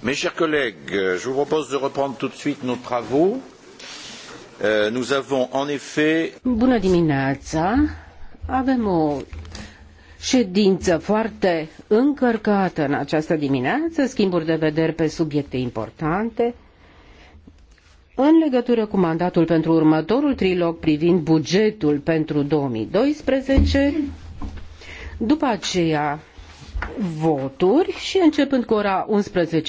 Mes chers collègues, euh, je vous propose de reprendre tout de suite nos travaux. Euh, nous avons en effet. Bună dimineața! Avem o ședință foarte încărcată în această dimineață, schimburi de vederi pe subiecte importante. În legătură cu mandatul pentru următorul trilog privind bugetul pentru 2012, după aceea voturi și începând cu ora 11.30.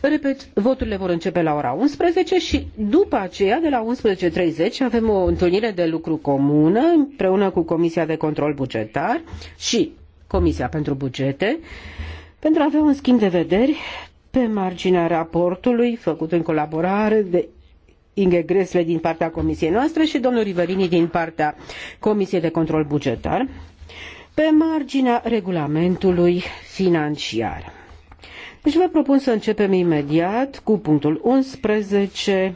Repet, voturile vor începe la ora 11 și după aceea, de la 11.30, avem o întâlnire de lucru comună împreună cu Comisia de Control Bugetar și Comisia pentru Bugete pentru a avea un schimb de vederi pe marginea raportului făcut în colaborare de Inge Gresle din partea comisiei noastre și domnul Riverini din partea Comisiei de Control Bugetar pe marginea regulamentului financiar. Deci vă propun să începem imediat cu punctul 11,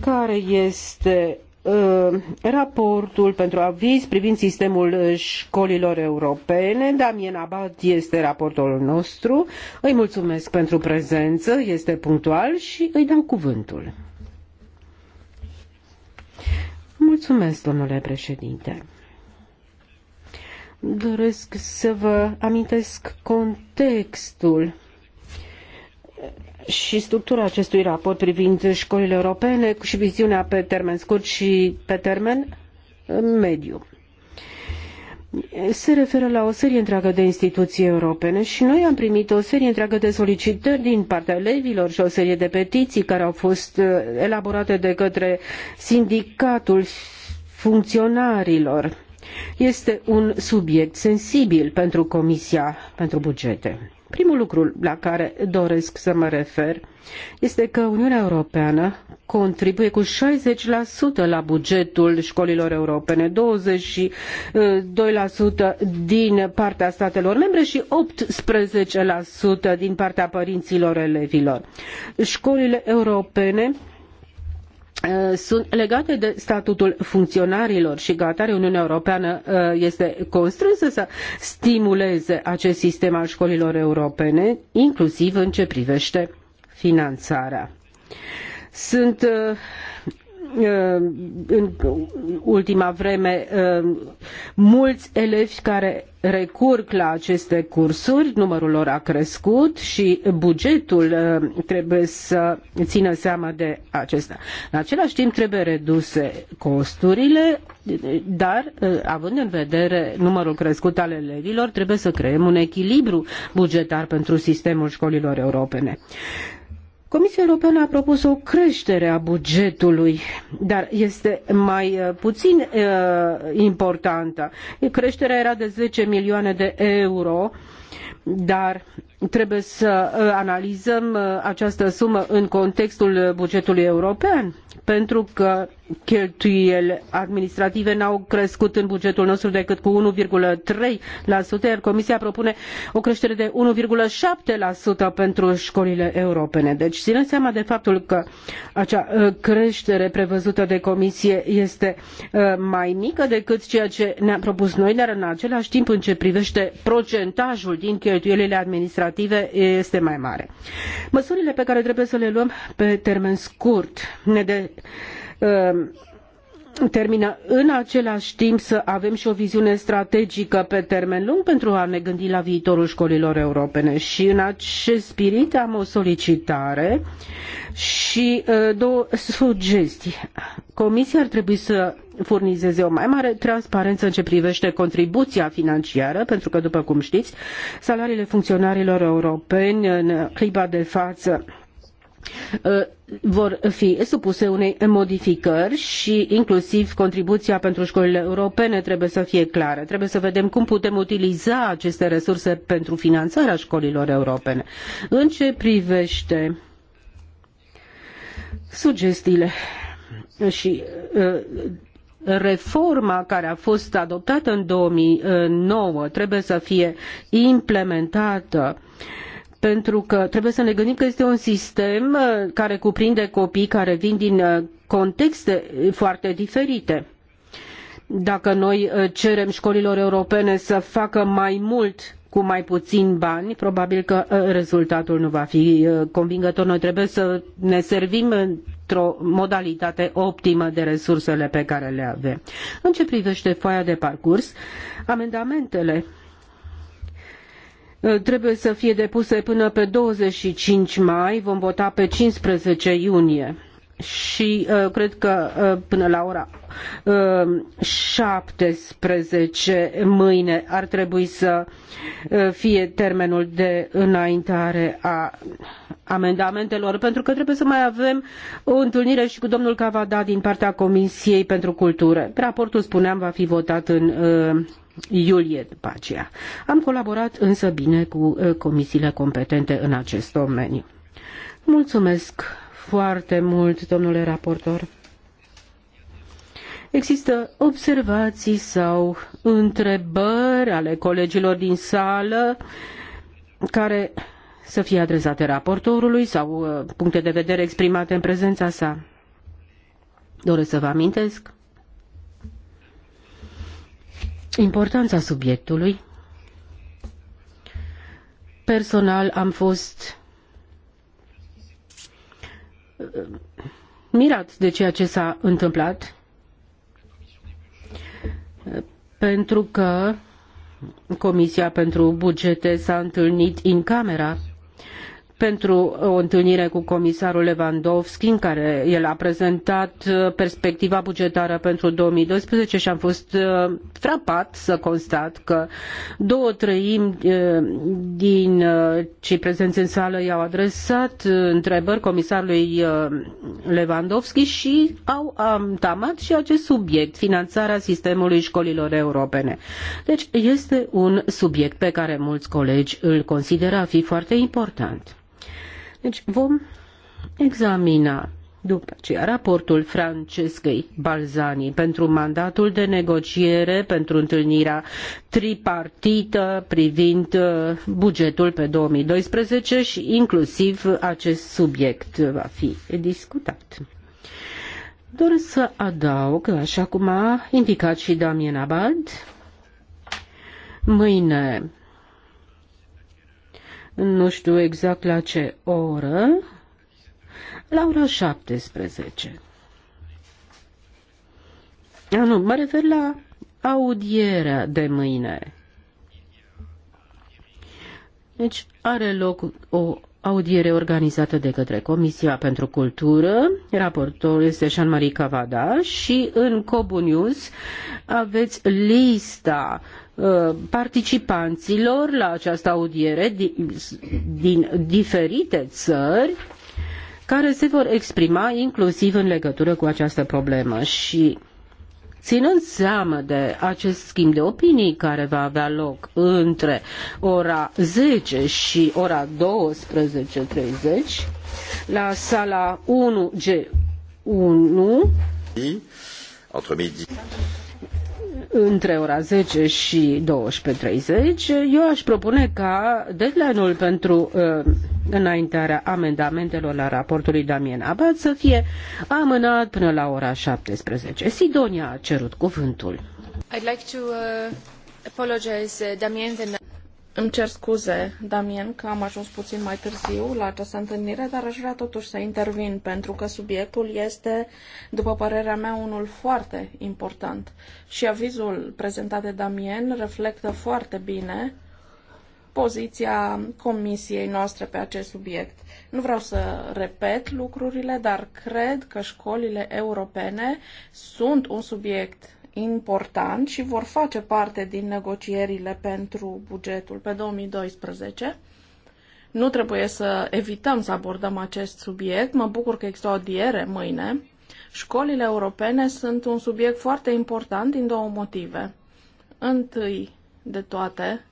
care este uh, raportul pentru aviz privind sistemul școlilor europene. Damien Abad este raportorul nostru. Îi mulțumesc pentru prezență, este punctual și îi dau cuvântul. Mulțumesc, domnule președinte doresc să vă amintesc contextul și structura acestui raport privind școlile europene și viziunea pe termen scurt și pe termen mediu. Se referă la o serie întreagă de instituții europene și noi am primit o serie întreagă de solicitări din partea elevilor și o serie de petiții care au fost uh, elaborate de către sindicatul funcționarilor este un subiect sensibil pentru Comisia pentru Bugete. Primul lucru la care doresc să mă refer este că Uniunea Europeană contribuie cu 60% la bugetul școlilor europene, 22% uh, din partea statelor membre și 18% din partea părinților elevilor. Școlile europene Eh, sunt legate de statutul funcționarilor și ca atare Uniunea Europeană eh, este constrânsă să stimuleze acest sistem al școlilor europene, inclusiv în ce privește finanțarea. Sunt eh, în ultima vreme mulți elevi care recurg la aceste cursuri, numărul lor a crescut și bugetul trebuie să țină seama de acesta. În același timp trebuie reduse costurile, dar având în vedere numărul crescut al elevilor, trebuie să creăm un echilibru bugetar pentru sistemul școlilor europene. Comisia Europeană a propus o creștere a bugetului, dar este mai uh, puțin uh, importantă. Creșterea era de 10 milioane de euro, dar trebuie să uh, analizăm uh, această sumă în contextul bugetului european, pentru că cheltuielile administrative n-au crescut în bugetul nostru decât cu 1,3%, iar Comisia propune o creștere de 1,7% pentru școlile europene. Deci, ținând seama de faptul că acea uh, creștere prevăzută de Comisie este mai mică decât ceea ce ne-am propus noi, dar în același timp, în ce privește procentajul din cheltuielile administrative, administrative este mai mare. Măsurile pe care trebuie să le luăm pe termen scurt ne de, uh, termină în același timp să avem și o viziune strategică pe termen lung pentru a ne gândi la viitorul școlilor europene. Și în acest spirit am o solicitare și uh, două sugestii. Comisia ar trebui să furnizeze o mai mare transparență în ce privește contribuția financiară, pentru că, după cum știți, salariile funcționarilor europeni în clipa de față uh, vor fi supuse unei modificări și inclusiv contribuția pentru școlile europene trebuie să fie clară. Trebuie să vedem cum putem utiliza aceste resurse pentru finanțarea școlilor europene. În ce privește sugestiile și uh, reforma care a fost adoptată în 2009 trebuie să fie implementată pentru că trebuie să ne gândim că este un sistem uh, care cuprinde copii care vin din uh, contexte foarte diferite. Dacă noi uh, cerem școlilor europene să facă mai mult cu mai puțin bani, probabil că uh, rezultatul nu va fi uh, convingător. Noi trebuie să ne servim într-o modalitate optimă de resursele pe care le avem. În ce privește foaia de parcurs, amendamentele uh, trebuie să fie depuse până pe 25 mai, vom vota pe 15 iunie și uh, cred că uh, până la ora uh, 17 mâine ar trebui să uh, fie termenul de înaintare a amendamentelor, pentru că trebuie să mai avem o întâlnire și cu domnul Cavada din partea Comisiei pentru Cultură. Raportul, spuneam, va fi votat în uh, iulie după aceea. Am colaborat însă bine cu uh, comisiile competente în acest domeniu. Mulțumesc foarte mult, domnule raportor. Există observații sau întrebări ale colegilor din sală care să fie adresate raportorului sau uh, puncte de vedere exprimate în prezența sa. Doresc să vă amintesc importanța subiectului. Personal am fost mirat de ceea ce s-a întâmplat, pentru că Comisia pentru Bugete s-a întâlnit în camera pentru o întâlnire cu comisarul Lewandowski, în care el a prezentat uh, perspectiva bugetară pentru 2012 și am fost uh, frapat să constat că două treimi uh, din cei prezenți în sală i-au adresat întrebări comisarului Lewandowski și au tamat și acest subiect, finanțarea sistemului școlilor europene. Deci este un subiect pe care mulți colegi îl consideră a fi foarte important. Deci vom examina după aceea raportul Francescăi Balzani pentru mandatul de negociere pentru întâlnirea tripartită privind uh, bugetul pe 2012 și inclusiv acest subiect va fi discutat. Doresc să adaug, așa cum a indicat și Damien Abad, mâine nu știu exact la ce oră, la ora 17. A, ah, nu, mă refer la audierea de mâine. Deci are loc o audiere organizată de către Comisia pentru Cultură, raportor este Jean-Marie Cavada și în Cobu News aveți lista Uh, participanților la această audiere din, diferite țări care se vor exprima inclusiv în legătură cu această problemă și Ținând seama de acest schimb de opinii care va avea loc între ora 10 și ora 12.30 la sala 1G1, între midi între ora 10 și 12.30. Eu aș propune ca deadline-ul pentru uh, înaintarea amendamentelor la raportul lui Damien Abad să fie amânat până la ora 17. Sidonia a cerut cuvântul. I'd like to uh, apologize, uh, Damien, îmi cer scuze, Damien, că am ajuns puțin mai târziu la această întâlnire, dar aș vrea totuși să intervin, pentru că subiectul este, după părerea mea, unul foarte important. Și avizul prezentat de Damien reflectă foarte bine poziția comisiei noastre pe acest subiect. Nu vreau să repet lucrurile, dar cred că școlile europene sunt un subiect important și vor face parte din negocierile pentru bugetul pe 2012. Nu trebuie să evităm să abordăm acest subiect. Mă bucur că există o adiere mâine. Școlile europene sunt un subiect foarte important din două motive. Întâi de toate,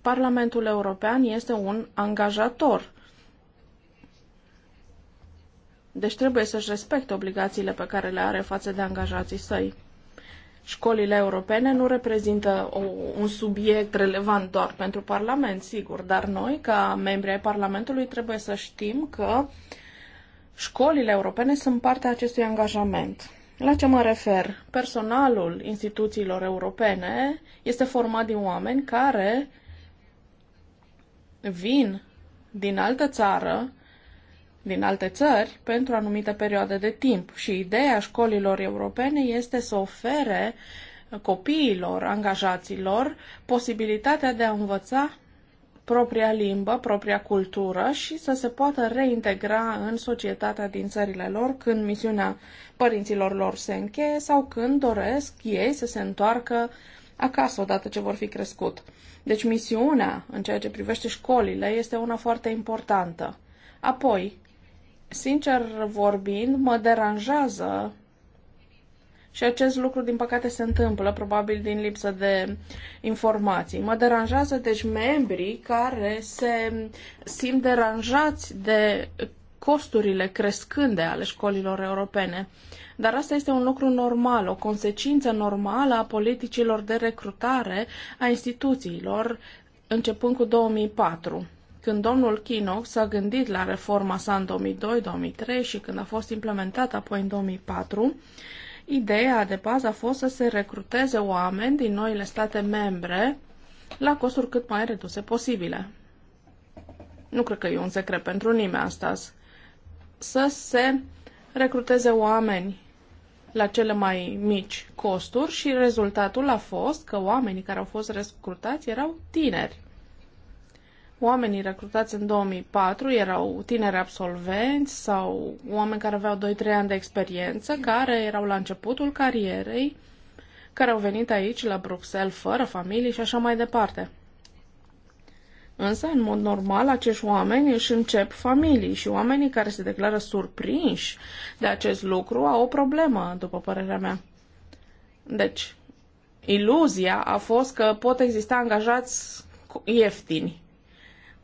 Parlamentul European este un angajator. Deci trebuie să-și respecte obligațiile pe care le are față de angajații săi. Școlile europene nu reprezintă o, un subiect relevant doar pentru Parlament, sigur, dar noi, ca membri ai Parlamentului, trebuie să știm că școlile europene sunt partea acestui angajament. La ce mă refer? Personalul instituțiilor europene este format din oameni care vin din altă țară din alte țări pentru anumite perioade de timp. Și ideea școlilor europene este să ofere copiilor, angajaților, posibilitatea de a învăța propria limbă, propria cultură și să se poată reintegra în societatea din țările lor când misiunea părinților lor se încheie sau când doresc ei să se întoarcă acasă odată ce vor fi crescut. Deci misiunea în ceea ce privește școlile este una foarte importantă. Apoi, sincer vorbind, mă deranjează și acest lucru, din păcate, se întâmplă, probabil din lipsă de informații. Mă deranjează, deci, membrii care se simt deranjați de costurile crescânde ale școlilor europene. Dar asta este un lucru normal, o consecință normală a politicilor de recrutare a instituțiilor începând cu 2004. Când domnul Kinnock s-a gândit la reforma sa în 2002-2003 și când a fost implementată apoi în 2004, ideea de bază a fost să se recruteze oameni din noile state membre la costuri cât mai reduse posibile. Nu cred că e un secret pentru nimeni astăzi. Să se recruteze oameni la cele mai mici costuri și rezultatul a fost că oamenii care au fost recrutați erau tineri. Oamenii recrutați în 2004 erau tineri absolvenți sau oameni care aveau 2-3 ani de experiență, care erau la începutul carierei, care au venit aici, la Bruxelles, fără familie și așa mai departe. Însă, în mod normal, acești oameni își încep familii și oamenii care se declară surprinși de acest lucru au o problemă, după părerea mea. Deci, iluzia a fost că pot exista angajați ieftini.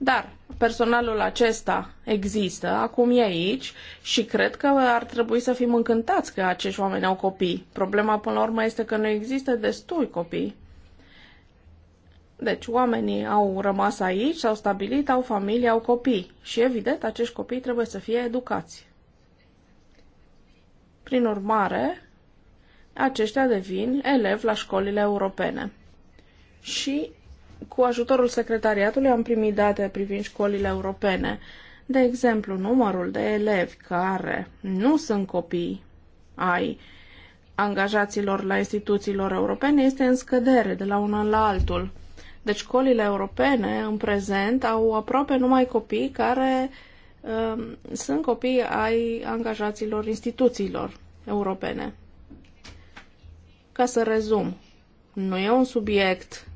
Dar personalul acesta există, acum e aici și cred că ar trebui să fim încântați că acești oameni au copii. Problema până la urmă este că nu există destui copii. Deci oamenii au rămas aici, s-au stabilit, au familie, au copii și evident acești copii trebuie să fie educați. Prin urmare, aceștia devin elevi la școlile europene. Și cu ajutorul secretariatului am primit date privind școlile europene. De exemplu, numărul de elevi care nu sunt copii ai angajaților la instituțiilor europene este în scădere de la un an la altul. Deci școlile europene în prezent au aproape numai copii care uh, sunt copii ai angajaților instituțiilor europene. Ca să rezum, nu e un subiect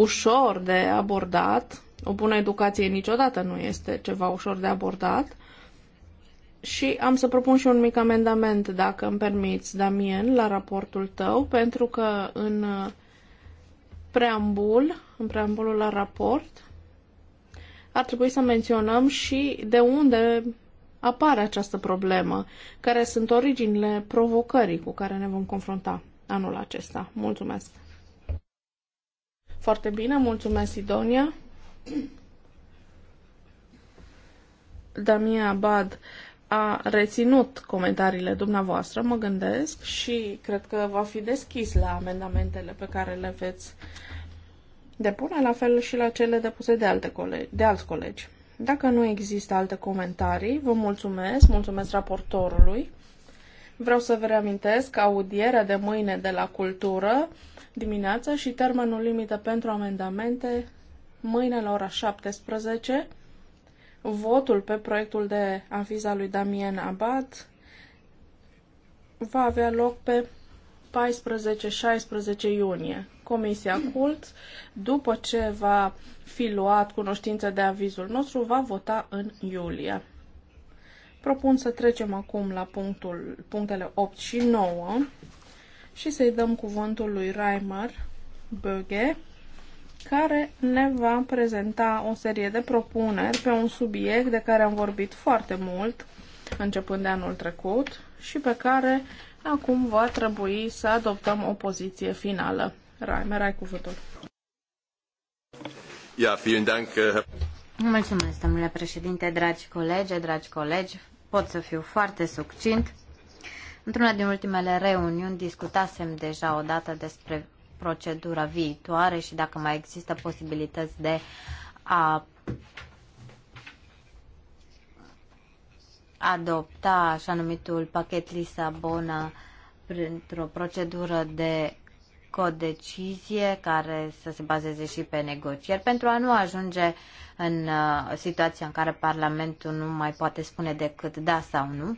ușor de abordat. O bună educație niciodată nu este ceva ușor de abordat. Și am să propun și un mic amendament, dacă îmi permiți, Damien, la raportul tău, pentru că în uh, preambul, în preambulul la raport, ar trebui să menționăm și de unde apare această problemă, care sunt originile provocării cu care ne vom confrunta anul acesta. Mulțumesc! Foarte bine, mulțumesc, Sidonia. Damia Abad a reținut comentariile dumneavoastră, mă gândesc, și cred că va fi deschis la amendamentele pe care le veți depune, la fel și la cele depuse de, alte colegi, de alți colegi. Dacă nu există alte comentarii, vă mulțumesc, mulțumesc raportorului. Vreau să vă reamintesc audierea de mâine de la Cultură dimineața și termenul limită pentru amendamente mâine la ora 17. Votul pe proiectul de aviza lui Damien Abad va avea loc pe 14-16 iunie. Comisia Cult, după ce va fi luat cunoștință de avizul nostru, va vota în iulie. Propun să trecem acum la punctul, punctele 8 și 9 și să-i dăm cuvântul lui Reimer Böge, care ne va prezenta o serie de propuneri pe un subiect de care am vorbit foarte mult începând de anul trecut și pe care acum va trebui să adoptăm o poziție finală. Reimer, ai cuvântul. Ia, vielen Dank. Mulțumesc, domnule președinte, dragi colegi, dragi colegi pot să fiu foarte succint. Într-una din ultimele reuniuni discutasem deja odată despre procedura viitoare și dacă mai există posibilități de a adopta așa numitul pachet Lisabona printr-o procedură de codecizie care să se bazeze și pe negocieri pentru a nu ajunge în uh, situația în care Parlamentul nu mai poate spune decât da sau nu.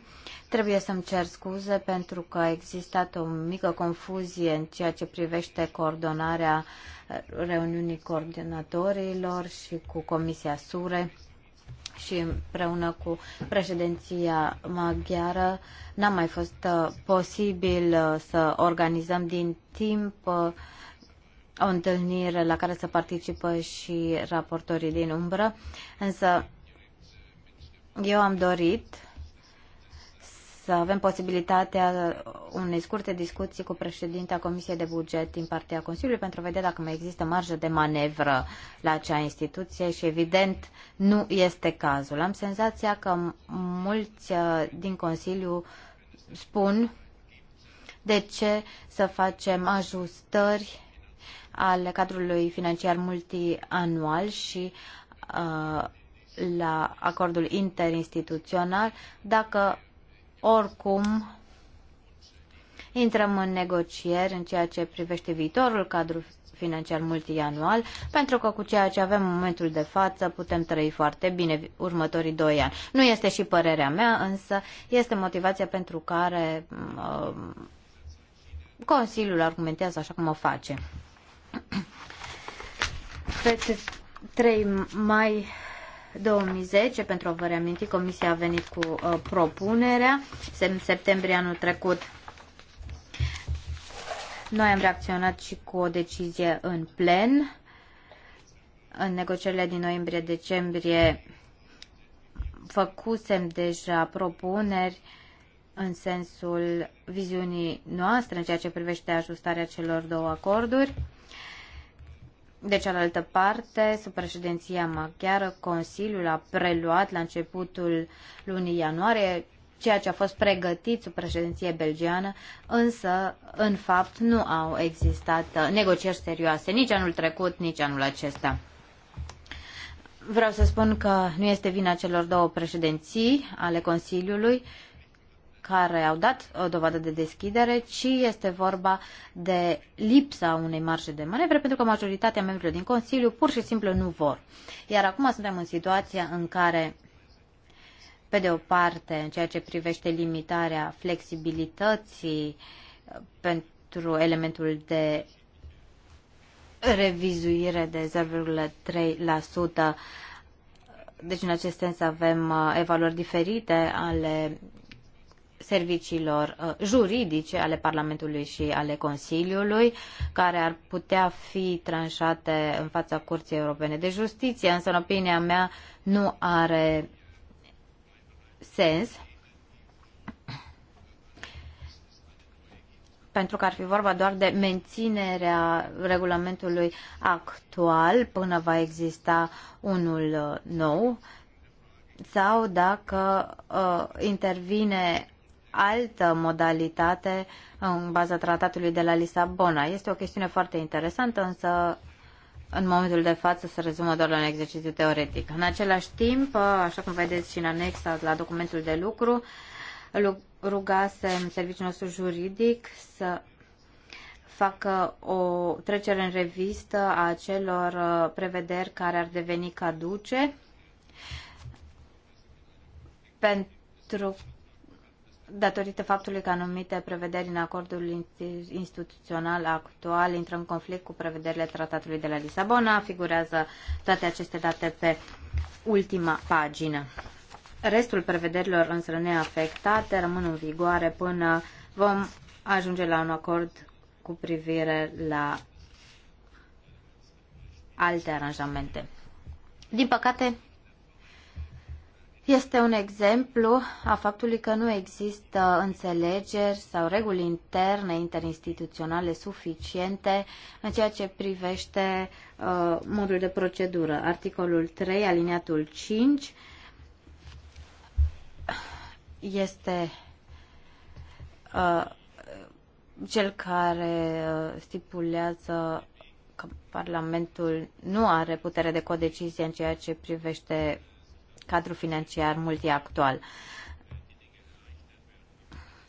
Trebuie să-mi cer scuze pentru că a existat o mică confuzie în ceea ce privește coordonarea uh, reuniunii coordonatorilor și cu Comisia SURE și împreună cu președinția maghiară n-a mai fost uh, posibil uh, să organizăm din timp uh, o întâlnire la care să participă și raportorii din umbră, însă eu am dorit să avem posibilitatea unei scurte discuții cu președintea Comisiei de Buget din partea Consiliului pentru a vedea dacă mai există marjă de manevră la acea instituție și evident nu este cazul. Am senzația că mulți uh, din Consiliu spun de ce să facem ajustări ale cadrului financiar multianual și uh, la acordul interinstituțional dacă oricum, intrăm în negocieri în ceea ce privește viitorul cadru financiar multianual, pentru că cu ceea ce avem în momentul de față putem trăi foarte bine următorii doi ani. Nu este și părerea mea, însă este motivația pentru care uh, Consiliul argumentează așa cum o face. Pe 3 mai 2010, pentru a vă reaminti, Comisia a venit cu uh, propunerea în septembrie anul trecut. Noi am reacționat și cu o decizie în plen. În negocierile din noiembrie-decembrie făcusem deja propuneri în sensul viziunii noastre în ceea ce privește ajustarea celor două acorduri. De cealaltă parte, sub președinția maghiară, Consiliul a preluat la începutul lunii ianuarie ceea ce a fost pregătit sub președinție belgiană, însă, în fapt, nu au existat uh, negocieri serioase nici anul trecut, nici anul acesta. Vreau să spun că nu este vina celor două președinții ale Consiliului, care au dat o uh, dovadă de deschidere, ci este vorba de lipsa unei marge de manevră, pentru că majoritatea membrilor din Consiliu pur și simplu nu vor. Iar acum suntem în situația în care, pe de o parte, în ceea ce privește limitarea flexibilității uh, pentru elementul de revizuire de 0,3%, deci în acest sens avem uh, evaluări diferite ale serviciilor uh, juridice ale Parlamentului și ale Consiliului, care ar putea fi tranșate în fața Curții Europene de Justiție, însă, în opinia mea, nu are sens pentru că ar fi vorba doar de menținerea regulamentului actual până va exista unul nou sau dacă uh, intervine altă modalitate în baza tratatului de la Lisabona. Este o chestiune foarte interesantă, însă în momentul de față se rezumă doar la un exercițiu teoretic. În același timp, așa cum vedeți și în anexa la documentul de lucru, rugasem serviciul nostru juridic să facă o trecere în revistă a celor uh, prevederi care ar deveni caduce pentru datorită faptului că anumite prevederi în acordul instituțional actual intră în conflict cu prevederile tratatului de la Lisabona, figurează toate aceste date pe ultima pagină. Restul prevederilor însă neafectate rămân în vigoare până vom ajunge la un acord cu privire la alte aranjamente. Din păcate, este un exemplu a faptului că nu există înțelegeri sau reguli interne, interinstituționale suficiente în ceea ce privește uh, modul de procedură. Articolul 3, aliniatul 5, este uh, cel care uh, stipulează că Parlamentul nu are putere de codecizie în ceea ce privește cadru financiar multiactual.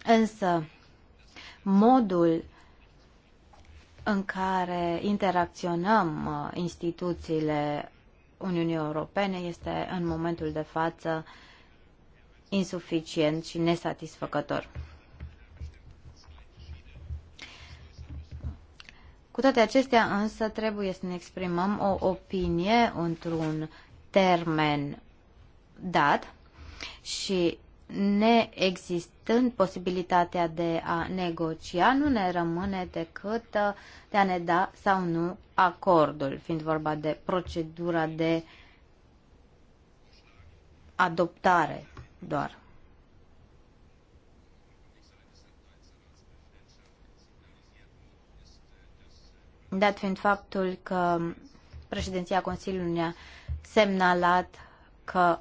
Însă, modul în care interacționăm uh, instituțiile Uniunii Europene este în momentul de față insuficient și nesatisfăcător. Cu toate acestea însă trebuie să ne exprimăm o opinie într-un termen dat și neexistând posibilitatea de a negocia, nu ne rămâne decât uh, de a ne da sau nu acordul, fiind vorba de procedura de adoptare doar. Dat fiind faptul că președinția Consiliului ne-a semnalat că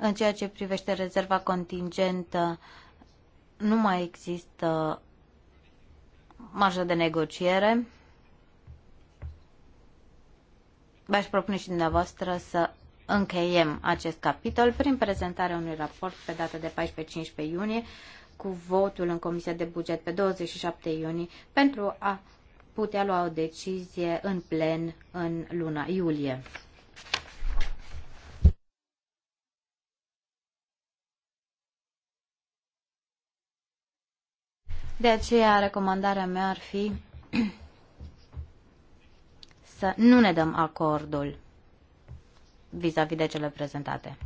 în ceea ce privește rezerva contingentă, nu mai există marjă de negociere. V-aș propune și dumneavoastră să încheiem acest capitol prin prezentarea unui raport pe data de 14-15 iunie cu votul în Comisia de Buget pe 27 iunie pentru a putea lua o decizie în plen în luna iulie. De aceea, recomandarea mea ar fi să nu ne dăm acordul vis-a-vis -vis de cele prezentate.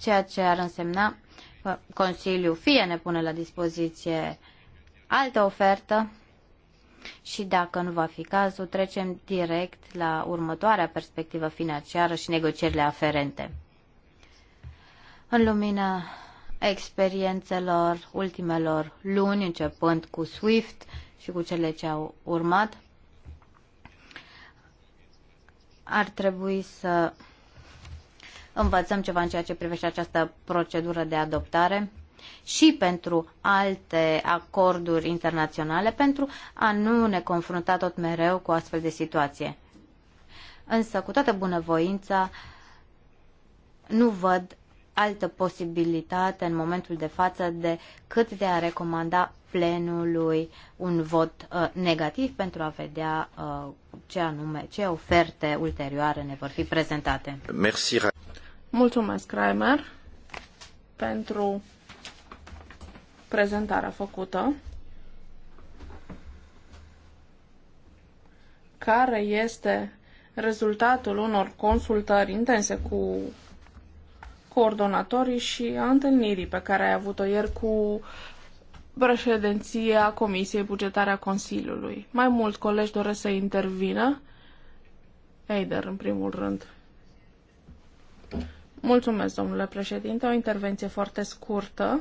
Ceea ce ar însemna că Consiliul fie ne pune la dispoziție altă ofertă și dacă nu va fi cazul, trecem direct la următoarea perspectivă financiară și negocierile aferente. În lumina experiențelor ultimelor luni, începând cu SWIFT și cu cele ce au urmat, ar trebui să învățăm ceva în ceea ce privește această procedură de adoptare și pentru alte acorduri internaționale pentru a nu ne confrunta tot mereu cu astfel de situație. Însă, cu toată bunăvoința, nu văd altă posibilitate în momentul de față decât de a recomanda plenului un vot uh, negativ pentru a vedea uh, ce anume, ce oferte ulterioare ne vor fi prezentate. Merci. Mulțumesc, Kramer, pentru prezentarea făcută. care este rezultatul unor consultări intense cu coordonatorii și a întâlnirii pe care ai avut-o ieri cu președinția Comisiei Bugetare a Consiliului. Mai mulți colegi doresc să intervină. Eider, în primul rând. Mulțumesc, domnule președinte. O intervenție foarte scurtă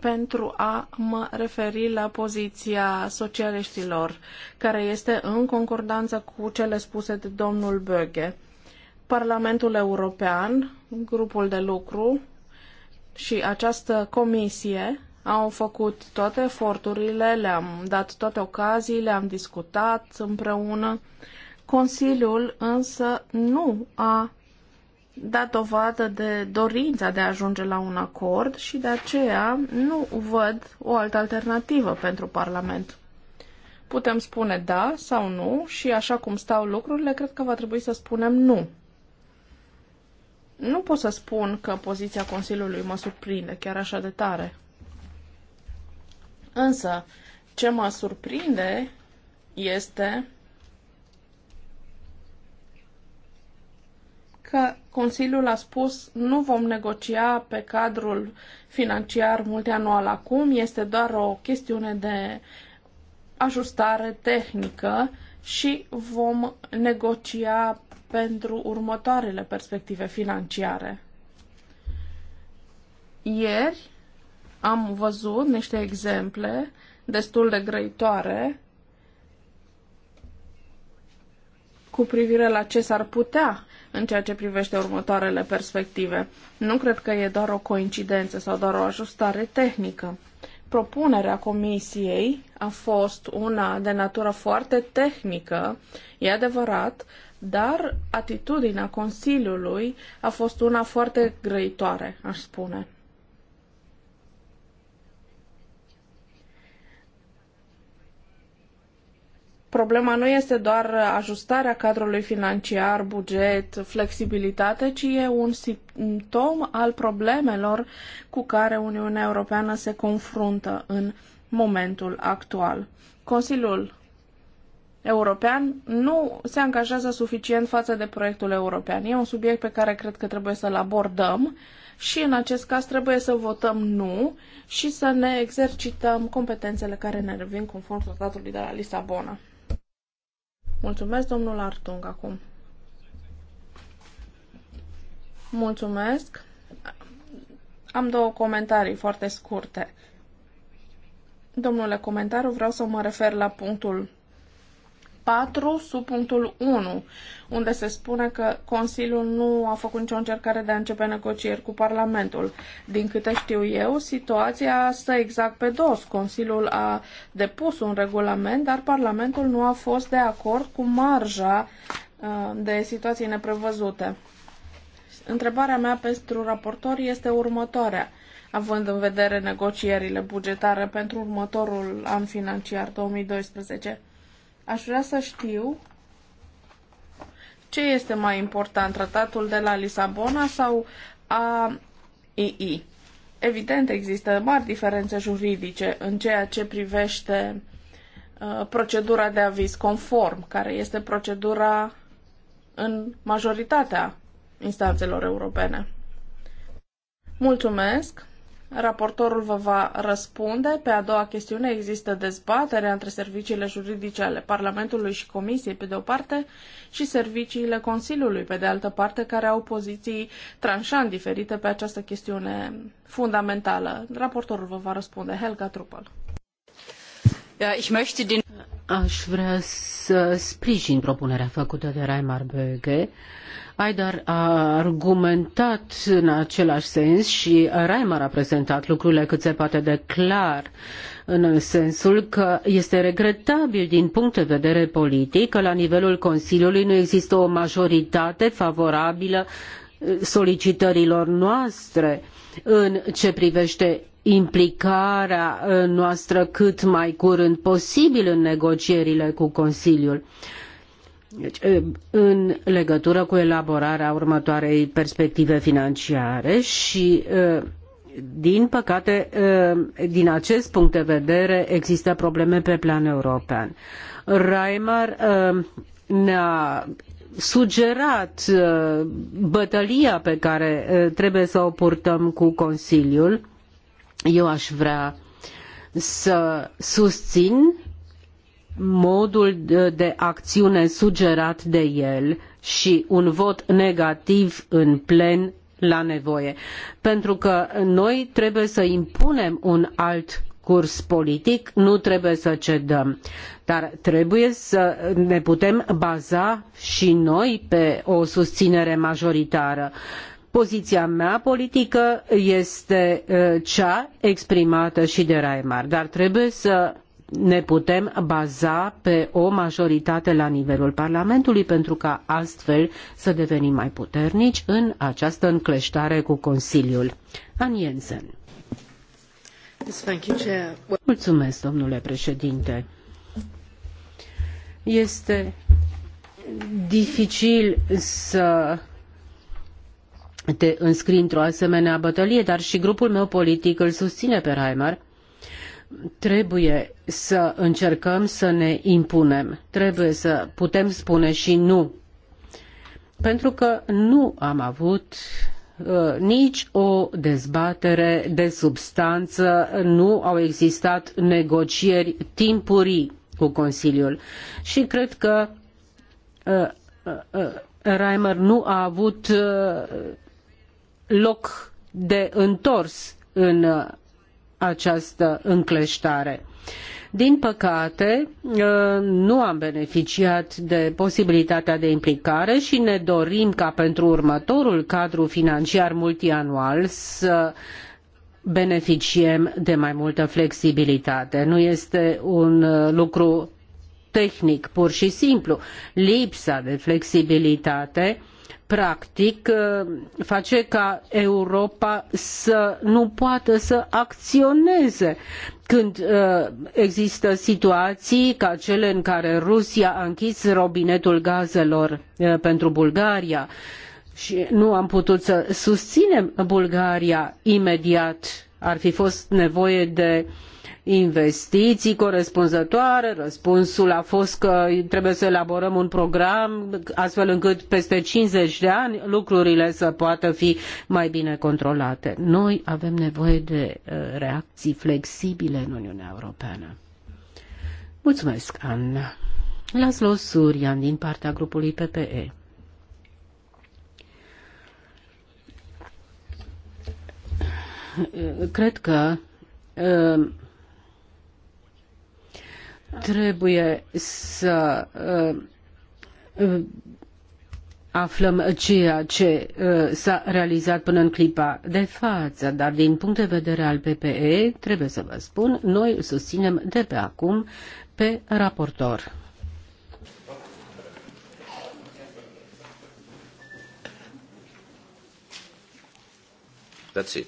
pentru a mă referi la poziția socialiștilor, care este în concordanță cu cele spuse de domnul Böge. Parlamentul European, grupul de lucru și această comisie au făcut toate eforturile, le-am dat toate ocaziile, am discutat împreună. Consiliul însă nu a dat dovadă de dorința de a ajunge la un acord și de aceea nu văd o altă alternativă pentru Parlament. Putem spune da sau nu și așa cum stau lucrurile, cred că va trebui să spunem nu. Nu pot să spun că poziția Consiliului mă surprinde chiar așa de tare. Însă, ce mă surprinde este că Consiliul a spus nu vom negocia pe cadrul financiar multianual acum, este doar o chestiune de ajustare tehnică și vom negocia pentru următoarele perspective financiare. Ieri am văzut niște exemple destul de grăitoare cu privire la ce s-ar putea în ceea ce privește următoarele perspective. Nu cred că e doar o coincidență sau doar o ajustare tehnică. Propunerea comisiei a fost una de natură foarte tehnică, e adevărat, dar atitudinea Consiliului a fost una foarte grăitoare, aș spune. problema nu este doar ajustarea cadrului financiar, buget, flexibilitate, ci e un simptom al problemelor cu care Uniunea Europeană se confruntă în momentul actual. Consiliul european nu se angajează suficient față de proiectul european. E un subiect pe care cred că trebuie să-l abordăm și în acest caz trebuie să votăm nu și să ne exercităm competențele care ne revin conform tratatului de la Lisabona. Mulțumesc, domnul Artung, acum. Mulțumesc. Am două comentarii foarte scurte. Domnule comentariu, vreau să mă refer la punctul 4, sub punctul 1, unde se spune că Consiliul nu a făcut nicio încercare de a începe negocieri cu Parlamentul. Din câte știu eu, situația stă exact pe dos. Consiliul a depus un regulament, dar Parlamentul nu a fost de acord cu marja uh, de situații neprevăzute. Întrebarea mea pentru raportor este următoarea având în vedere negocierile bugetare pentru următorul an financiar 2012. Aș vrea să știu ce este mai important, tratatul de la Lisabona sau AII. Evident, există mari diferențe juridice în ceea ce privește uh, procedura de aviz conform, care este procedura în majoritatea instanțelor europene. Mulțumesc! Raportorul vă va răspunde. Pe a doua chestiune există dezbatere între serviciile juridice ale Parlamentului și Comisiei, pe de o parte, și serviciile Consiliului, pe de altă parte, care au poziții tranșant diferite pe această chestiune fundamentală. Raportorul vă va răspunde. Helga Truppel. Ja, ich möchte den Aș vrea să sprijin propunerea făcută de Reimar Böge. Aidar a argumentat în același sens și Reimar a prezentat lucrurile cât se poate de clar, în sensul că este regretabil din punct de vedere politic că la nivelul Consiliului nu există o majoritate favorabilă solicitărilor noastre în ce privește implicarea uh, noastră cât mai curând posibil în negocierile cu Consiliul. Deci, uh, în legătură cu elaborarea următoarei perspective financiare și uh, din păcate, din acest punct de vedere, există probleme pe plan european. Reimer ne-a sugerat bătălia pe care trebuie să o purtăm cu Consiliul eu aș vrea să susțin modul de acțiune sugerat de el și un vot negativ în plen la nevoie. Pentru că noi trebuie să impunem un alt curs politic, nu trebuie să cedăm. Dar trebuie să ne putem baza și noi pe o susținere majoritară. Poziția mea politică este cea exprimată și de Raimar, dar trebuie să ne putem baza pe o majoritate la nivelul Parlamentului pentru ca astfel să devenim mai puternici în această încleștare cu Consiliul. An Jensen. Mulțumesc, domnule președinte. Este dificil să te înscrii într-o asemenea bătălie, dar și grupul meu politic îl susține pe Reimer. Trebuie să încercăm să ne impunem. Trebuie să putem spune și nu. Pentru că nu am avut uh, nici o dezbatere de substanță, nu au existat negocieri timpurii cu Consiliul. Și cred că uh, uh, uh, Reimer nu a avut uh, loc de întors în uh, această încleștare. Din păcate, uh, nu am beneficiat de posibilitatea de implicare și ne dorim ca pentru următorul cadru financiar multianual să beneficiem de mai multă flexibilitate. Nu este un uh, lucru tehnic, pur și simplu. Lipsa de flexibilitate practic uh, face ca Europa să nu poată să acționeze când uh, există situații ca cele în care Rusia a închis robinetul gazelor uh, pentru Bulgaria și nu am putut să susținem Bulgaria imediat. Ar fi fost nevoie de uh, investiții corespunzătoare. Răspunsul a fost că trebuie să elaborăm un program astfel încât peste 50 de ani lucrurile să poată fi mai bine controlate. Noi avem nevoie de uh, reacții flexibile în Uniunea Europeană. Mulțumesc, Anna. Laszlo Surian din partea grupului PPE. Cred că uh, Trebuie să uh, uh, aflăm ceea ce uh, s-a realizat până în clipa de față, dar din punct de vedere al PPE, trebuie să vă spun, noi îl susținem de pe acum pe raportor. That's it.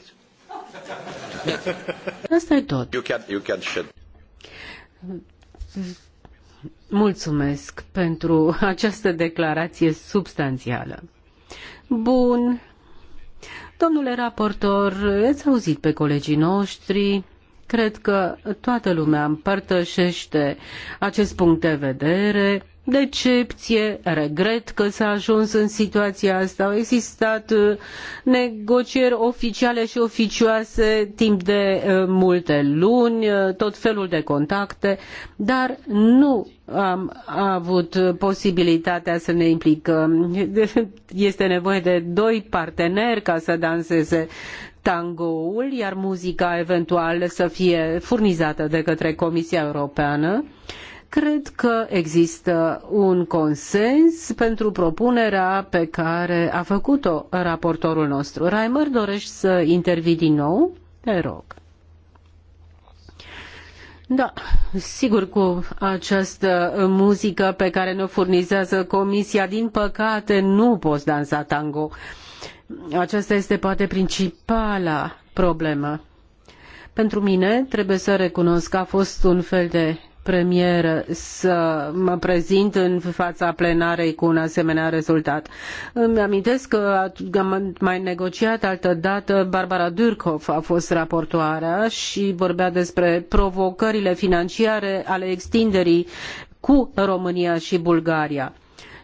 Asta e tot. You can, you can shut. Mulțumesc pentru această declarație substanțială. Bun. Domnule raportor, ați auzit pe colegii noștri. Cred că toată lumea împărtășește acest punct de vedere decepție, regret că s-a ajuns în situația asta. Au existat uh, negocieri oficiale și oficioase timp de uh, multe luni, uh, tot felul de contacte, dar nu am avut posibilitatea să ne implicăm. Este nevoie de doi parteneri ca să danseze tangoul, iar muzica eventual să fie furnizată de către Comisia Europeană. Cred că există un consens pentru propunerea pe care a făcut-o raportorul nostru. Raimer, dorești să intervii din nou? Te rog. Da, sigur cu această muzică pe care ne-o furnizează comisia, din păcate nu poți dansa tango. Aceasta este poate principala problemă. Pentru mine, trebuie să recunosc că a fost un fel de premier să mă prezint în fața plenarei cu un asemenea rezultat. Îmi amintesc că am mai negociat altă dată, Barbara Durkov a fost raportoarea și vorbea despre provocările financiare ale extinderii cu România și Bulgaria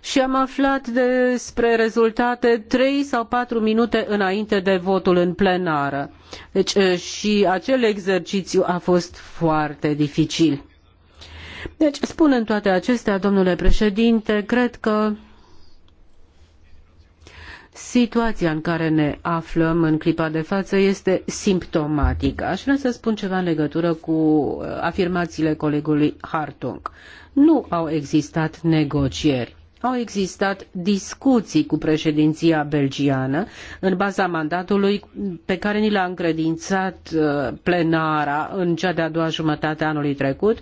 și am aflat despre rezultate trei sau patru minute înainte de votul în plenară. Deci eh, și acel exercițiu a fost foarte dificil. Deci, spunând toate acestea, domnule președinte, cred că situația în care ne aflăm în clipa de față este simptomatică. Aș vrea să spun ceva în legătură cu uh, afirmațiile colegului Hartung. Nu au existat negocieri au existat discuții cu președinția belgiană în baza mandatului pe care ni l-a încredințat uh, plenara în cea de-a doua jumătate a anului trecut,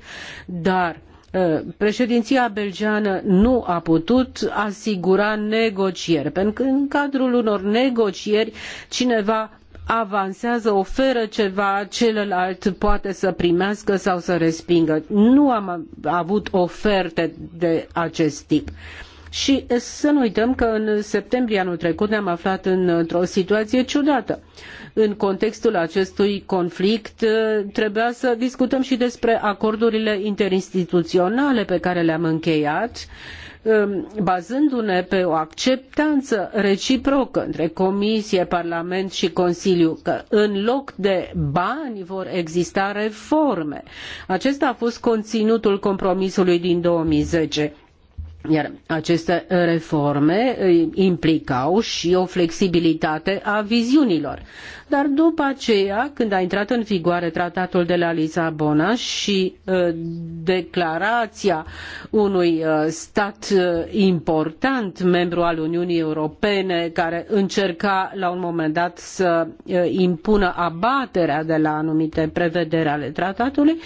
dar uh, președinția belgiană nu a putut asigura negocieri, pentru că în cadrul unor negocieri cineva avansează, oferă ceva, celălalt poate să primească sau să respingă. Nu am avut oferte de acest tip. Și să nu uităm că în septembrie anul trecut ne-am aflat într-o situație ciudată. În contextul acestui conflict uh, trebuia să discutăm și despre acordurile interinstituționale pe care le-am încheiat um, bazându-ne pe o acceptanță reciprocă între Comisie, Parlament și Consiliu, că în loc de bani vor exista reforme. Acesta a fost conținutul compromisului din 2010. Iar aceste reforme implicau și o flexibilitate a viziunilor. Dar după aceea, când a intrat în vigoare tratatul de la Lisabona și declarația unui stat important, membru al Uniunii Europene, care încerca la un moment dat să impună abaterea de la anumite prevederi ale tratatului,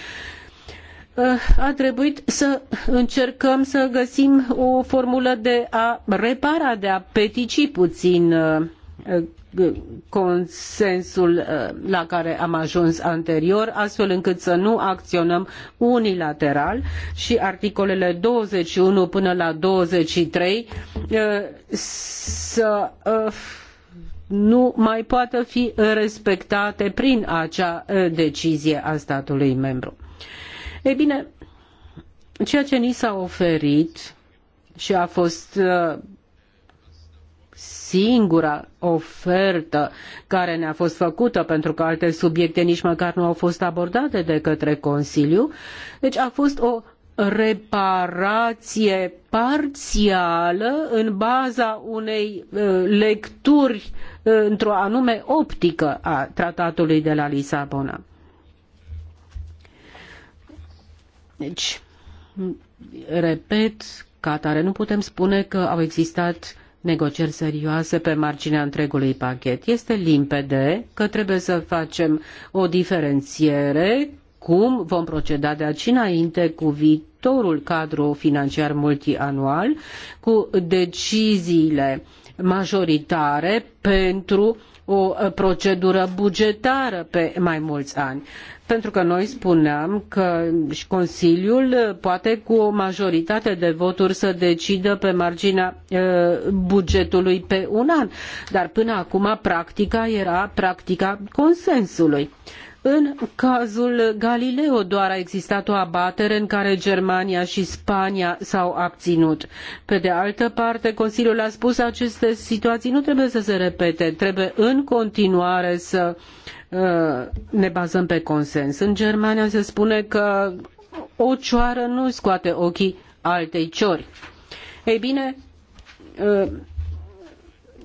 Uh, a trebuit să încercăm să găsim o formulă de a repara, de a petici puțin uh, uh, consensul la care am ajuns anterior, astfel încât să nu acționăm unilateral și articolele 21 până la 23 să nu mai poată fi respectate prin acea decizie a statului membru. Ei bine, ceea ce ni s-a oferit și a fost uh, singura ofertă care ne-a fost făcută, pentru că alte subiecte nici măcar nu au fost abordate de către Consiliu. Deci a fost o reparație parțială în baza unei uh, lecturi uh, într-o anume optică a tratatului de la Lisabona. Deci, repet, ca tare, nu putem spune că au existat negocieri serioase pe marginea întregului pachet. Este limpede că trebuie să facem o diferențiere cum vom proceda de aici înainte cu viitorul cadru financiar multianual, cu deciziile majoritare pentru o procedură bugetară pe mai mulți ani. Pentru că noi spuneam că și Consiliul poate cu o majoritate de voturi să decidă pe marginea bugetului pe un an. Dar până acum practica era practica consensului. În cazul Galileo doar a existat o abatere în care Germania și Spania s-au abținut. Pe de altă parte, Consiliul a spus că aceste situații nu trebuie să se repete, trebuie în continuare să uh, ne bazăm pe consens. În Germania se spune că o cioară nu scoate ochii altei ciori. Ei bine, uh,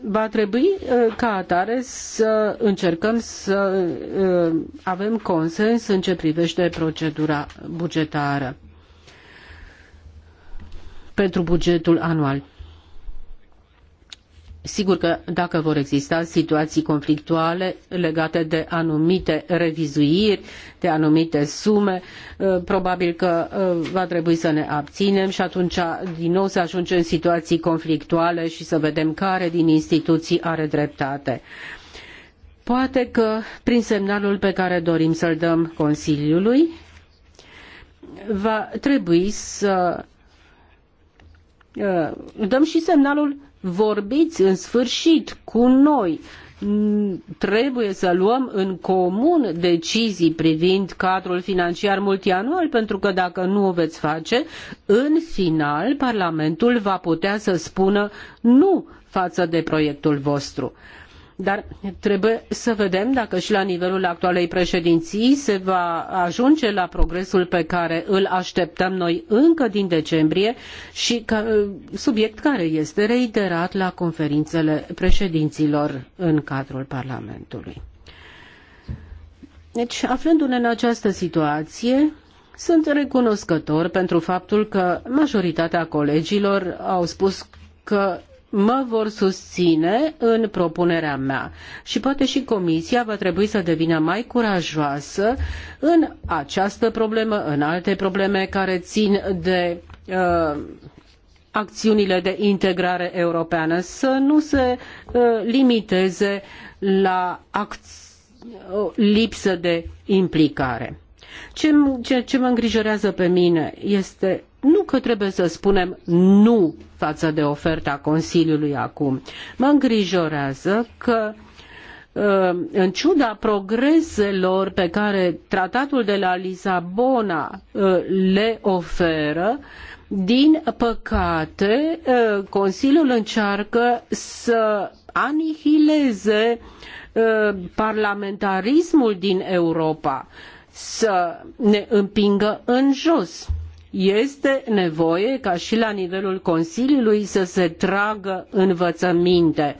va trebui uh, ca atare să încercăm să uh, avem consens în ce privește procedura bugetară pentru bugetul anual. Sigur că dacă vor exista situații conflictuale legate de anumite revizuiri, de anumite sume, uh, probabil că uh, va trebui să ne abținem și atunci uh, din nou să ajungem în situații conflictuale și să vedem care din instituții are dreptate. Poate că prin semnalul pe care dorim să-l dăm Consiliului, va trebui să dăm și semnalul vorbiți în sfârșit cu noi. Trebuie să luăm în comun decizii privind cadrul financiar multianual, pentru că dacă nu o veți face, în final Parlamentul va putea să spună nu față de proiectul vostru. Dar trebuie să vedem dacă și la nivelul actualei președinții se va ajunge la progresul pe care îl așteptăm noi încă din decembrie și ca, subiect care este reiterat la conferințele preedinilor în cadrul Parlamentului. Deci, aflându-ne în această situație, sunt recunoscător pentru faptul că majoritatea colegilor au spus că mă vor susține în propunerea mea și poate și Comisia va trebui să devină mai curajoasă în această problemă, în alte probleme care țin de uh, acțiunile de integrare europeană, să nu se uh, limiteze la o lipsă de implicare. Ce, ce, ce mă îngrijorează pe mine este nu că trebuie să spunem nu față de oferta Consiliului acum. Mă îngrijorează că uh, în ciuda progreselor pe care tratatul de la Lisabona uh, le oferă, din păcate, uh, Consiliul încearcă să anihileze parlamentarismul din Europa, să ne împingă în jos este nevoie ca și la nivelul Consiliului să se tragă învățăminte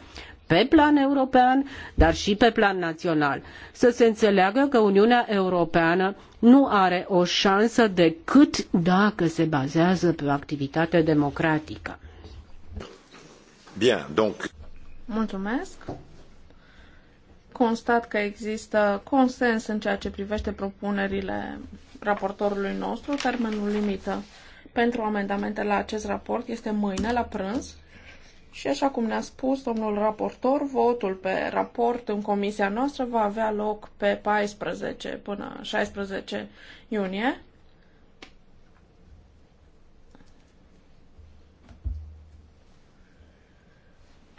pe plan european, dar și pe plan național. Să se înțeleagă că Uniunea Europeană nu are o șansă decât dacă se bazează pe o activitate democratică. Bien, donc. Mulțumesc. Constat că există consens în ceea ce privește propunerile raportorului nostru, termenul limită pentru amendamente la acest raport este mâine la prânz. Și așa cum ne-a spus domnul raportor, votul pe raport în comisia noastră va avea loc pe 14 până 16 iunie.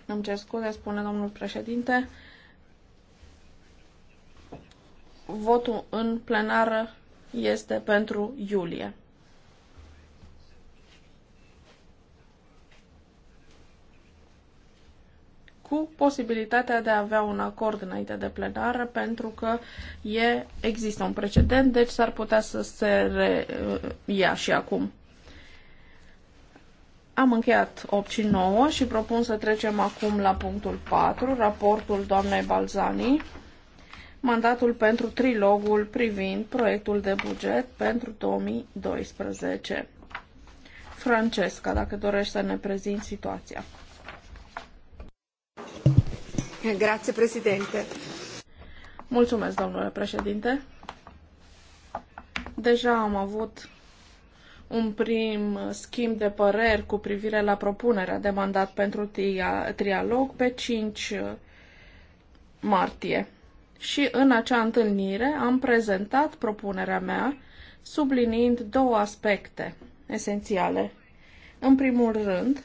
Îmi cer scuze, spune domnul președinte. Votul în plenară este pentru iulie. cu posibilitatea de a avea un acord înainte de plenară, pentru că e, există un precedent, deci s-ar putea să se uh, ia și acum. Am încheiat 8 și 9 și propun să trecem acum la punctul 4, raportul doamnei Balzani mandatul pentru trilogul privind proiectul de buget pentru 2012. Francesca, dacă dorești să ne prezint situația. Grazie, președinte. Mulțumesc, domnule președinte. Deja am avut un prim schimb de păreri cu privire la propunerea de mandat pentru trialog pe 5 martie și în acea întâlnire am prezentat propunerea mea, subliniind două aspecte esențiale. În primul rând,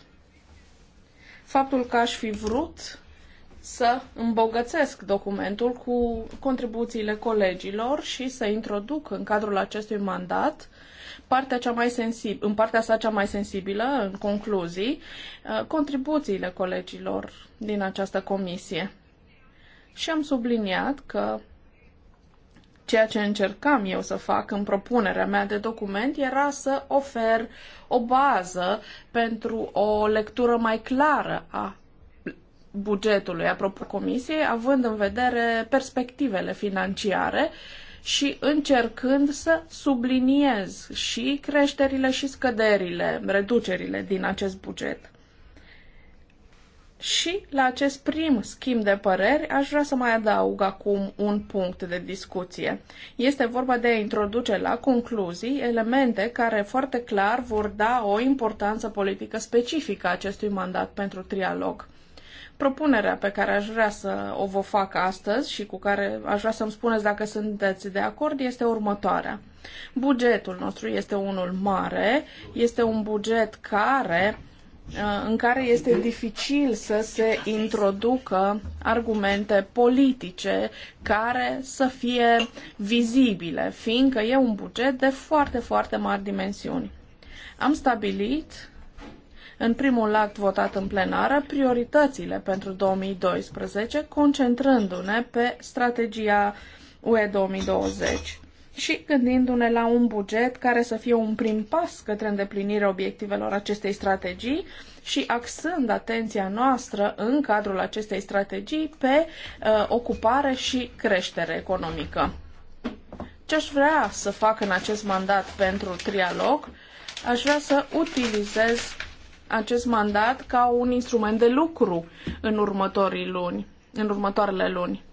faptul că aș fi vrut să îmbogățesc documentul cu contribuțiile colegilor și să introduc în cadrul acestui mandat partea cea mai sensib- în partea sa cea mai sensibilă, în concluzii, contribuțiile colegilor din această comisie și am subliniat că ceea ce încercam eu să fac în propunerea mea de document era să ofer o bază pentru o lectură mai clară a bugetului, apropo comisiei, având în vedere perspectivele financiare și încercând să subliniez și creșterile și scăderile, reducerile din acest buget. Și la acest prim schimb de păreri aș vrea să mai adaug acum un punct de discuție. Este vorba de a introduce la concluzii elemente care foarte clar vor da o importanță politică specifică acestui mandat pentru trialog. Propunerea pe care aș vrea să o vă fac astăzi și cu care aș vrea să-mi spuneți dacă sunteți de acord este următoarea. Bugetul nostru este unul mare, este un buget care Uh, în care este dificil să se introducă argumente politice care să fie vizibile, fiindcă e un buget de foarte, foarte mari dimensiuni. Am stabilit în primul act votat în plenară prioritățile pentru 2012, concentrându-ne pe strategia UE 2020 și gândindu-ne la un buget care să fie un prim pas către îndeplinirea obiectivelor acestei strategii și axând atenția noastră în cadrul acestei strategii pe uh, ocupare și creștere economică. Ce aș vrea să fac în acest mandat pentru trialog? Aș vrea să utilizez acest mandat ca un instrument de lucru în următorii luni, în următoarele luni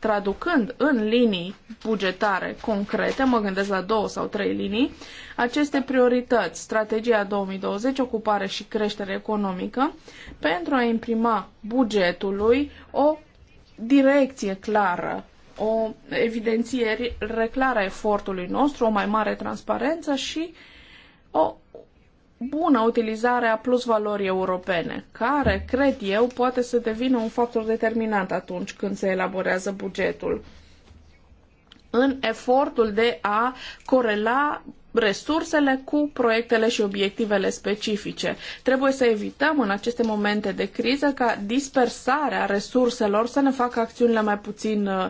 traducând în linii bugetare concrete, mă gândesc la două sau trei linii, aceste priorități, strategia 2020, ocupare și creștere economică, pentru a imprima bugetului o direcție clară, o evidențiere clară a efortului nostru, o mai mare transparență și o bună utilizare a plusvalorii europene, care, cred eu, poate să devină un factor determinant atunci când se elaborează bugetul în efortul de a corela resursele cu proiectele și obiectivele specifice. Trebuie să evităm în aceste momente de criză ca dispersarea resurselor să ne facă acțiunile mai puțin uh,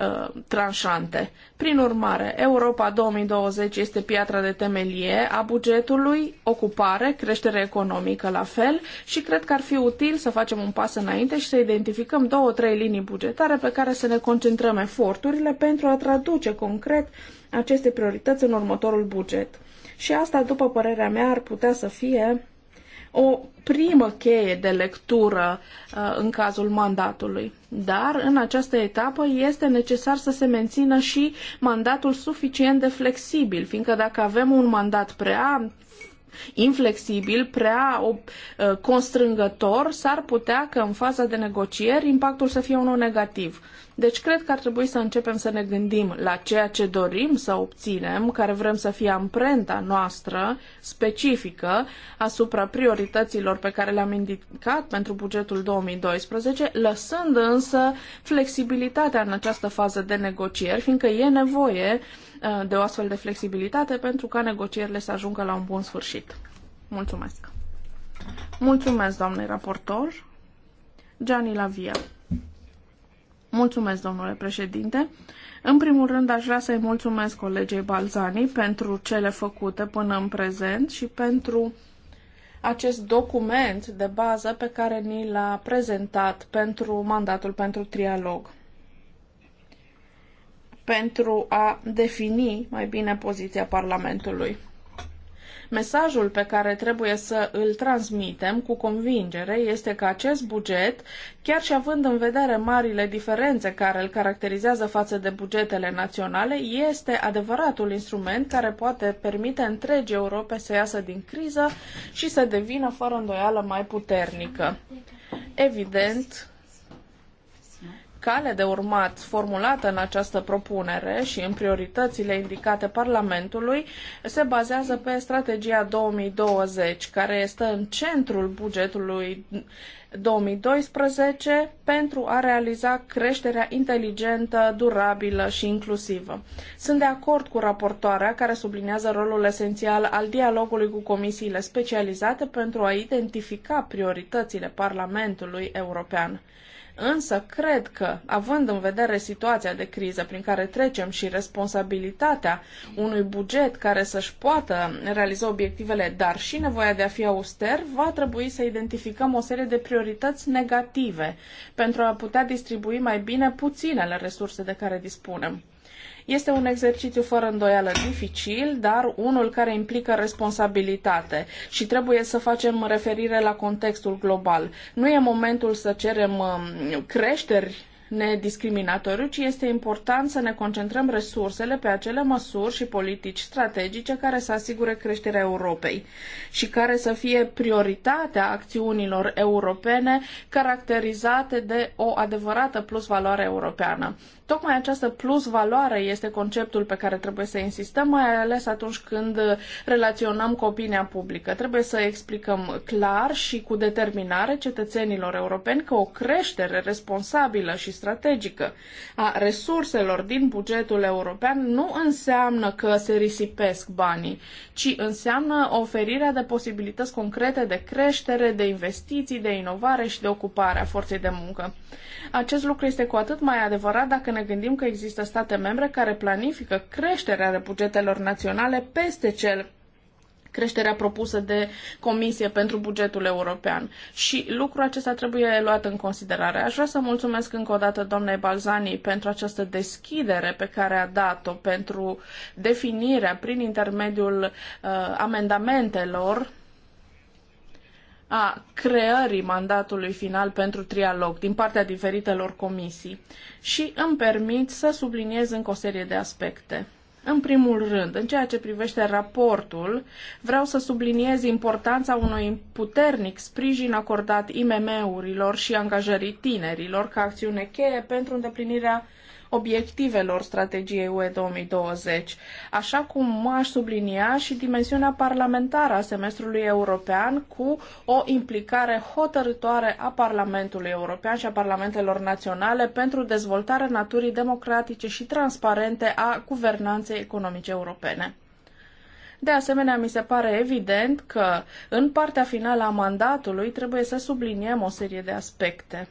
uh tranșante. Prin urmare, Europa 2020 este piatra de temelie a bugetului, ocupare, creștere economică la fel și cred că ar fi util să facem un pas înainte și să identificăm două, trei linii bugetare pe care să ne concentrăm eforturile pentru a traduce concret uh, aceste priorități în următorul buget. Și asta, după părerea mea, ar putea să fie o primă cheie de lectură uh, în cazul mandatului. Dar, în această etapă, este necesar să se mențină și mandatul suficient de flexibil, fiindcă dacă avem un mandat prea inflexibil, prea uh, constrângător, s-ar putea că în faza de negocieri impactul să fie unul negativ. Deci cred că ar trebui să începem să ne gândim la ceea ce dorim să obținem, care vrem să fie amprenta noastră specifică asupra priorităților pe care le-am indicat pentru bugetul 2012, lăsând însă flexibilitatea în această fază de negocieri, fiindcă e nevoie uh, de o astfel de flexibilitate pentru ca negocierile să ajungă la un bun sfârșit. Mulțumesc! Mulțumesc, doamnei raportor! Gianni Lavia Mulțumesc, domnule președinte. În primul rând, aș vrea să-i mulțumesc colegei Balzani pentru cele făcute până în prezent și pentru acest document de bază pe care ni l-a prezentat pentru mandatul pentru trialog. Pentru a defini mai bine poziția Parlamentului. Mesajul pe care trebuie să îl transmitem cu convingere este că acest buget, chiar și având în vedere marile diferențe care îl caracterizează față de bugetele naționale, este adevăratul instrument care poate permite întregii Europe să iasă din criză și să devină fără îndoială mai puternică. Evident, calea de urmat formulată în această propunere și în prioritățile indicate Parlamentului se bazează pe strategia 2020, care este în centrul bugetului 2012 pentru a realiza creșterea inteligentă, durabilă și inclusivă. Sunt de acord cu raportoarea care subliniază rolul esențial al dialogului cu comisiile specializate pentru a identifica prioritățile Parlamentului European. Însă cred că, având în vedere situația de criză prin care trecem și responsabilitatea unui buget care să-și poată realiza obiectivele, dar și nevoia de a fi auster, va trebui să identificăm o serie de priorități negative pentru a putea distribui mai bine puținele resurse de care dispunem. Este un exercițiu fără îndoială dificil, dar unul care implică responsabilitate și trebuie să facem referire la contextul global. Nu e momentul să cerem um, creșteri nediscriminatoriu, ci este important să ne concentrăm resursele pe acele măsuri și politici strategice care să asigure creșterea Europei și care să fie prioritatea acțiunilor europene caracterizate de o adevărată plusvaloare europeană. Tocmai această plus valoare este conceptul pe care trebuie să insistăm, mai ales atunci când relaționăm cu opinia publică. Trebuie să explicăm clar și cu determinare cetățenilor europeni că o creștere responsabilă și strategică a resurselor din bugetul european nu înseamnă că se risipesc banii, ci înseamnă oferirea de posibilități concrete de creștere, de investiții, de inovare și de ocupare a forței de muncă. Acest lucru este cu atât mai adevărat dacă ne ne gândim că există state membre care planifică creșterea bugetelor naționale peste cel creșterea propusă de Comisie pentru bugetul european. Și lucrul acesta trebuie luat în considerare. Aș vrea să mulțumesc încă o dată doamnei Balzani pentru această deschidere pe care a dat-o pentru definirea prin intermediul uh, amendamentelor a creării mandatului final pentru trialog din partea diferitelor comisii și îmi permit să subliniez încă o serie de aspecte. În primul rând, în ceea ce privește raportul, vreau să subliniez importanța unui puternic sprijin acordat IMM-urilor și angajării tinerilor ca acțiune cheie pentru îndeplinirea obiectivelor strategiei UE 2020, așa cum aș sublinia și dimensiunea parlamentară a semestrului european cu o implicare hotărătoare a Parlamentului European și a parlamentelor naționale pentru dezvoltarea naturii democratice și transparente a guvernanței economice europene. De asemenea, mi se pare evident că în partea finală a mandatului trebuie să subliniem o serie de aspecte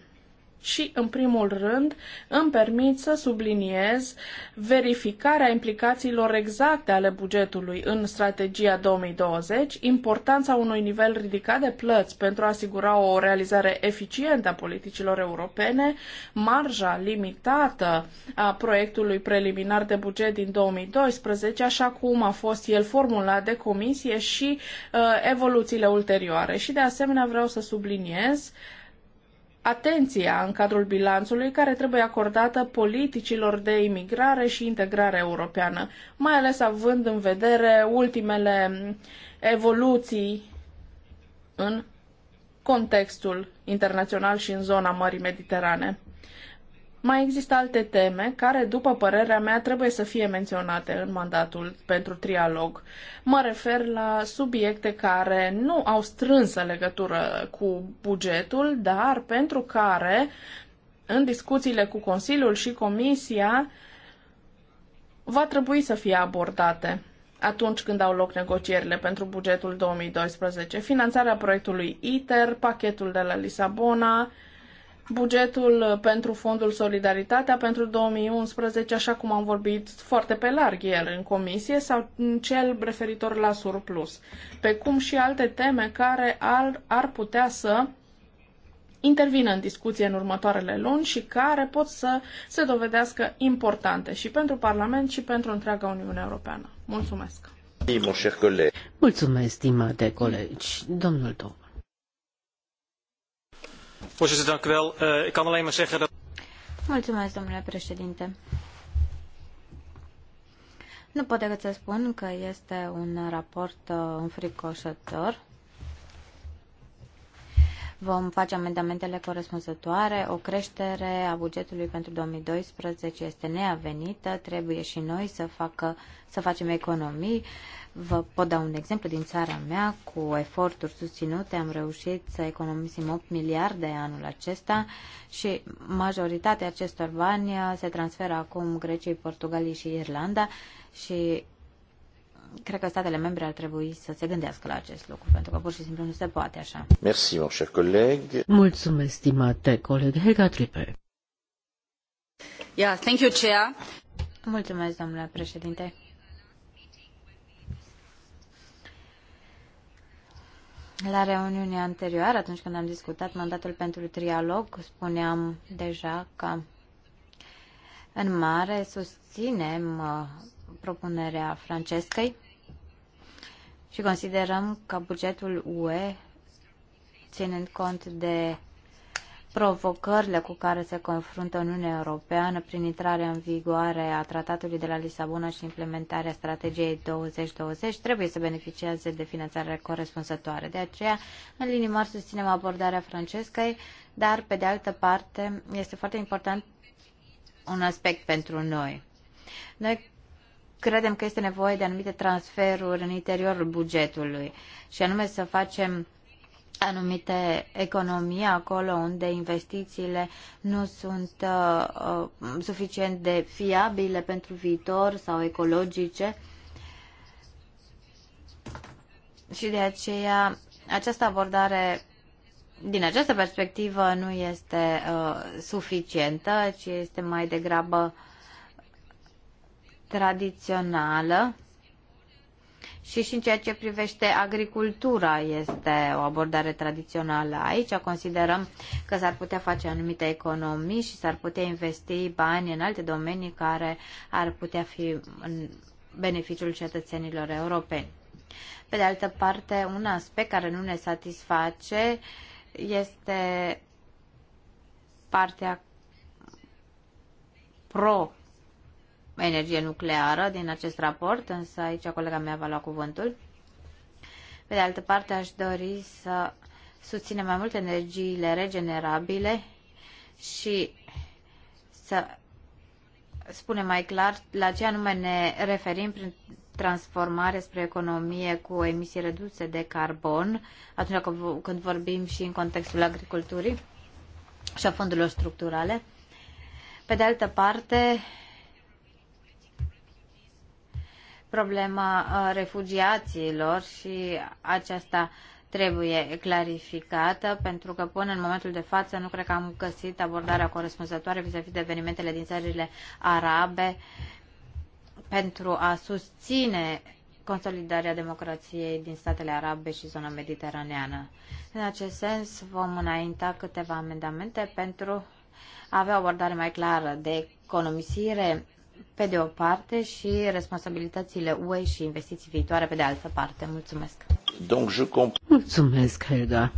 și, în primul rând, îmi permit să subliniez verificarea implicațiilor exacte ale bugetului în strategia 2020, importanța unui nivel ridicat de plăți pentru a asigura o realizare eficientă a politicilor europene, marja limitată a proiectului preliminar de buget din 2012, așa cum a fost el formulat de comisie și uh, evoluțiile ulterioare. Și, de asemenea, vreau să subliniez uh, atenția în cadrul bilanțului care trebuie acordată politicilor de imigrare și integrare europeană, mai ales având în vedere ultimele evoluții în contextul internațional și în zona Mării Mediterane. Mai există alte teme care, după părerea mea, trebuie să fie menționate în mandatul pentru trialog. Mă refer la subiecte care nu au strânsă legătură cu bugetul, dar pentru care, în discuțiile cu Consiliul și Comisia, va trebui să fie abordate atunci când au loc negocierile pentru bugetul 2012, finanțarea proiectului ITER, pachetul de la Lisabona, bugetul uh, pentru Fondul Solidaritatea pentru 2011, așa cum am vorbit foarte pe larg el în comisie, sau cel referitor la surplus, pe cum și alte teme care ar, ar putea să intervină în discuție în următoarele luni și care pot să se dovedească importante și pentru Parlament și pentru întreaga Uniune Europeană. Mulțumesc! Mulțumesc, stimate colegi. Domnul Tom! Eh, Mulțumesc, domnule președinte. Nu pot decât să spun că este un raport eh, înfricoșător. Vom face amendamentele corespunzătoare. O creștere a bugetului pentru 2012 este neavenită. Trebuie și noi să, facă, să facem economii. Vă pot da un exemplu din țara mea. Cu eforturi susținute am reușit să economisim 8 miliarde anul acesta și majoritatea acestor bani se transferă acum Greciei, Portugalii și Irlanda și cred că statele membre ar trebui să se gândească la acest lucru, pentru că pur și simplu nu se poate așa. Merci, mon cher coleg. Mulțumesc, stimate coleg Helga Tripe. Yeah, thank you, Chair. Mulțumesc, domnule președinte. La reuniunea anterioară, atunci când am discutat mandatul pentru trialog, spuneam deja că în mare susținem uh, propunerea Francescăi și considerăm că bugetul UE, ținând cont de provocările cu care se confruntă Uniunea Europeană prin intrarea în vigoare a Tratatului de la Lisabona și implementarea strategiei 2020 trebuie să beneficieze de finanțare corespunzătoare. De aceea, în linii mari, susținem abordarea francescăi, dar, pe de altă parte, este foarte important un aspect pentru noi. Noi credem că este nevoie de anumite transferuri în interiorul bugetului și anume să facem anumite economii acolo unde investițiile nu sunt uh, uh, suficient de fiabile pentru viitor sau ecologice. Și de aceea această abordare din această perspectivă nu este uh, suficientă, ci este mai degrabă tradițională și și în ceea ce privește agricultura este o abordare tradițională aici. Considerăm că s-ar putea face anumite economii și s-ar putea investi bani în alte domenii care ar putea fi în beneficiul cetățenilor europeni. Pe de altă parte, un aspect care nu ne satisface este partea pro energie nucleară din acest raport, însă aici colega mea va lua cuvântul. Pe de altă parte, aș dori să susținem mai mult energiile regenerabile și să spunem mai clar la ce anume ne referim prin transformare spre economie cu emisii reduse de carbon, atunci când vorbim și în contextul agriculturii și a fondurilor structurale. Pe de altă parte, problema uh, refugiaților și aceasta trebuie clarificată, pentru că până în momentul de față nu cred că am găsit abordarea corespunzătoare vis-a-vis de evenimentele din țările arabe pentru a susține consolidarea democrației din statele arabe și zona mediteraneană. În acest sens, vom înainta câteva amendamente pentru a avea o abordare mai clară de economisire pe de o parte și responsabilitățile UE și investiții viitoare pe de altă parte. Mulțumesc. Donc, je Mulțumesc, Helga.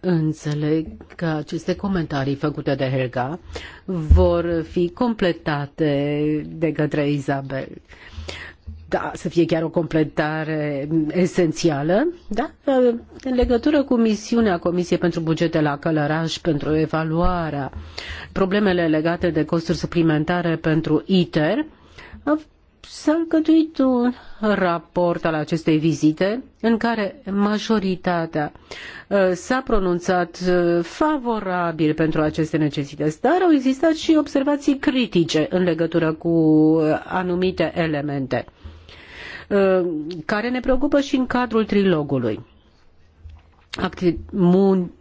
Înțeleg că aceste comentarii făcute de Helga vor fi completate de către Isabel da, să fie chiar o completare esențială, da? în legătură cu misiunea Comisiei pentru Bugete la Călăraș, pentru evaluarea problemele legate de costuri suplimentare pentru ITER, s-a alcătuit un raport al acestei vizite în care majoritatea uh, s-a pronunțat uh, favorabil pentru aceste necesități, dar au existat și observații critice în legătură cu uh, anumite elemente. Uh, care ne preocupă și în cadrul trilogului.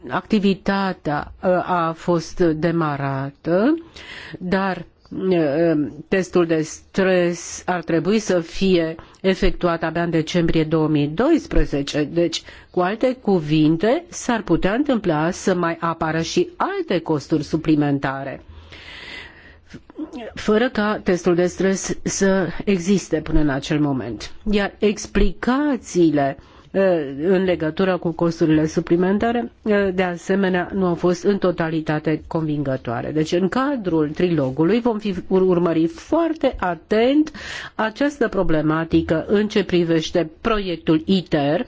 Activitatea uh, a fost demarată, dar uh, testul de stres ar trebui să fie efectuat abia în decembrie 2012. Deci, cu alte cuvinte, s-ar putea întâmpla să mai apară și alte costuri suplimentare fără ca testul de stres să existe până în acel moment. Iar explicațiile în legătură cu costurile suplimentare, de asemenea, nu au fost în totalitate convingătoare. Deci, în cadrul trilogului vom fi urmări foarte atent această problematică în ce privește proiectul ITER,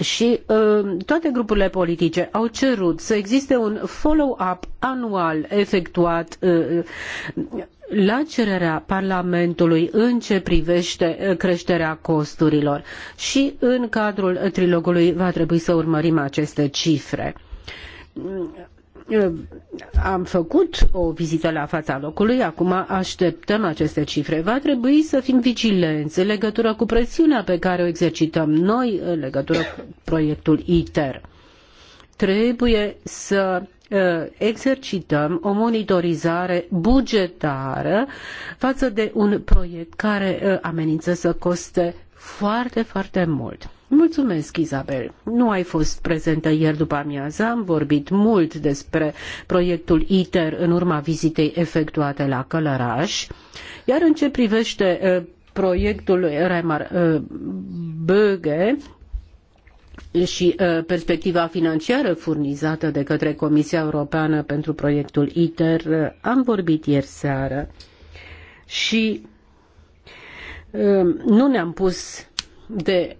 și uh, toate grupurile politice au cerut să existe un follow-up anual efectuat uh, la cererea Parlamentului în ce privește uh, creșterea costurilor și în cadrul trilogului va trebui să urmărim aceste cifre am făcut o vizită la fața locului, acum așteptăm aceste cifre. Va trebui să fim vigilenți în legătură cu presiunea pe care o exercităm noi în legătură cu proiectul ITER. Trebuie să uh, exercităm o monitorizare bugetară față de un proiect care uh, amenință să coste foarte, foarte mult. Mulțumesc, Isabel. Nu ai fost prezentă ieri după amiază. Am vorbit mult despre proiectul ITER în urma vizitei efectuate la Călăraș. Iar în ce privește uh, proiectul Remar uh, Böge, și uh, perspectiva financiară furnizată de către Comisia Europeană pentru proiectul ITER. Am vorbit ieri seară și nu ne-am pus de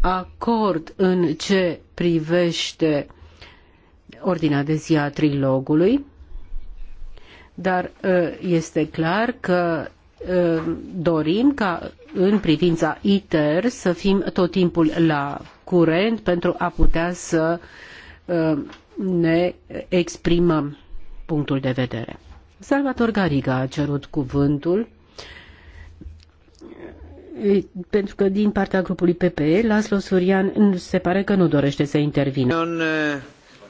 acord în ce privește ordinea de zi a trilogului, dar ă, este clar că ă, dorim ca în privința ITER să fim tot timpul la curent pentru a putea să ă, ne exprimăm punctul de vedere. Salvator Gariga a cerut cuvântul pentru că din partea grupului PPE, Laslo Surian se pare că nu dorește să intervină.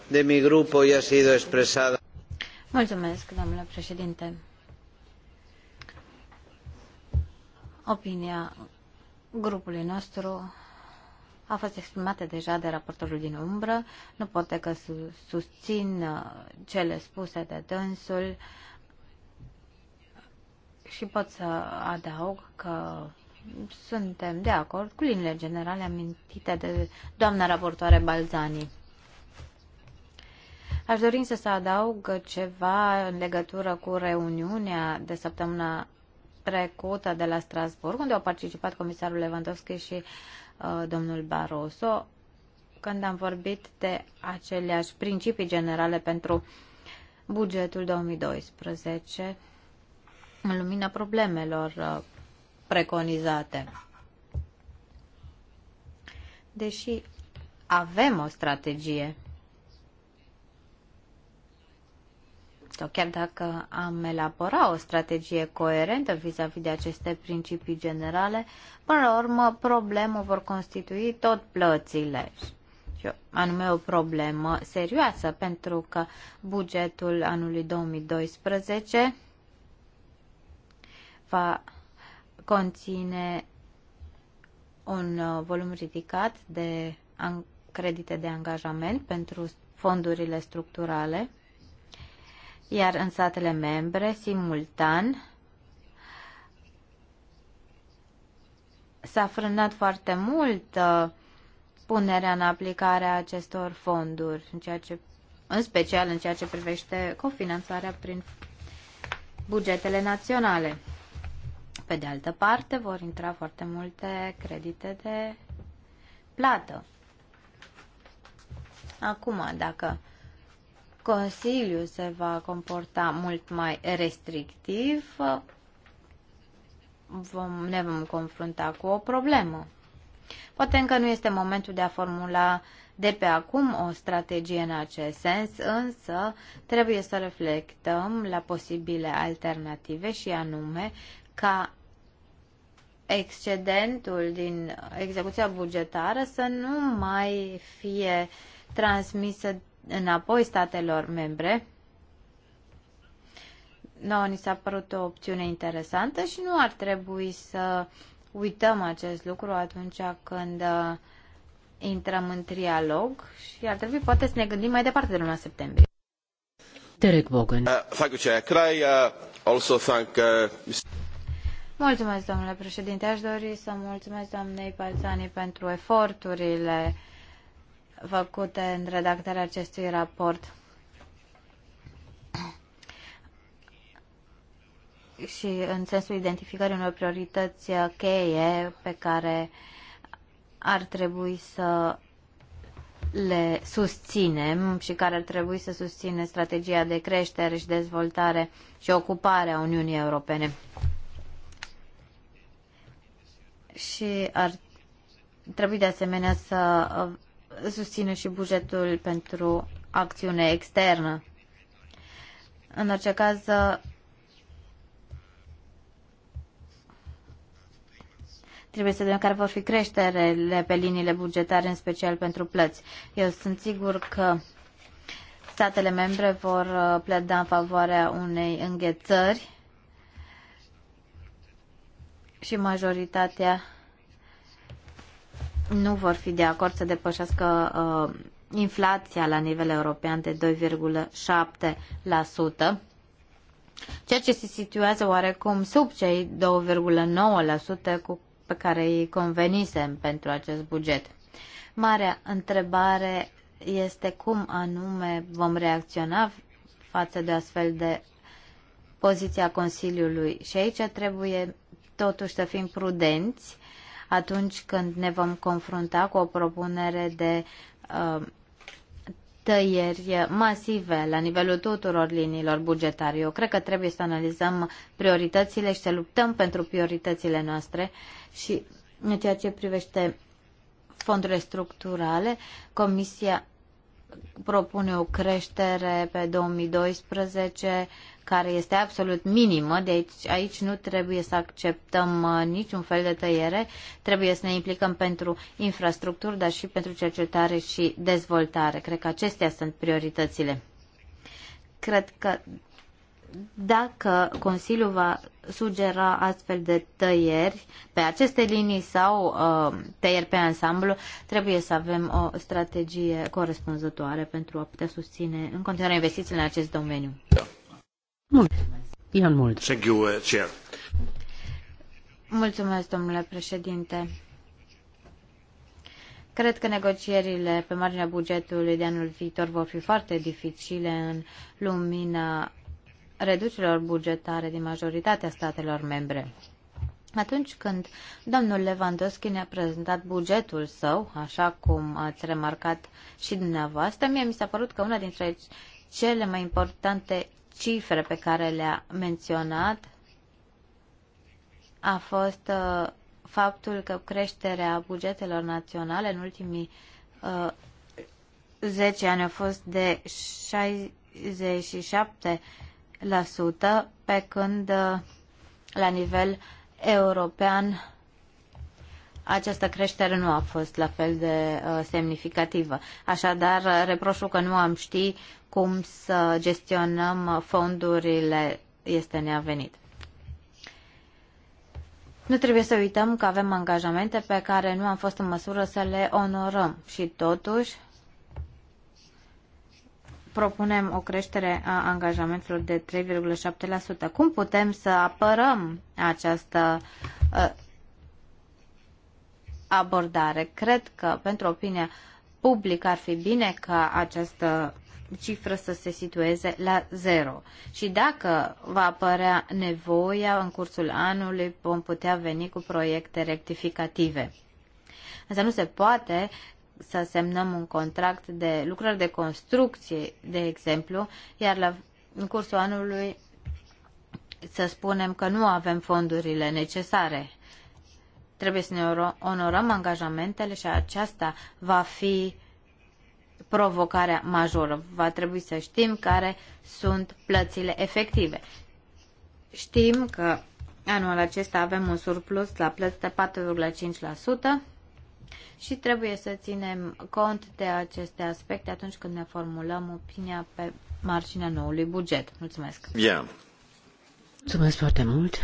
De mi grupo ya sido expresada. Mulțumesc, domnule președinte. Opinia grupului nostru a fost exprimată deja de raportorul din umbră. Nu pot decât să susțin uh, cele spuse de dânsul și pot să adaug că suntem de acord cu linile generale amintite de doamna raportoare Balzani. Aș dori să se adaugă ceva în legătură cu reuniunea de săptămâna trecută de la Strasburg, unde au participat comisarul Lewandowski și uh, domnul Barroso, când am vorbit de aceleași principii generale pentru bugetul 2012 în lumina problemelor uh, preconizate. Deși avem o strategie, sau chiar dacă am elabora o strategie coerentă vis-a-vis -vis de aceste principii generale, până la urmă problemă vor constitui tot plățile anume o problemă serioasă, pentru că bugetul anului 2012 va conține un uh, volum ridicat de credite de angajament pentru fondurile structurale, iar în statele membre, simultan, s-a frânat foarte mult uh, punerea în aplicare a acestor fonduri, în, ceea ce, în special în ceea ce privește cofinanțarea prin bugetele naționale. Pe de altă parte, vor intra foarte multe credite de plată. Acum, dacă Consiliul se va comporta mult mai restrictiv, vom, ne vom confrunta cu o problemă. Poate încă nu este momentul de a formula de pe acum o strategie în acest sens, însă trebuie să reflectăm la posibile alternative și anume ca excedentul din execuția bugetară să nu mai fie transmisă înapoi statelor membre. Noi ni s-a părut o opțiune interesantă și nu ar trebui să uităm acest lucru atunci când uh, intrăm în trialog și ar trebui poate să ne gândim mai departe de luna septembrie. Derek Bogan. Uh, thank you, Chair. Could I uh, also thank uh, Mr. Mulțumesc, domnule președinte. Aș dori să mulțumesc doamnei Palțani pentru eforturile făcute în redactarea acestui raport. și în sensul identificării unor priorități cheie pe care ar trebui să le susținem și care ar trebui să susține strategia de creștere și dezvoltare și ocupare a Uniunii Europene și ar trebui de asemenea să uh, susțină și bugetul pentru acțiune externă. În orice caz, uh, trebuie să vedem care vor fi creșterele pe liniile bugetare, în special pentru plăți. Eu sunt sigur că statele membre vor uh, pleda în favoarea unei înghețări și majoritatea nu vor fi de acord să depășească uh, inflația la nivel european de 2,7%, ceea ce se situează oarecum sub cei 2,9% cu, pe care îi convenisem pentru acest buget. Marea întrebare este cum anume vom reacționa față de astfel de poziția Consiliului și aici trebuie totuși să fim prudenți atunci când ne vom confrunta cu o propunere de uh, tăieri masive la nivelul tuturor liniilor bugetare. Eu cred că trebuie să analizăm prioritățile și să luptăm pentru prioritățile noastre și în ceea ce privește fondurile structurale, Comisia propune o creștere pe 2012 care este absolut minimă, deci aici nu trebuie să acceptăm uh, niciun fel de tăiere, trebuie să ne implicăm pentru infrastructură, dar și pentru cercetare și dezvoltare. Cred că acestea sunt prioritățile. Cred că dacă Consiliul va sugera astfel de tăieri pe aceste linii sau uh, tăieri pe ansamblu, trebuie să avem o strategie corespunzătoare pentru a putea susține în continuare investițiile în acest domeniu. Da. Uh, Mulțumesc. domnule președinte. Cred că negocierile pe marginea bugetului de anul viitor vor fi foarte dificile în lumina reducerilor bugetare din majoritatea statelor membre. Atunci când domnul Lewandowski ne-a prezentat bugetul său, așa cum ați remarcat și dumneavoastră, mie mi s-a părut că una dintre cele mai importante cifre pe care le-a menționat a fost uh, faptul că creșterea bugetelor naționale în ultimii uh, 10 ani a fost de 67%, pe când uh, la nivel european această creștere nu a fost la fel de uh, semnificativă. Așadar, uh, reproșul că nu am ști cum să gestionăm fondurile este neavenit. Nu trebuie să uităm că avem angajamente pe care nu am fost în măsură să le onorăm și totuși propunem o creștere a angajamentelor de 3,7%. Cum putem să apărăm această uh, abordare. Cred că pentru opinia publică ar fi bine ca această cifră să se situeze la zero. Și dacă va apărea nevoia în cursul anului, vom putea veni cu proiecte rectificative. Însă nu se poate să semnăm un contract de lucrări de construcție, de exemplu, iar la, în cursul anului să spunem că nu avem fondurile necesare. Trebuie să ne onorăm angajamentele și aceasta va fi provocarea majoră. Va trebui să știm care sunt plățile efective. Știm că anul acesta avem un surplus la plăți de 4,5% și trebuie să ținem cont de aceste aspecte atunci când ne formulăm opinia pe marginea noului buget. Mulțumesc! Yeah. Mulțumesc foarte mult!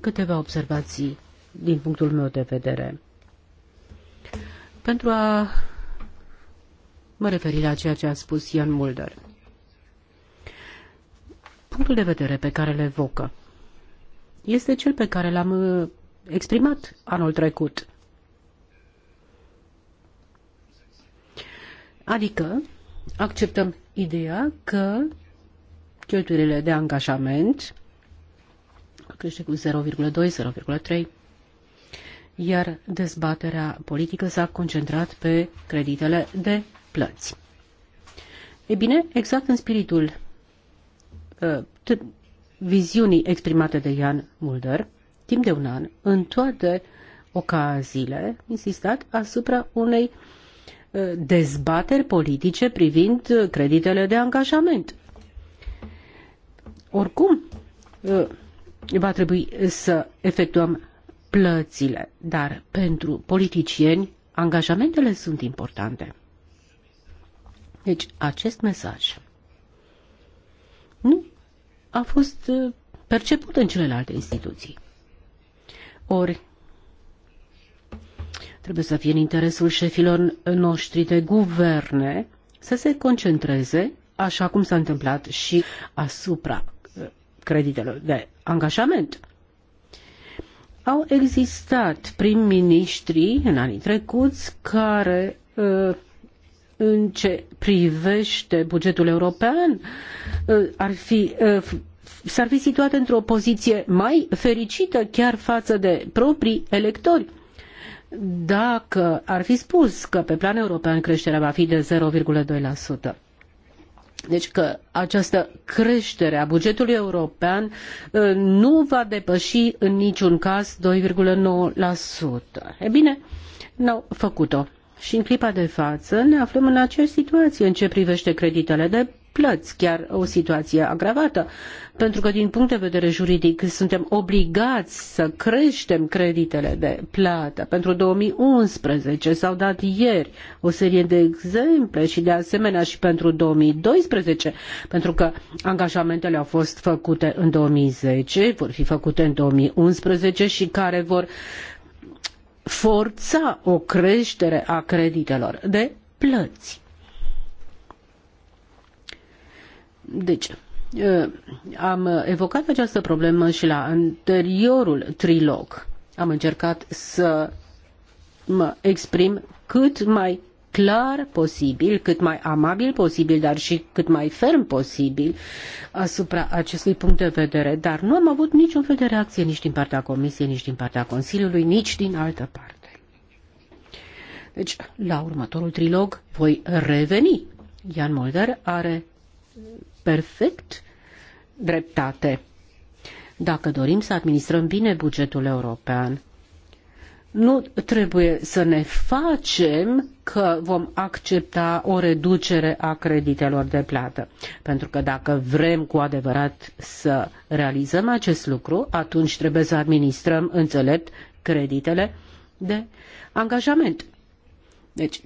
câteva observații din punctul meu de vedere. Pentru a mă referi la ceea ce a spus Ian Mulder. Punctul de vedere pe care le evocă este cel pe care l-am uh, exprimat anul trecut. Adică acceptăm ideea că cheltuielile de angajament crește cu 0,2-0,3, iar dezbaterea politică s-a concentrat pe creditele de plăți. E bine, exact în spiritul uh, viziunii exprimate de Ian Mulder, timp de un an, în toate ocaziile, insistat asupra unei uh, dezbateri politice privind uh, creditele de angajament. Oricum, uh, va trebui să efectuăm plățile, dar pentru politicieni angajamentele sunt importante. Deci acest mesaj nu a fost uh, perceput în celelalte instituții. Ori trebuie să fie în interesul șefilor noștri de guverne să se concentreze, așa cum s-a întâmplat și asupra creditelor de angajament. Au existat prim-ministri în anii trecuți care uh, în ce privește bugetul european uh, ar fi uh, s-ar fi situat într-o poziție mai fericită chiar față de proprii electori dacă ar fi spus că pe plan european creșterea va fi de 0,2%. Deci că această creștere a bugetului european uh, nu va depăși în niciun caz 2,9%. E bine, n-au făcut-o. Și în clipa de față ne aflăm în această situație în ce privește creditele de plăți, chiar o situație agravată, pentru că din punct de vedere juridic suntem obligați să creștem creditele de plată. Pentru 2011 s-au dat ieri o serie de exemple și de asemenea și pentru 2012, pentru că angajamentele au fost făcute în 2010, vor fi făcute în 2011 și care vor forța o creștere a creditelor de plăți. Deci, am evocat această problemă și la anteriorul trilog. Am încercat să mă exprim cât mai clar posibil, cât mai amabil posibil, dar și cât mai ferm posibil asupra acestui punct de vedere. Dar nu am avut niciun fel de reacție nici din partea Comisiei, nici din partea Consiliului, nici din altă parte. Deci, la următorul trilog voi reveni. Ian Mulder are perfect dreptate. Dacă dorim să administrăm bine bugetul european, nu trebuie să ne facem că vom accepta o reducere a creditelor de plată. Pentru că dacă vrem cu adevărat să realizăm acest lucru, atunci trebuie să administrăm înțelept creditele de angajament. Deci,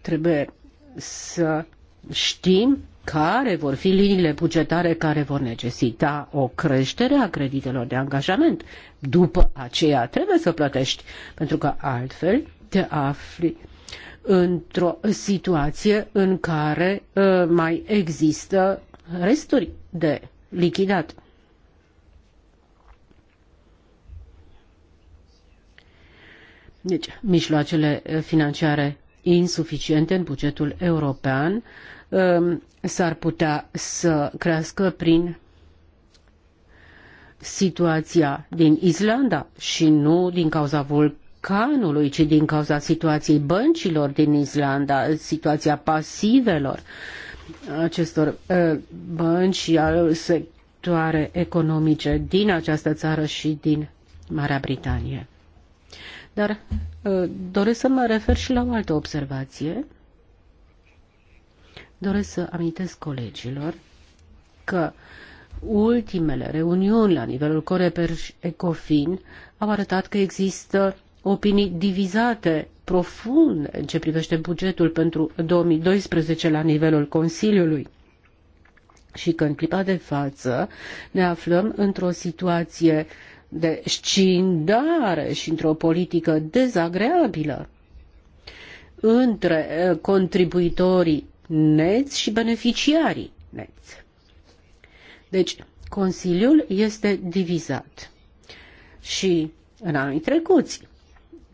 trebuie să știm care vor fi liniile bugetare care vor necesita o creștere a creditelor de angajament. După aceea trebuie să plătești, pentru că altfel te afli într-o situație în care uh, mai există resturi de lichidat. Deci, mijloacele financiare insuficiente în bugetul european uh, Um, s-ar putea să crească prin situația din Islanda și nu din cauza vulcanului, ci din cauza situației băncilor din Islanda, situația pasivelor acestor uh, bănci și al sectoare economice din această țară și din Marea Britanie. Dar uh, doresc să mă refer și la o altă observație Doresc să amintesc colegilor că ultimele reuniuni la nivelul Coreper și Ecofin au arătat că există opinii divizate profund în ce privește bugetul pentru 2012 la nivelul Consiliului și că în clipa de față ne aflăm într-o situație de scindare și într-o politică dezagreabilă între eh, contribuitorii neți și beneficiarii neți. Deci, Consiliul este divizat. Și în anii trecuți,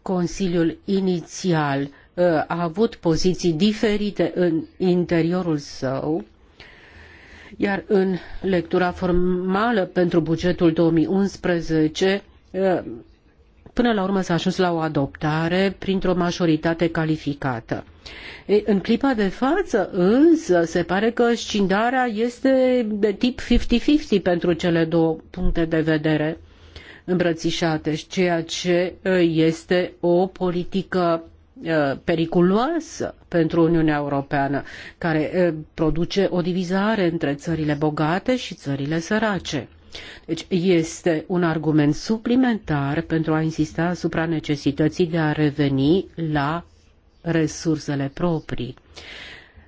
Consiliul inițial uh, a avut poziții diferite în interiorul său, iar în lectura formală pentru bugetul 2011 Până la urmă s-a ajuns la o adoptare printr-o majoritate calificată. Ei, în clipa de față, însă, se pare că scindarea este de tip 50-50 pentru cele două puncte de vedere îmbrățișate, ceea ce este o politică periculoasă pentru Uniunea Europeană, care produce o divizare între țările bogate și țările sărace. Deci este un argument suplimentar pentru a insista asupra necesității de a reveni la resursele proprii.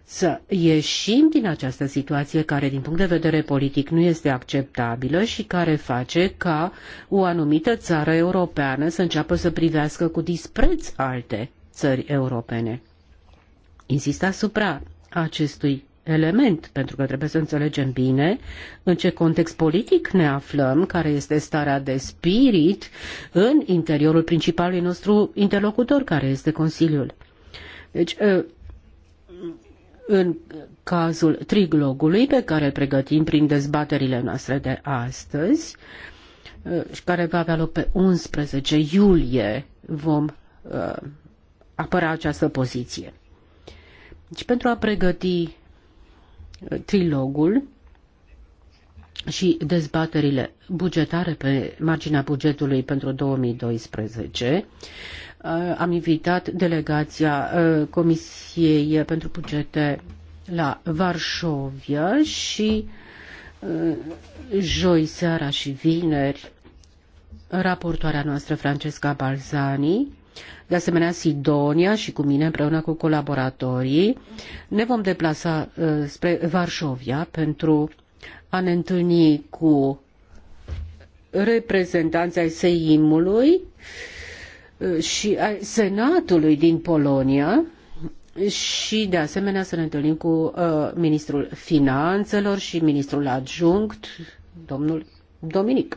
Să ieșim din această situație care, din punct de vedere politic, nu este acceptabilă și care face ca o anumită țară europeană să înceapă să privească cu dispreț alte țări europene. Insist asupra acestui element, pentru că trebuie să înțelegem bine în ce context politic ne aflăm, care este starea de spirit în interiorul principalului nostru interlocutor, care este Consiliul. Deci, ă, în cazul triglogului pe care îl pregătim prin dezbaterile noastre de astăzi, ă, și care va avea loc pe 11 iulie, vom ă, apăra această poziție. Deci pentru a pregăti trilogul și dezbaterile bugetare pe marginea bugetului pentru 2012. Uh, am invitat delegația uh, Comisiei pentru Bugete la Varșovia și uh, joi seara și vineri raportoarea noastră Francesca Balzani de asemenea, Sidonia și cu mine, împreună cu colaboratorii, ne vom deplasa uh, spre Varșovia pentru a ne întâlni cu reprezentanța Seimului uh, și a Senatului din Polonia, și de asemenea să ne întâlnim cu uh, ministrul finanțelor și ministrul adjunct, domnul Dominic.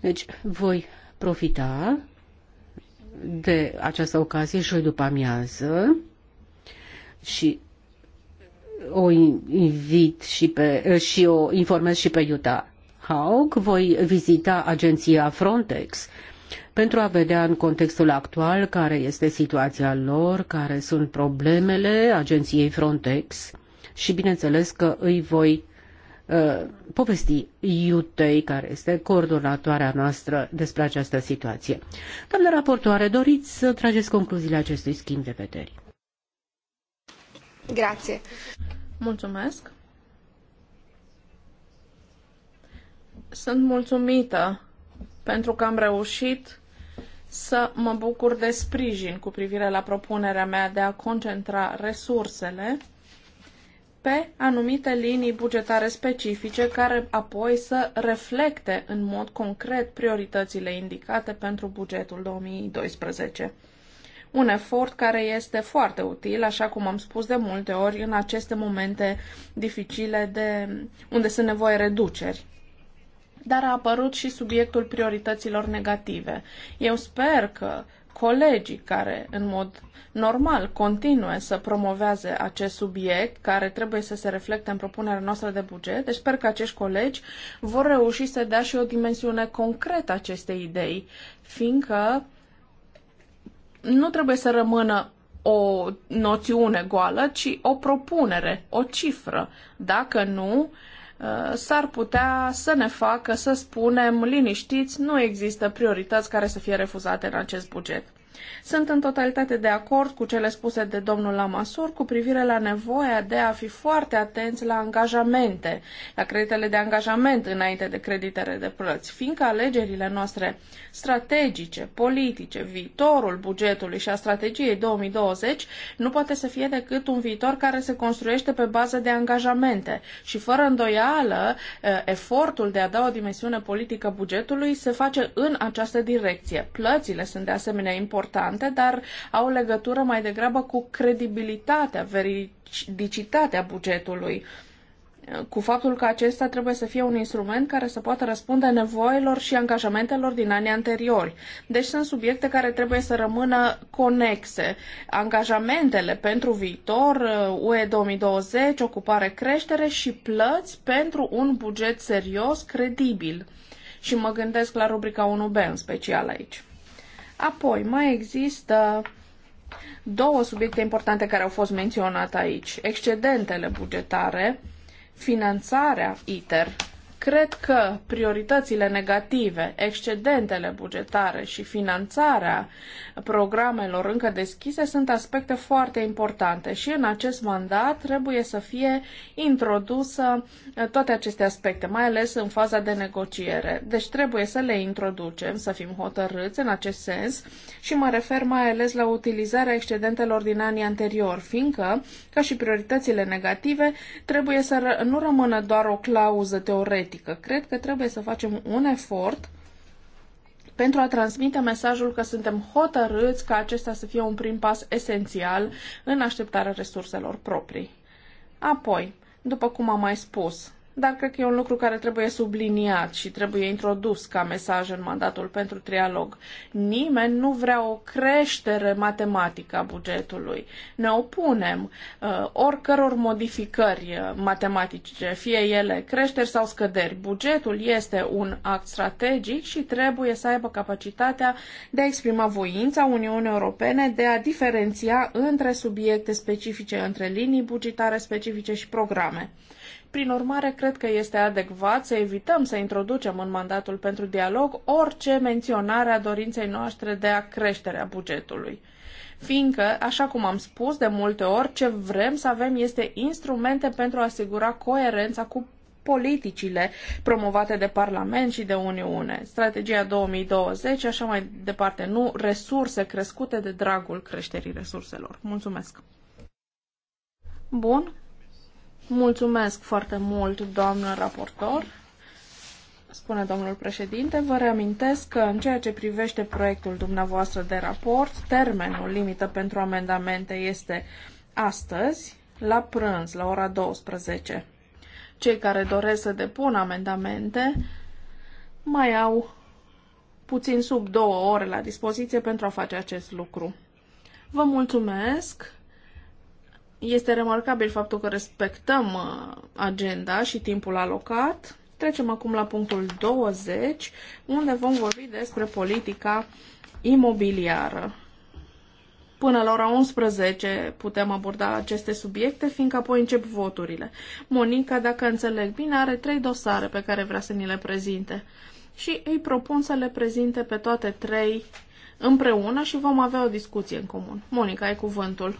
Deci voi profita de această ocazie joi după amiază și o invit și, pe, și o informez și pe Iuta Haug, voi vizita agenția Frontex pentru a vedea în contextul actual care este situația lor, care sunt problemele agenției Frontex și bineînțeles că îi voi Uh, povesti Iutei, care este coordonatoarea noastră despre această situație. Doamnă raportoare, doriți să trageți concluziile acestui schimb de vederi. Grație. Mulțumesc. Sunt mulțumită pentru că am reușit să mă bucur de sprijin cu privire la propunerea mea de a concentra resursele pe anumite linii bugetare specifice care apoi să reflecte în mod concret prioritățile indicate pentru bugetul 2012. Un efort care este foarte util, așa cum am spus de multe ori, în aceste momente dificile de unde sunt nevoie reduceri dar a apărut și subiectul priorităților negative. Eu sper că colegii care, în mod normal, continue să promoveze acest subiect, care trebuie să se reflecte în propunerea noastră de buget. Deci sper că acești colegi vor reuși să dea și o dimensiune concretă acestei idei, fiindcă nu trebuie să rămână o noțiune goală, ci o propunere, o cifră. Dacă nu, uh, Eh, s-ar putea să ne facă să spunem liniștiți, nu există priorități care să fie refuzate în acest buget. Sunt în totalitate de acord cu cele spuse de domnul Lamasur cu privire la nevoia de a fi foarte atenți la angajamente, la creditele de angajament înainte de creditele de plăți, fiindcă alegerile noastre strategice, politice, viitorul bugetului și a strategiei 2020 nu poate să fie decât un viitor care se construiește pe bază de angajamente și fără îndoială eh, efortul de a da o dimensiune politică bugetului se face în această direcție. Plățile sunt de asemenea importante importante, dar au legătură mai degrabă cu credibilitatea, veridicitatea bugetului cu faptul că acesta trebuie să fie un instrument care să poată răspunde nevoilor și angajamentelor din anii anteriori. Deci sunt subiecte care trebuie să rămână conexe. Angajamentele pentru viitor, uh, UE 2020, ocupare, creștere și plăți pentru un buget serios, credibil. Și mă gândesc la rubrica 1B în special aici. Apoi, mai există două subiecte importante care au fost menționate aici. Excedentele bugetare, finanțarea ITER Cred că prioritățile negative, excedentele bugetare și finanțarea programelor încă deschise sunt aspecte foarte importante și în acest mandat trebuie să fie introdusă eh, toate aceste aspecte, mai ales în faza de negociere. Deci trebuie să le introducem, să fim hotărâți în acest sens și mă refer mai ales la utilizarea excedentelor din anii anteriori, fiindcă, ca și prioritățile negative, trebuie să nu rămână doar o clauză teoretică, politică. Cred că trebuie să facem un efort pentru a transmite mesajul că suntem hotărâți ca acesta să fie un prim pas esențial în așteptarea resurselor proprii. Apoi, după cum am mai spus, dar cred că e un lucru care trebuie subliniat și trebuie introdus ca mesaj în mandatul pentru trialog. Nimeni nu vrea o creștere matematică a bugetului. Ne opunem uh, oricăror modificări uh, matematice, fie ele creșteri sau scăderi. Bugetul este un act strategic și trebuie să aibă capacitatea de a exprima voința Uniunii Europene de a diferenția între subiecte specifice, între linii bugetare specifice și programe. Prin urmare, cred că este adecvat să evităm să introducem în mandatul pentru dialog orice menționare a dorinței noastre de a creșterea bugetului fiindcă, așa cum am spus de multe ori, ce vrem să avem este instrumente pentru a asigura coerența cu politicile promovate de Parlament și de Uniune, strategia 2020 așa mai departe, nu resurse crescute de dragul creșterii resurselor. Mulțumesc! Bun, Mulțumesc foarte mult, doamnă raportor, spune domnul președinte. Vă reamintesc că în ceea ce privește proiectul dumneavoastră de raport, termenul limită pentru amendamente este astăzi, la prânz, la ora 12. Cei care doresc să depună amendamente mai au puțin sub două ore la dispoziție pentru a face acest lucru. Vă mulțumesc! Este remarcabil faptul că respectăm uh, agenda și timpul alocat. Trecem acum la punctul 20, unde vom vorbi despre politica imobiliară. Până la ora 11 putem aborda aceste subiecte, fiindcă apoi încep voturile. Monica, dacă înțeleg bine, are trei dosare pe care vrea să ni le prezinte. Și îi propun să le prezinte pe toate trei împreună și vom avea o discuție în comun. Monica, ai cuvântul.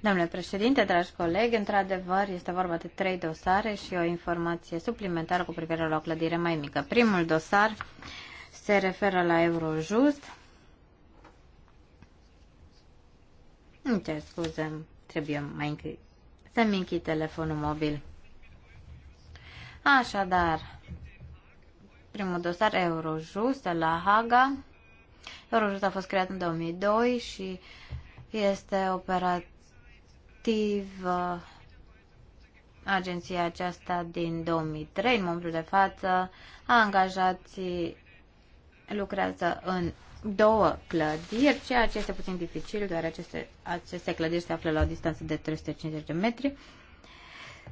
Domnule președinte, dragi colegi, într-adevăr este vorba de trei dosare și o informație suplimentară cu privire la o clădire mai mică. Primul dosar se referă la Eurojust. Îmi scuze, trebuie mai închid. Să-mi închid telefonul mobil. Așadar, primul dosar Eurojust la Haga. Eurojust a fost creat în 2002 și este operativ agenția aceasta din 2003. În momentul de față, a angajații lucrează în două clădiri, ceea ce este puțin dificil, doar aceste, aceste clădiri se află la o distanță de 350 de metri.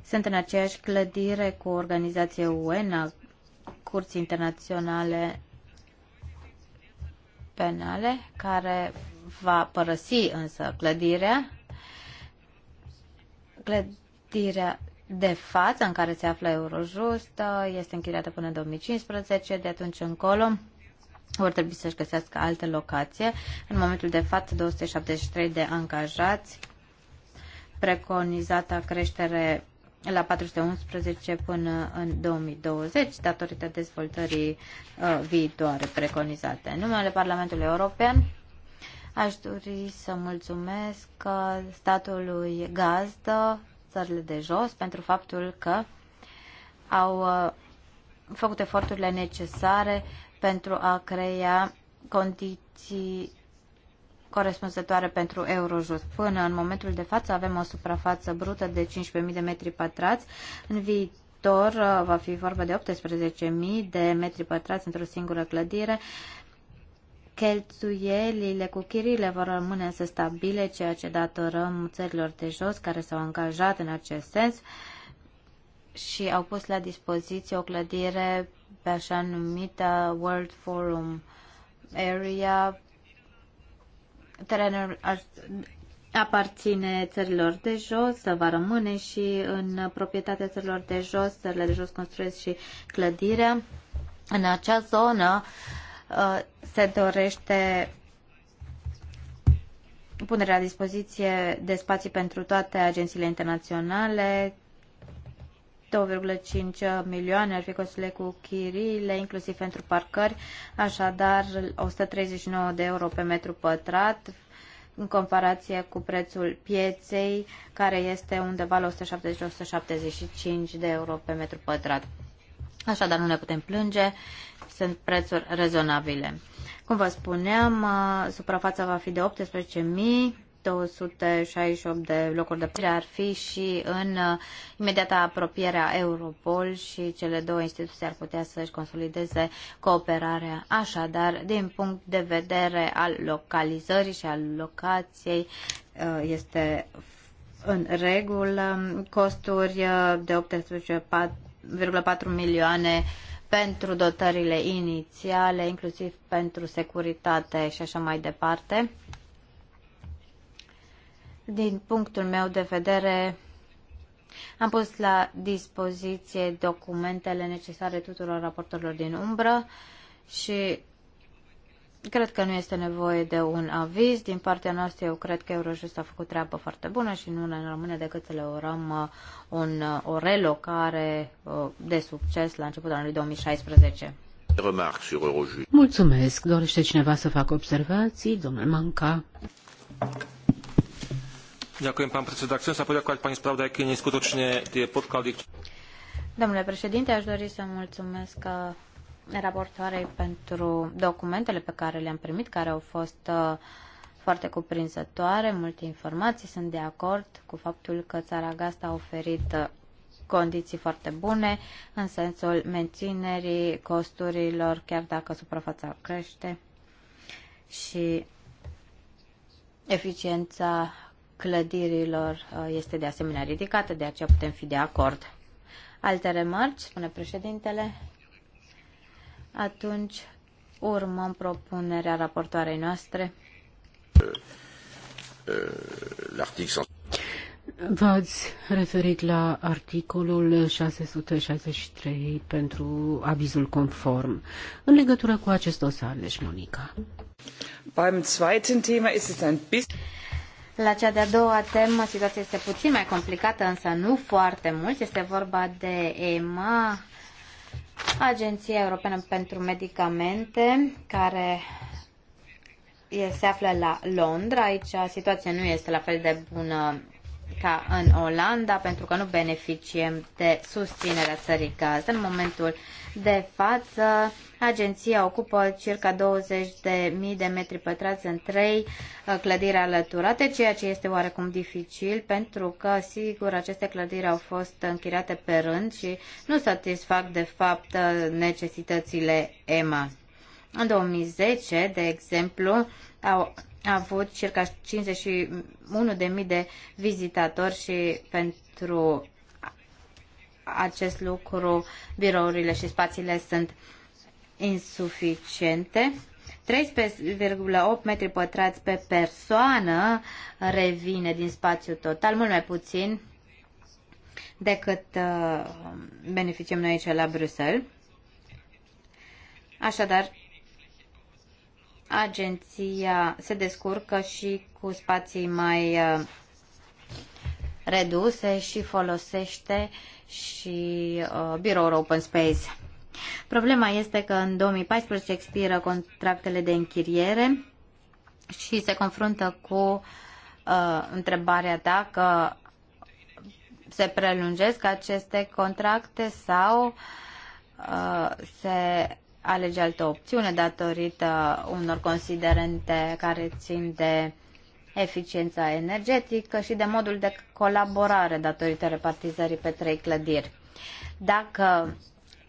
Sunt în aceeași clădire cu organizația UN a Curții Internaționale penale, care va părăsi însă clădirea, clădirea de față în care se află Eurojust uh, este închiriată până în 2015, de atunci încolo vor trebui să-și găsească altă locație. În momentul de față, 273 de angajați, preconizată creștere la 411 până în 2020, datorită dezvoltării uh, viitoare preconizate. În numele Parlamentului European aș dori să mulțumesc uh, statului gazdă, țările de jos, pentru faptul că au uh, făcut eforturile necesare pentru a crea condiții corespunzătoare pentru Eurojust. Până în momentul de față avem o suprafață brută de 15.000 de metri pătrați. În viitor uh, va fi vorba de 18.000 de metri pătrați într-o singură clădire. Cheltuielile cu chirile vor rămâne să stabile, ceea ce datorăm țărilor de jos care s-au angajat în acest sens și au pus la dispoziție o clădire pe așa numită World Forum Area terenul aparține țărilor de jos, să va rămâne și în proprietatea țărilor de jos, țările de jos construiesc și clădirea. În acea zonă ă, se dorește punerea la dispoziție de spații pentru toate agențiile internaționale, 2,5 milioane ar fi costurile cu chiriile, inclusiv pentru parcări, așadar 139 de euro pe metru pătrat, în comparație cu prețul pieței, care este undeva la 170-175 de euro pe metru pătrat. Așadar, nu ne putem plânge, sunt prețuri rezonabile. Cum vă spuneam, uh, suprafața va fi de 18.000 268 de locuri de pire ar fi și în uh, imediata apropiere a Europol și cele două instituții ar putea să-și consolideze cooperarea. Așadar, din punct de vedere al localizării și al locației, uh, este în regulă costuri uh, de 18,4 milioane pentru dotările inițiale, inclusiv pentru securitate și așa mai departe. Din punctul meu de vedere, am pus la dispoziție documentele necesare tuturor raportorilor din umbră și cred că nu este nevoie de un aviz. Din partea noastră, eu cred că Eurojust a făcut treabă foarte bună și nu ne rămâne decât să le urăm uh, un, uh, o relocare uh, de succes la începutul anului 2016. Mulțumesc. Dorește cineva să facă observații? Domnul Manca. Ďakujem, pán predseda. Chcem sa poďakovať pani spravodajkyni, skutočne tie podklady... Domnule președinte, aș dori să mulțumesc uh, raportoarei pentru documentele pe care le-am primit, care au fost uh, foarte cuprinzătoare, multe informații. Sunt de acord cu faptul că țara Gasta a oferit uh, condiții foarte bune în sensul menținerii costurilor, chiar dacă suprafața crește și eficiența clădirilor uh, este de asemenea ridicată, de aceea putem fi de acord. Alte remarci, spune președintele? Atunci urmăm propunerea raportoarei noastre. V-ați referit la articolul 663 pentru avizul conform. În legătură cu acest dosar, deci, Monica. Beim zweiten Thema ist es ein bisschen... La cea de-a doua temă, situația este puțin mai complicată, însă nu foarte mult. Este vorba de EMA, Agenția Europeană pentru Medicamente, care se află la Londra. Aici situația nu este la fel de bună ca în Olanda, pentru că nu beneficiem de susținerea țării gazdă. În momentul de față, Agenția ocupă circa 20.000 de metri pătrați în trei uh, clădiri alăturate, ceea ce este oarecum dificil pentru că, sigur, aceste clădiri au fost închiriate pe rând și nu satisfac, de fapt, uh, necesitățile EMA. În 2010, de exemplu, au avut circa 51.000 de vizitatori și pentru acest lucru birourile și spațiile sunt insuficiente. 13,8 metri pătrați pe persoană revine din spațiu total, mult mai puțin decât uh, beneficiem noi aici la Bruxelles. Așadar, agenția se descurcă și cu spații mai uh, reduse și folosește și uh, birouri open space. Problema este că în 2014 expiră contractele de închiriere și se confruntă cu uh, întrebarea dacă se prelungesc aceste contracte sau uh, se alege altă opțiune datorită unor considerente care țin de eficiența energetică și de modul de colaborare datorită repartizării pe trei clădiri. Dacă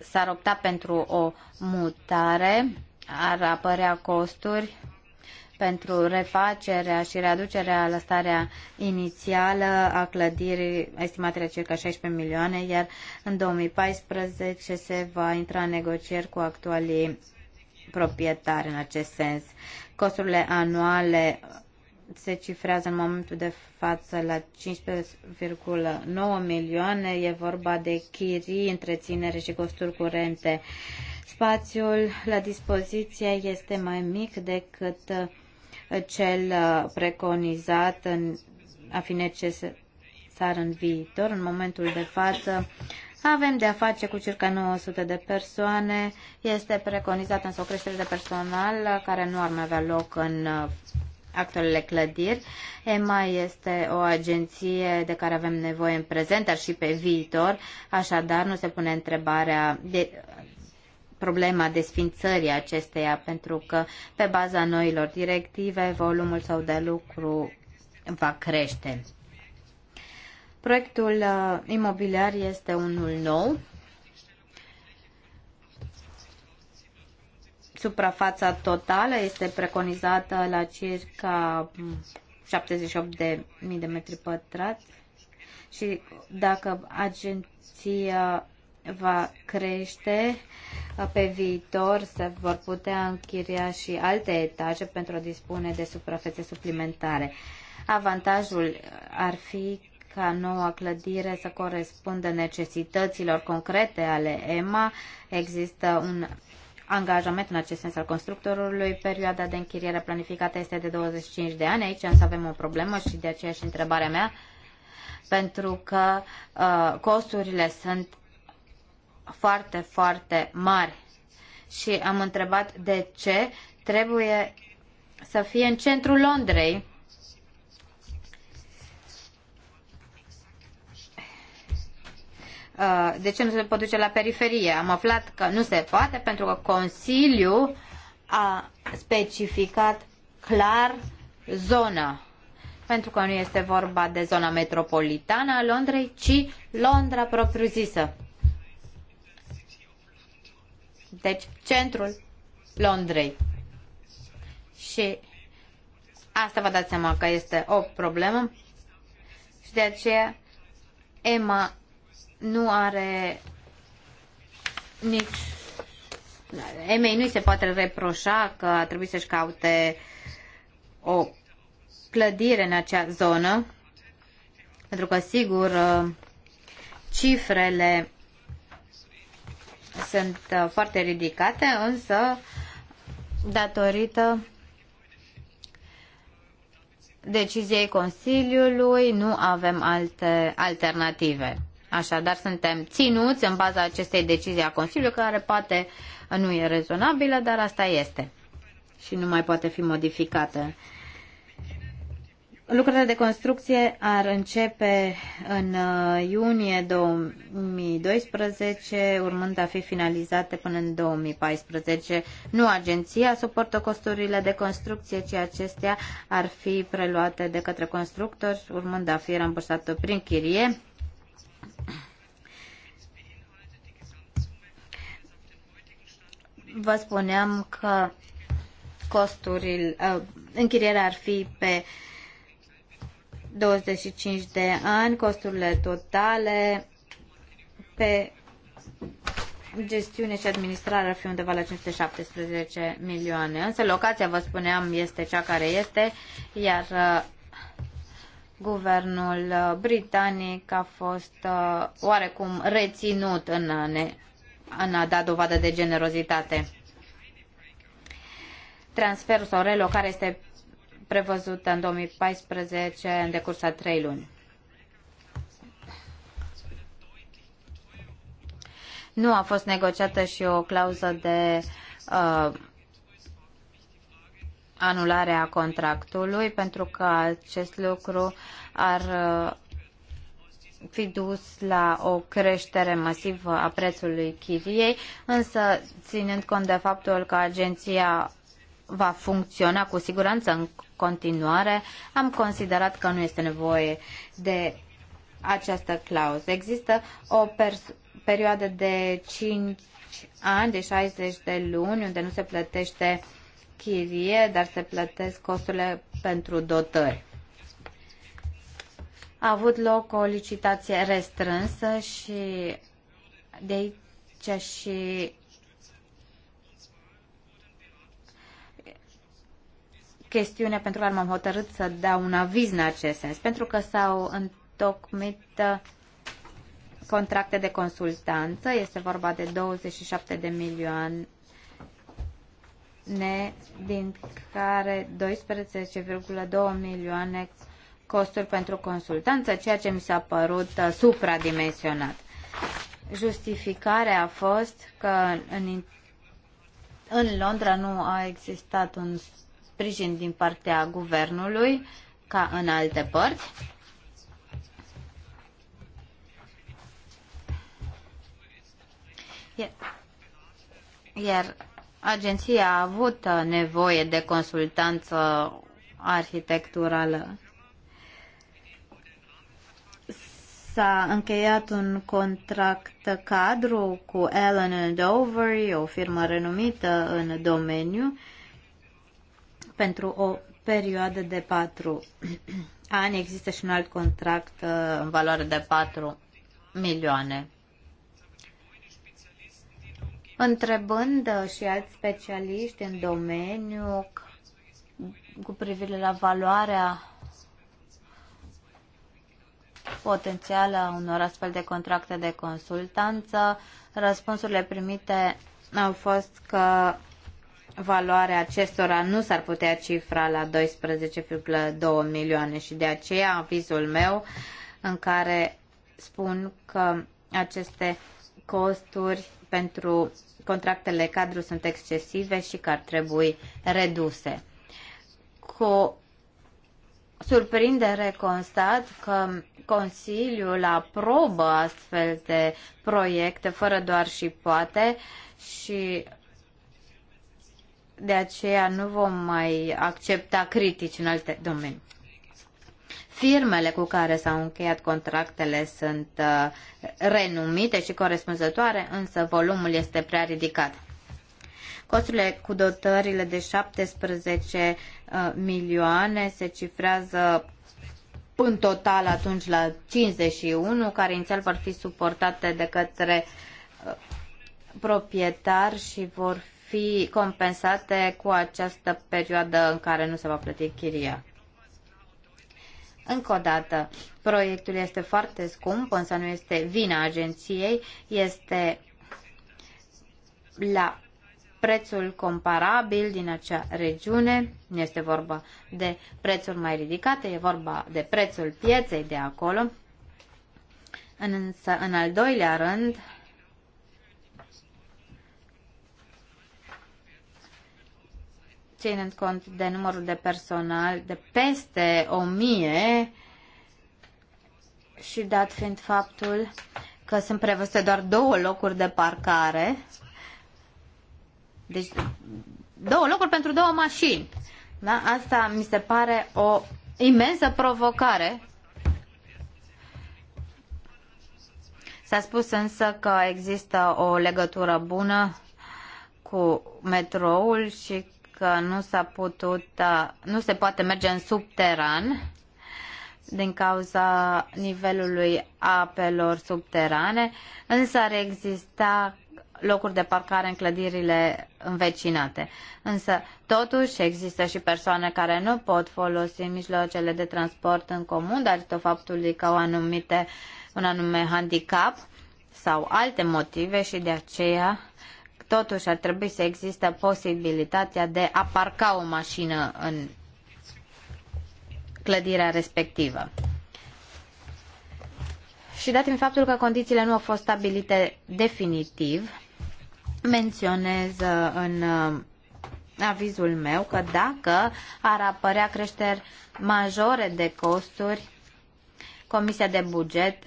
s-ar opta pentru o mutare, ar apărea costuri pentru refacerea și readucerea la starea inițială a clădirii, estimatele circa 16 milioane, iar în 2014 se va intra în negocieri cu actualii proprietari în acest sens. Costurile anuale se cifrează în momentul de față la 15,9 milioane. E vorba de chirii, întreținere și costuri curente. Spațiul la dispoziție este mai mic decât uh, cel uh, preconizat în a fi necesar în viitor. În momentul de față avem de a face cu circa 900 de persoane. Este preconizat însă o creștere de personal uh, care nu ar mai avea loc în actualele clădiri. EMA este o agenție de care avem nevoie în prezent, dar și pe viitor, așadar nu se pune întrebarea de problema desfințării acesteia, pentru că pe baza noilor directive volumul sau de lucru va crește. Proiectul uh, imobiliar este unul nou Suprafața totală este preconizată la circa 78 de mii de metri pătrați și dacă agenția va crește pe viitor, se vor putea închiria și alte etaje pentru a dispune de suprafețe suplimentare. Avantajul ar fi ca noua clădire să corespundă necesităților concrete ale EMA. Există un angajament în acest sens al constructorului. Perioada de închiriere planificată este de 25 de ani. Aici însă avem o problemă și de aceea și întrebarea mea, pentru că uh, costurile sunt foarte, foarte mari. Și am întrebat de ce trebuie să fie în centrul Londrei de ce nu se pot duce la periferie. Am aflat că nu se poate pentru că Consiliul a specificat clar zona. Pentru că nu este vorba de zona metropolitană a Londrei, ci Londra propriu-zisă. Deci centrul Londrei. Și asta vă dați seama că este o problemă și de aceea EMA nu are nici Emei nu-i se poate reproșa că a trebuit să-și caute o clădire în acea zonă, pentru că, sigur, cifrele sunt foarte ridicate, însă, datorită deciziei Consiliului, nu avem alte alternative. Așadar, suntem ținuți în baza acestei decizii a Consiliului, care poate nu e rezonabilă, dar asta este și nu mai poate fi modificată. Lucrurile de construcție ar începe în uh, iunie 2012, urmând a fi finalizate până în 2014. Nu agenția suportă costurile de construcție, ci acestea ar fi preluate de către constructori, urmând a fi rambursate prin chirie. vă spuneam că costurile, uh, închirierea ar fi pe 25 de ani, costurile totale pe gestiune și administrare ar fi undeva la 517 milioane. Însă locația, vă spuneam, este cea care este, iar uh, guvernul uh, britanic a fost uh, oarecum reținut în a ne în a da dovadă de generozitate. Transferul sau relocare este prevăzută în 2014 în decurs a trei luni. Nu a fost negociată și o clauză de uh, anulare a contractului pentru că acest lucru ar uh, fi dus la o creștere masivă a prețului chiriei, însă ținând cont de faptul că agenția va funcționa cu siguranță în continuare, am considerat că nu este nevoie de această clauză. Există o perioadă de 5 ani, de 60 de luni, unde nu se plătește chirie, dar se plătesc costurile pentru dotări a avut loc o licitație restrânsă și de aici și chestiune pentru care m-am hotărât să dau un aviz în acest sens, pentru că s-au întocmit uh, contracte de consultanță, este vorba de 27 de milioane din care 12,2 milioane costuri pentru consultanță, ceea ce mi s-a părut uh, supradimensionat. Justificarea a fost că în, în Londra nu a existat un sprijin din partea guvernului ca în alte părți. Iar, iar agenția a avut uh, nevoie de consultanță arhitecturală S-a încheiat un contract cadru cu Allen Overy, o firmă renumită în domeniu, pentru o perioadă de patru ani. Există și un alt contract uh, în valoare de 4 milioane. Întrebând uh, și alți specialiști în domeniu cu privire la valoarea potențială a unor astfel de contracte de consultanță. Răspunsurile primite au fost că valoarea acestora nu s-ar putea cifra la 12,2 milioane și de aceea avizul meu în care spun că aceste costuri pentru contractele cadru sunt excesive și că ar trebui reduse. Cu surprindere constat că Consiliul aprobă astfel de proiecte fără doar și poate și de aceea nu vom mai accepta critici în alte domenii. Firmele cu care s-au încheiat contractele sunt uh, renumite și corespunzătoare, însă volumul este prea ridicat. Costurile cu dotările de 17 uh, milioane se cifrează în total atunci la 51, care cel vor fi suportate de către uh, proprietari și vor fi compensate cu această perioadă în care nu se va plăti chiria. Încă o dată, proiectul este foarte scump, însă nu este vina agenției, este la prețul comparabil din acea regiune. Nu este vorba de prețuri mai ridicate, e vorba de prețul pieței de acolo. Însă, în al doilea rând, ținând cont de numărul de personal de peste 1000 și dat fiind faptul că sunt prevăzute doar două locuri de parcare, deci două locuri pentru două mașini. Da? Asta mi se pare o imensă provocare. S-a spus însă că există o legătură bună cu metroul și că nu s-a putut, uh, nu se poate merge în subteran din cauza nivelului apelor subterane, însă ar exista locuri de parcare în clădirile învecinate. Însă, totuși, există și persoane care nu pot folosi mijloacele de transport în comun datorită faptului că au anumite, un anume handicap sau alte motive și de aceea totuși ar trebui să existe posibilitatea de a parca o mașină în clădirea respectivă. Și dat fiind faptul că condițiile nu au fost stabilite definitiv, menționez uh, în uh, avizul meu că dacă ar apărea creșteri majore de costuri, Comisia de Buget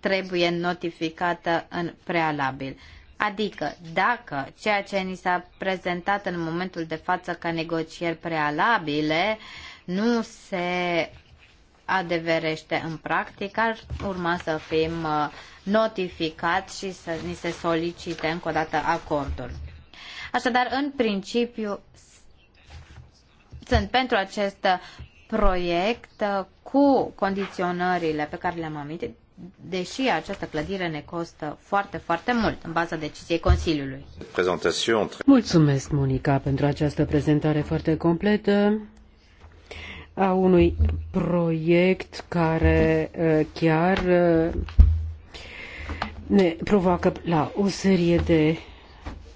trebuie notificată în prealabil. Adică, dacă ceea ce ni s-a prezentat în momentul de față ca negocieri prealabile nu se adeverește în practică, ar urma să fim uh, notificați și să ni se solicite încă o dată acordul. Așadar, în principiu, sunt pentru acest proiect uh, cu condiționările pe care le-am amintit, deși această clădire ne costă foarte, foarte mult în baza deciziei Consiliului. Mulțumesc, Monica, pentru această prezentare foarte completă a unui proiect care eh, chiar eh, ne provoacă la o serie de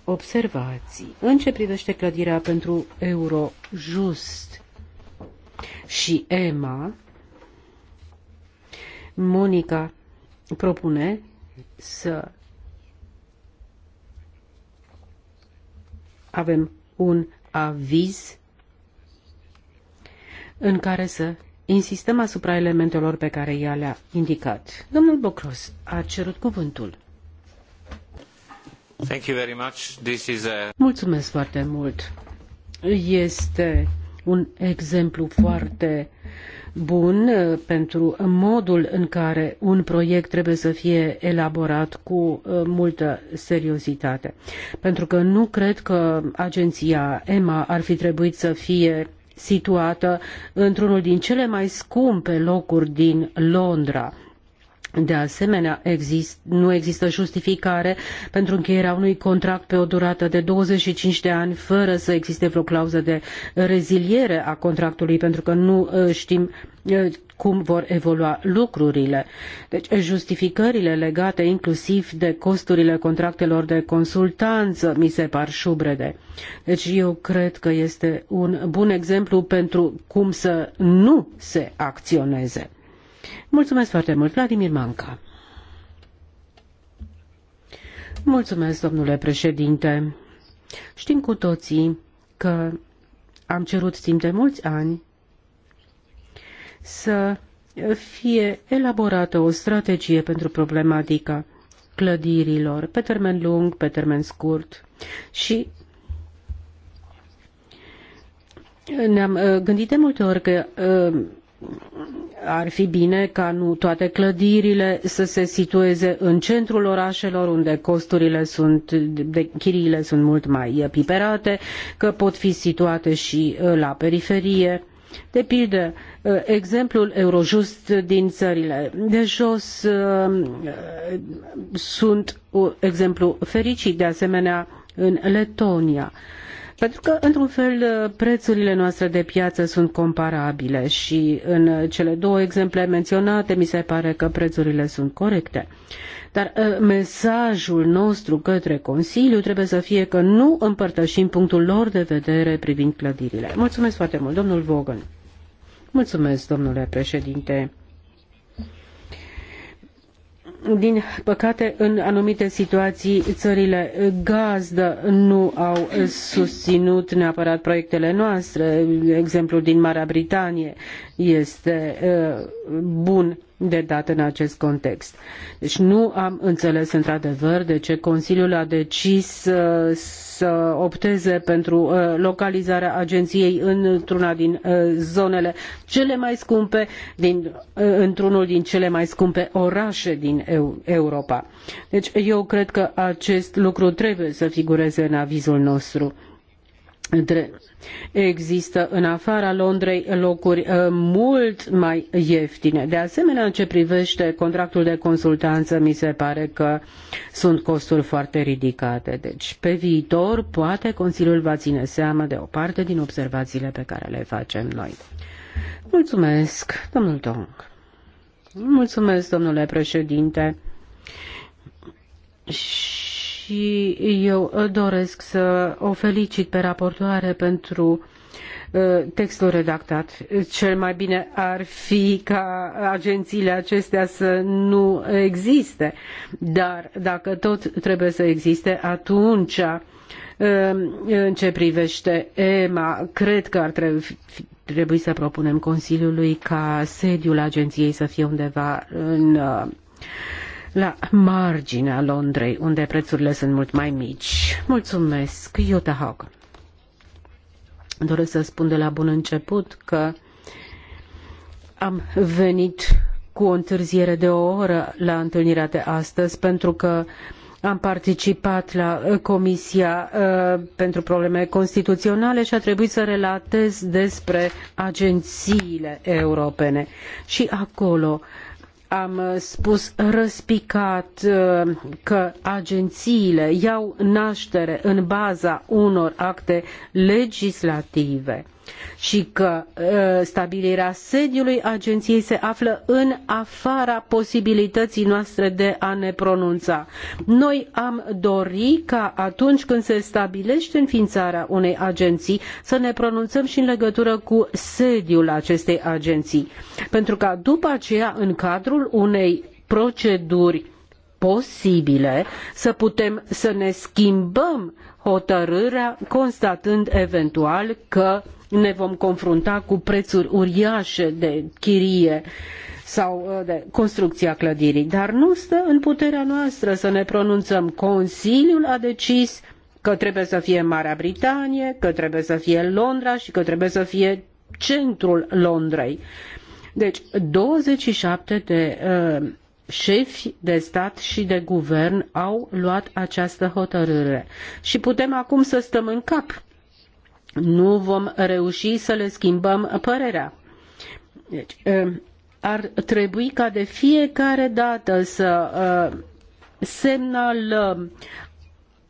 observații. În ce privește clădirea pentru Eurojust și EMA, Monica propune să avem un aviz în care să insistăm asupra elementelor pe care ea le-a indicat. Domnul Bocros a cerut cuvântul. Thank you very much. This is a... Mulțumesc foarte mult. Este un exemplu foarte bun uh, pentru modul în care un proiect trebuie să fie elaborat cu uh, multă seriozitate. Pentru că nu cred că agenția EMA ar fi trebuit să fie situată într-unul din cele mai scumpe locuri din Londra. De asemenea, exist, nu există justificare pentru încheierea unui contract pe o durată de 25 de ani fără să existe vreo clauză de reziliere a contractului, pentru că nu ă, știm ă, cum vor evolua lucrurile. Deci justificările legate inclusiv de costurile contractelor de consultanță mi se par șubrede. Deci eu cred că este un bun exemplu pentru cum să nu se acționeze. Mulțumesc foarte mult, Vladimir Manca. Mulțumesc, domnule președinte. Știm cu toții că am cerut timp de mulți ani să fie elaborată o strategie pentru problematica clădirilor, pe termen lung, pe termen scurt și ne-am uh, gândit de multe ori că uh, ar fi bine ca nu toate clădirile să se situeze în centrul orașelor unde costurile sunt, de chiriile sunt mult mai piperate, că pot fi situate și uh, la periferie. De pildă, uh, exemplul Eurojust din țările de jos uh, sunt un exemplu fericit, de asemenea în Letonia. Pentru că, într-un fel, prețurile noastre de piață sunt comparabile și în cele două exemple menționate mi se pare că prețurile sunt corecte. Dar uh, mesajul nostru către Consiliu trebuie să fie că nu împărtășim punctul lor de vedere privind clădirile. Mulțumesc foarte mult, domnul Vogan. Mulțumesc, domnule președinte din păcate, în anumite situații, țările gazdă nu au susținut neapărat proiectele noastre. Exemplul din Marea Britanie este uh, bun de dat în acest context. Deci nu am înțeles într-adevăr de ce Consiliul a decis uh, să opteze pentru uh, localizarea agenției într-una din uh, zonele cele mai scumpe, din, uh, într-unul din cele mai scumpe orașe din Europa. Deci eu cred că acest lucru trebuie să figureze în avizul nostru între Există în afara Londrei locuri uh, mult mai ieftine. De asemenea, în ce privește contractul de consultanță, mi se pare că sunt costuri foarte ridicate. Deci, pe viitor, poate Consiliul va ține seama de o parte din observațiile pe care le facem noi. Mulțumesc, domnul Tong. Mulțumesc, domnule președinte. Și și eu doresc să o felicit pe raportoare pentru uh, textul redactat. Cel mai bine ar fi ca agențiile acestea să nu existe, dar dacă tot trebuie să existe, atunci uh, în ce privește EMA, cred că ar trebui să propunem Consiliului ca sediul agenției să fie undeva în uh, la marginea Londrei, unde prețurile sunt mult mai mici. Mulțumesc, Iuta Haug. Doresc să spun de la bun început că am venit cu o întârziere de o oră la întâlnirea de astăzi pentru că am participat la uh, Comisia uh, pentru Probleme Constituționale și a trebuit să relatez despre agențiile europene. Și acolo uh, am uh, spus răspicat uh, că agențiile iau naștere în baza unor acte legislative și că ă, stabilirea sediului agenției se află în afara posibilității noastre de a ne pronunța. Noi am dori ca atunci când se stabilește înființarea unei agenții să ne pronunțăm și în legătură cu sediul acestei agenții. Pentru ca după aceea, în cadrul unei proceduri posibile să putem să ne schimbăm hotărârea constatând eventual că ne vom confrunta cu prețuri uriașe de chirie sau uh, de construcția clădirii. Dar nu stă în puterea noastră să ne pronunțăm. Consiliul a decis că trebuie să fie Marea Britanie, că trebuie să fie Londra și că trebuie să fie centrul Londrei. Deci 27 de uh, șefi de stat și de guvern au luat această hotărâre. Și putem acum să stăm în cap nu vom reuși să le schimbăm părerea. Deci, ă, ar trebui ca de fiecare dată să ă, semnalăm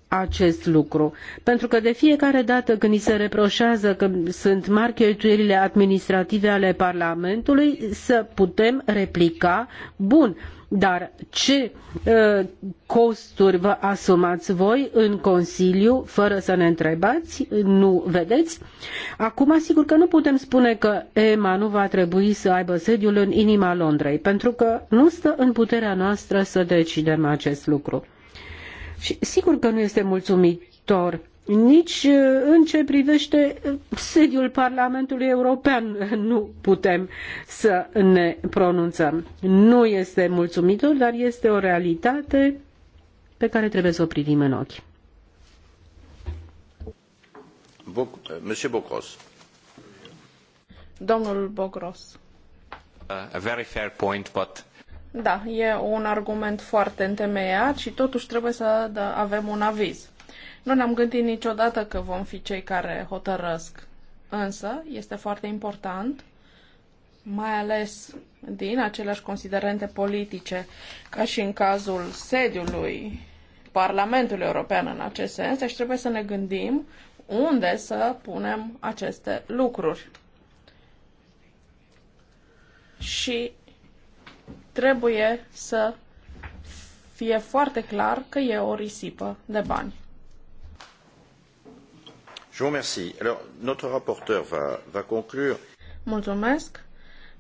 acest lucru. Pentru că de fiecare dată când ni se reproșează că sunt mari cheltuielile administrative ale Parlamentului, să putem replica, bun, dar ce ă, costuri vă asumați voi în Consiliu, fără să ne întrebați? Nu vedeți? Acum, sigur că nu putem spune că EMA nu va trebui să aibă sediul în inima Londrei, pentru că nu stă în puterea noastră să decidem acest lucru. Și sigur că nu este mulțumitor nici uh, în ce privește uh, sediul Parlamentului European nu putem să ne pronunțăm. Nu este mulțumitor, dar este o realitate pe care trebuie să o privim în ochi. Uh, Monsieur Bocros. Domnul Bogros. A very fair point, but da, e un argument foarte întemeiat și totuși trebuie să avem un aviz. Nu ne-am gândit niciodată că vom fi cei care hotărăsc. Însă, este foarte important, mai ales din aceleași considerente politice, ca și în cazul sediului Parlamentului European în acest sens, deci trebuie să ne gândim unde să punem aceste lucruri. Și trebuie să fie foarte clar că e o risipă de bani. Je vous remercie. Alors, notre rapporteur va, va conclure. Mulțumesc.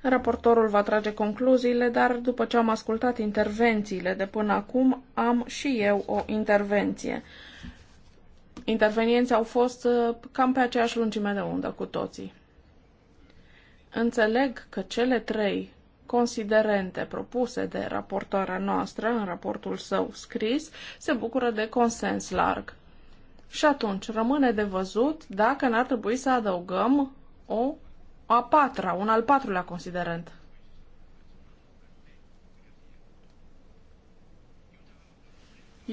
Raportorul va trage concluziile, dar după ce am ascultat intervențiile de până acum, am și eu o intervenție. Intervenienții au fost uh, cam pe aceeași lungime de undă cu toții. Înțeleg că cele trei considerente propuse de raportoarea noastră în raportul său scris se bucură de consens larg. Și atunci rămâne de văzut dacă n-ar trebui să adăugăm o a patra, un al patrulea considerent.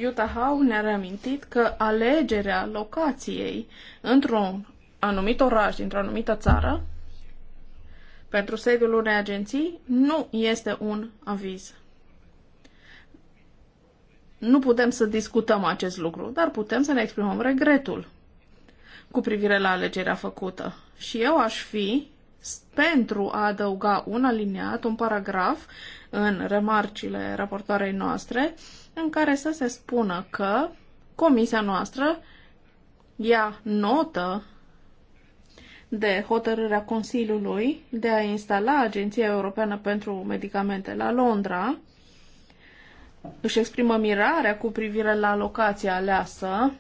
Utah Howe ne-a reamintit că alegerea locației într-un anumit oraș, dintr-o anumită țară, pentru sediul unei agenții, nu este un aviz. Nu putem să discutăm acest lucru, dar putem să ne exprimăm regretul cu privire la alegerea făcută. Și eu aș fi pentru a adăuga un aliniat, un paragraf în remarcile raportoarei noastre, în care să se spună că comisia noastră ia notă de hotărârea Consiliului de a instala Agenția Europeană pentru Medicamente la Londra, își exprimă mirarea cu privire la locația aleasă,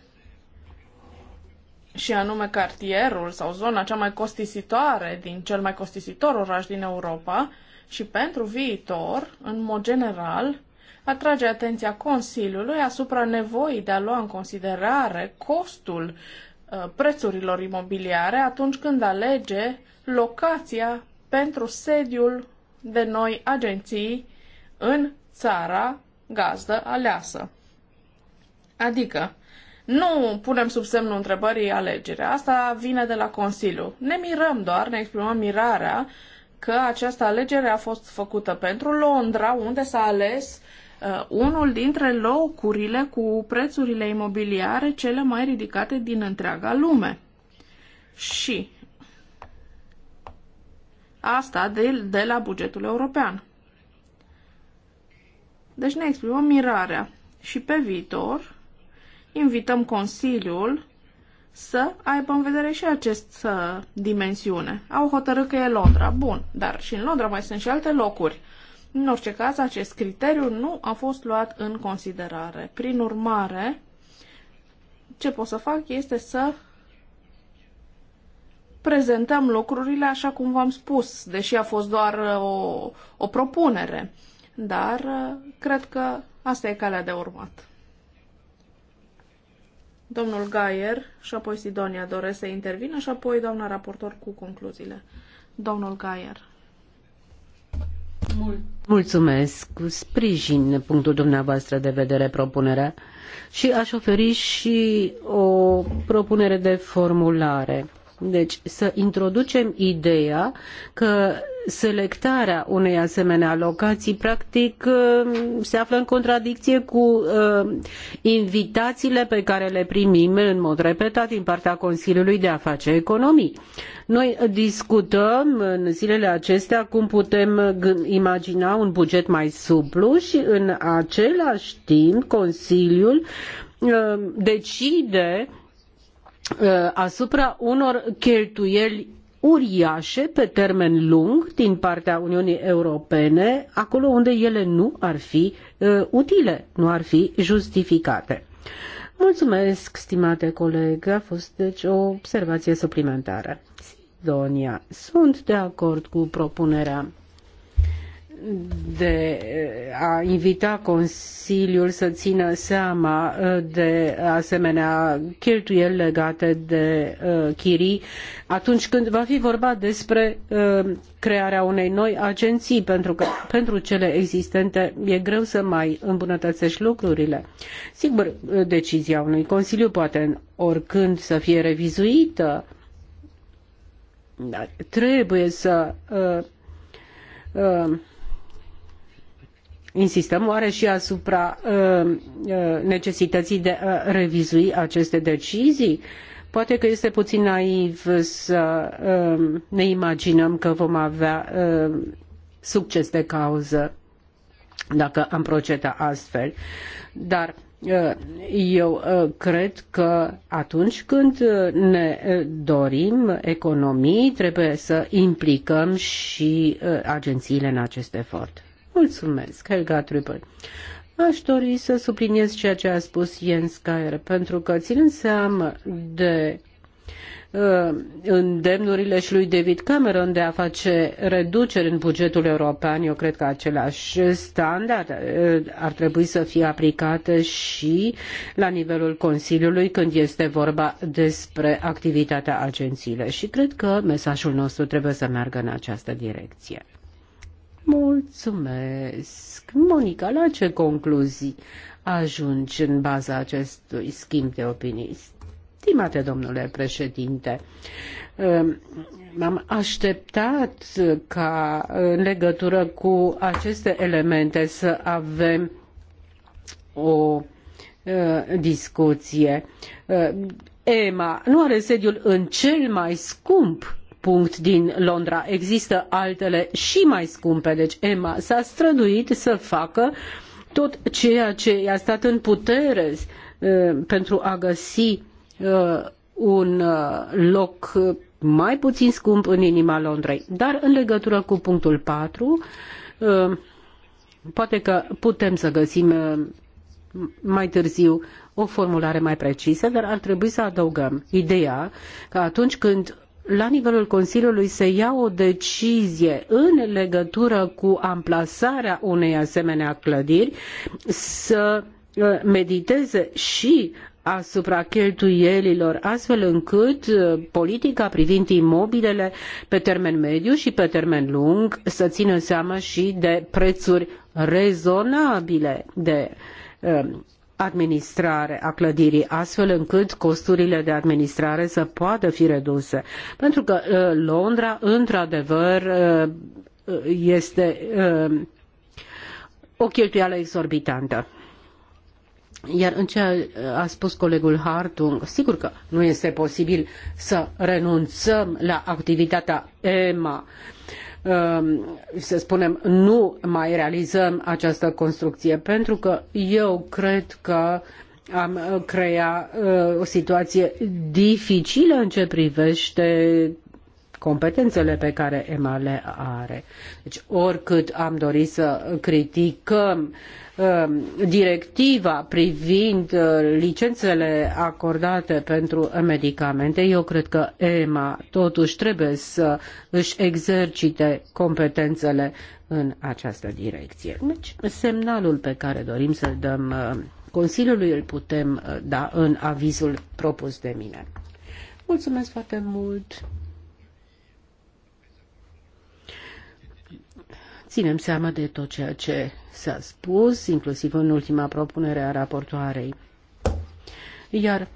și anume cartierul sau zona cea mai costisitoare din cel mai costisitor oraș din Europa și pentru viitor, în mod general, atrage atenția Consiliului asupra nevoii de a lua în considerare costul uh, prețurilor imobiliare atunci când alege locația pentru sediul de noi agenții în țara gazdă aleasă. Adică, nu punem sub semnul întrebării alegerea. Asta vine de la Consiliu. Ne mirăm doar, ne exprimăm mirarea că această alegere a fost făcută pentru Londra, unde s-a ales uh, unul dintre locurile cu prețurile imobiliare cele mai ridicate din întreaga lume. Și asta de, de la bugetul european. Deci ne exprimăm mirarea și pe viitor invităm Consiliul să aibă în vedere și această dimensiune. Au hotărât că e Londra, bun, dar și în Londra mai sunt și alte locuri. În orice caz, acest criteriu nu a fost luat în considerare. Prin urmare, ce pot să fac este să prezentăm lucrurile așa cum v-am spus, deși a fost doar uh, o, o propunere dar uh, cred că asta e calea de urmat. Domnul Gaier și apoi Sidonia doresc să intervină și apoi doamna raportor cu concluziile. Domnul Gaier. Mulțumesc. Sprijin punctul dumneavoastră de vedere propunerea și aș oferi și o propunere de formulare deci să introducem ideea că selectarea unei asemenea locații practic uh, se află în contradicție cu uh, invitațiile pe care le primim în mod repetat din partea Consiliului de Afaceri Economii. Noi discutăm în zilele acestea cum putem imagina un buget mai suplu și în același timp Consiliul uh, decide Uh, asupra unor cheltuieli uriașe pe termen lung din partea Uniunii Europene, acolo unde ele nu ar fi uh, utile, nu ar fi justificate. Mulțumesc, stimate coleg, a fost deci o observație suplimentară. Sidonia, sunt de acord cu propunerea de a invita Consiliul să țină seama uh, de asemenea cheltuieli legate de uh, chirii atunci când va fi vorba despre uh, crearea unei noi agenții, pentru că pentru cele existente e greu să mai îmbunătățești lucrurile. Sigur, decizia unui Consiliu poate oricând să fie revizuită, dar trebuie să uh, uh, insistăm oare și asupra uh, uh, necesităii de a revizui aceste decizii? Poate că este puțin naiv să uh, ne imaginăm că vom avea succes de cauză dacă am proceda astfel. Dar eu cred că atunci când ne dorim economii, trebuie să implicăm și agențiile în acest efort. Mulțumesc, Helga Trübel. Aș dori să subliniez ceea ce a spus Jens Geier, pentru că ținând seama de uh, îndemnurile și lui David Cameron de a face reduceri în bugetul european, eu cred că același standard uh, ar trebui să fie aplicate și la nivelul Consiliului când este vorba despre activitatea agențiilor. Și cred că mesajul nostru trebuie să meargă în această direcție. Mulțumesc. Monica, la ce concluzii ajungi în baza acestui schimb de opinii? Stimate domnule președinte, um, m-am așteptat ca în legătură cu aceste elemente să avem o uh, discuție. Uh, EMA nu are sediul în cel mai scump punct din Londra. Există altele și mai scumpe, deci Emma s-a străduit să facă tot ceea ce i-a stat în putere uh, pentru a găsi uh, un uh, loc mai puțin scump în inima Londrei. Dar în legătură cu punctul patru, poate că putem să găsim mai târziu o formulare mai precisă, dar ar trebui să adăugăm ideea că atunci când la nivelul Consiliului se ia o decizie în legătură cu amplasarea unei asemenea clădiri, să uh, mediteze și asupra cheltuielilor, astfel încât uh, politica privind imobilele pe termen mediu și pe termen lung să țină seama și de prețuri rezonabile, de uh, administrare a clădirii, astfel încât costurile de administrare să poată fi reduse. Pentru că uh, Londra, într-adevăr, uh, uh, este o cheltuială exorbitantă. Iar în ce a spus colegul Hartung, sigur că nu este posibil să renunțăm la activitatea EMA Um, să spunem, nu mai realizăm această construcție, pentru că eu cred că am crea uh, o situație dificilă în ce privește competențele pe care EMA le are. Deci, oricât am dori să criticăm Um, directiva privind uh, licențele acordate pentru medicamente, eu cred că EMA totuși trebuie să își exercite competențele în această direcție. Deci, semnalul pe care dorim să-l dăm uh, Consiliului îl putem uh, da în avizul propus de mine. Mulțumesc foarte mult! Ținem seama de tot ceea ce s-a spus, inclusiv în ultima propunere a raportoarei. Iar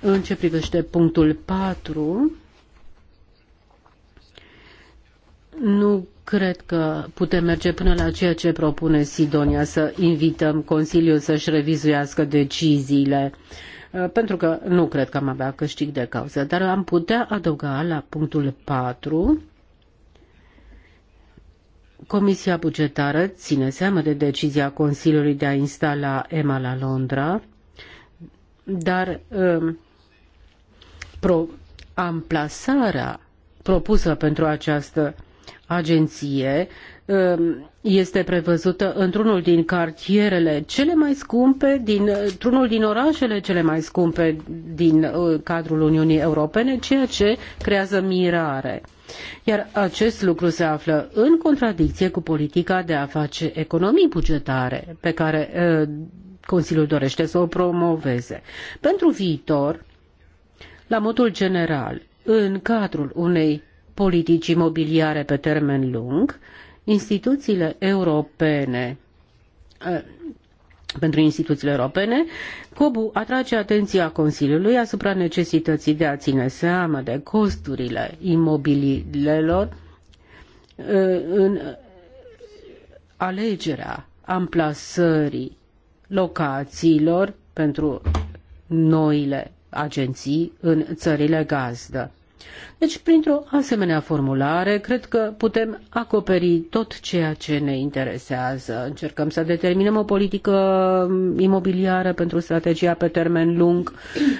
în ce privește punctul 4, nu cred că putem merge până la ceea ce propune Sidonia, să invităm Consiliul să-și revizuiască deciziile, pentru că nu cred că am avea câștig de cauză, dar am putea adăuga la punctul 4 Comisia bugetară ține seama de decizia Consiliului de a instala EMA la Londra, dar um, pro, amplasarea propusă pentru această agenție Ehm, este prevăzută într-unul din cartierele cele mai scumpe, din, într-unul din orașele cele mai scumpe din uh, cadrul Uniunii Europene, ceea ce creează mirare. Iar acest lucru se află în contradicție cu politica de a face economii bugetare pe care uh, Consiliul dorește să o promoveze. Pentru viitor, la modul general, în cadrul unei politici imobiliare pe termen lung, instituțiile europene pentru instituțiile europene, COBU atrage atenția Consiliului asupra necesității de a ține seama de costurile imobililor în alegerea amplasării locațiilor pentru noile agenții în țările gazdă. Deci, printr-o asemenea formulare, cred că putem acoperi tot ceea ce ne interesează. Încercăm să determinăm o politică imobiliară pentru strategia pe termen lung,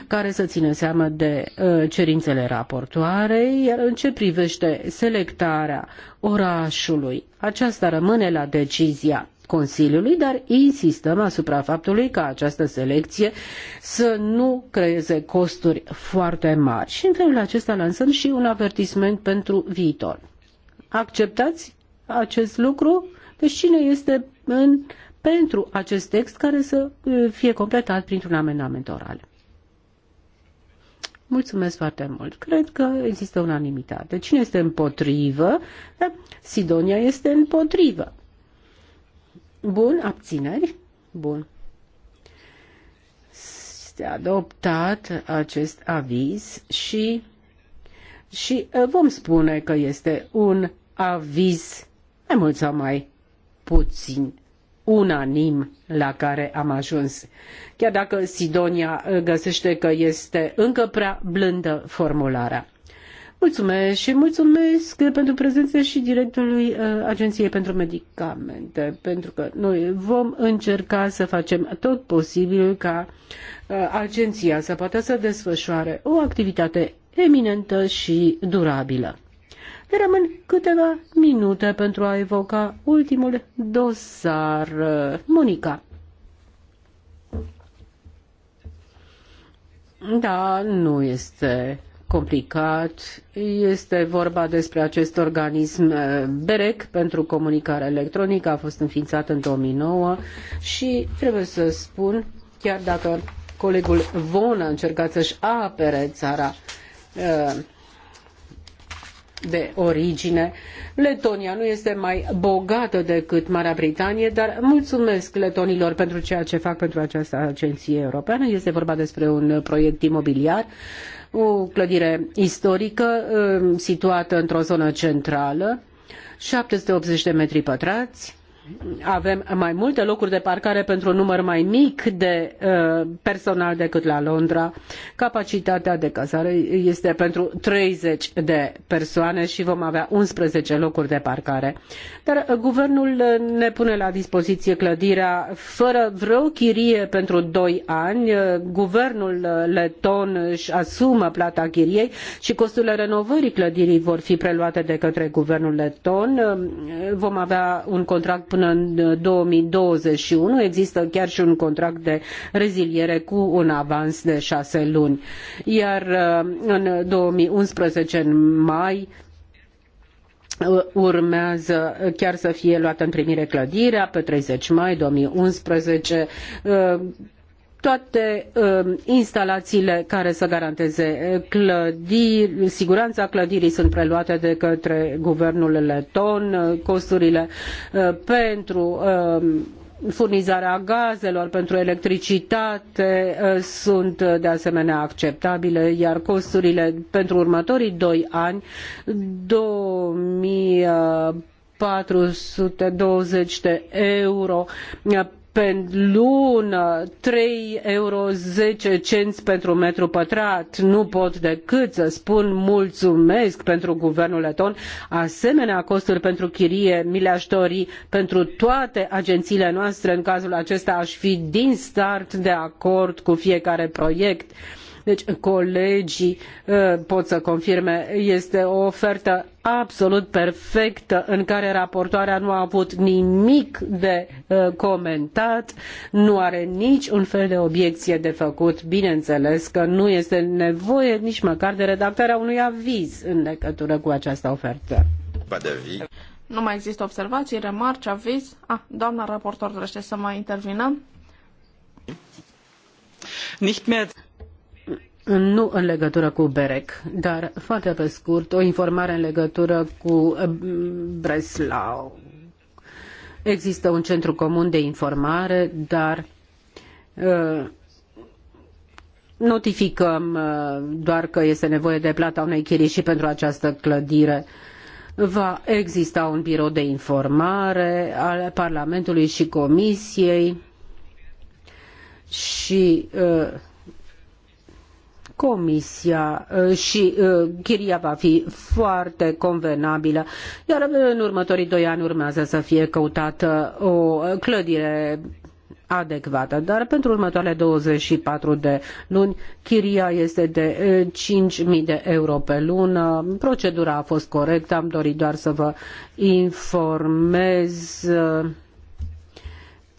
care să țină seama de uh, cerințele raportoarei, iar în ce privește selectarea orașului, aceasta rămâne la decizia Consiliului, dar insistăm asupra faptului ca această selecție să nu creeze costuri foarte mari. Și în felul acesta lansăm și un avertisment pentru viitor. Acceptați acest lucru? Deci cine este în, pentru acest text care să fie completat printr-un amendament oral? Mulțumesc foarte mult. Cred că există unanimitate. Cine este împotrivă? Da, Sidonia este împotrivă. Bun, abțineri? Bun. Este adoptat acest aviz și, și uh, vom spune că este un aviz mai mult sau mai puțin unanim la care am ajuns. Chiar dacă Sidonia uh, găsește că este încă prea blândă formularea. Mulțumesc și mulțumesc pentru prezență și directorului uh, Agenției pentru Medicamente, pentru că noi vom încerca să facem tot posibilul ca uh, agenția să poată să desfășoare o activitate eminentă și durabilă. Le rămân câteva minute pentru a evoca ultimul dosar. Uh, Monica. Da, nu este complicat. Este vorba despre acest organism eh, BEREC pentru comunicare electronică, a fost înființat în 2009 și trebuie să spun, chiar dacă colegul Von a încercat să-și apere țara eh, de origine. Letonia nu este mai bogată decât Marea Britanie, dar mulțumesc letonilor pentru ceea ce fac pentru această agenție europeană. Este vorba despre un proiect imobiliar o clădire istorică um, situată într-o zonă centrală, 780 de metri pătrați, avem mai multe locuri de parcare pentru un număr mai mic de uh, personal decât la Londra. Capacitatea de cazare este pentru 30 de persoane și vom avea 11 locuri de parcare. Dar uh, guvernul uh, ne pune la dispoziție clădirea fără vreo chirie pentru 2 ani. Guvernul leton își asumă plata chiriei și costurile renovării clădirii vor fi preluate de către guvernul leton. Vom avea un contract până până în 2021. Uh, există chiar și un contract de reziliere cu un avans de șase luni. Iar uh, în 2011, în mai, uh, urmează chiar să fie luată în primire clădirea pe 30 mai 2011 toate uh, instalațiile care să garanteze uh, clădiri, siguranța clădirii sunt preluate de către guvernul leton, uh, costurile uh, pentru uh, furnizarea gazelor pentru electricitate uh, sunt de asemenea acceptabile, iar costurile pentru următorii doi ani, 2420 de euro pe lună, 3 euro pentru metru pătrat. Nu pot decât să spun mulțumesc pentru guvernul leton. Asemenea, costuri pentru chirie mi le-aș dori pentru toate agențiile noastre. În cazul acesta aș fi din start de acord cu fiecare proiect. Deci colegii uh, pot să confirme, este o ofertă absolut perfectă în care raportoarea nu a avut nimic de uh, comentat, nu are nici un fel de obiecție de făcut. Bineînțeles că nu este nevoie nici măcar de redactarea unui aviz în legătură cu această ofertă. Nu mai există observații, remarci, aviz? Ah, doamna raportor dorește să mai intervină. Nicht mehr nu în legătură cu Berec, dar foarte pe scurt o informare în legătură cu uh, Breslau. Există un centru comun de informare, dar uh, notificăm uh, doar că este nevoie de plata unei chirii și pentru această clădire. Va exista un birou de informare al Parlamentului și Comisiei și uh, comisia uh, și uh, chiria va fi foarte convenabilă, iar uh, în următorii doi ani urmează să fie căutată o clădire adecvată, dar pentru următoarele 24 de luni chiria este de 5.000 de euro pe lună. Procedura a fost corectă, am dorit doar să vă informez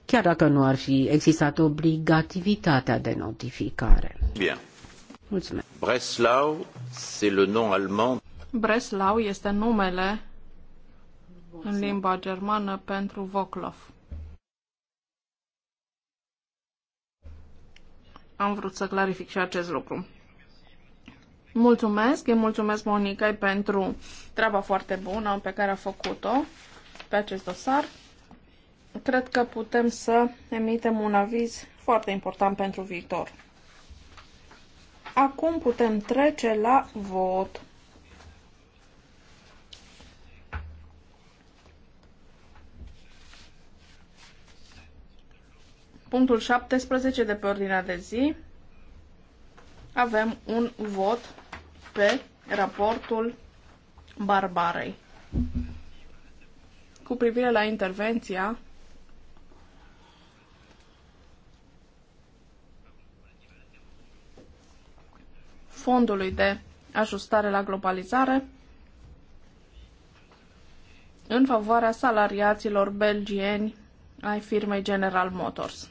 chiar dacă nu ar fi existat obligativitatea de notificare. Bine. Mulțumesc. Breslau, c'est le nom allemand. Breslau este numele în limba germană pentru Voclov. Am vrut să clarific și acest lucru. Mulțumesc, îi mulțumesc Monicai pentru treaba foarte bună pe care a făcut-o pe acest dosar. Cred că putem să emitem un aviz foarte important pentru viitor. Acum putem trece la vot. Punctul 17 de pe ordinea de zi. Avem un vot pe raportul Barbarei cu privire la intervenția fondului de ajustare la globalizare în favoarea salariaților belgieni ai firmei General Motors.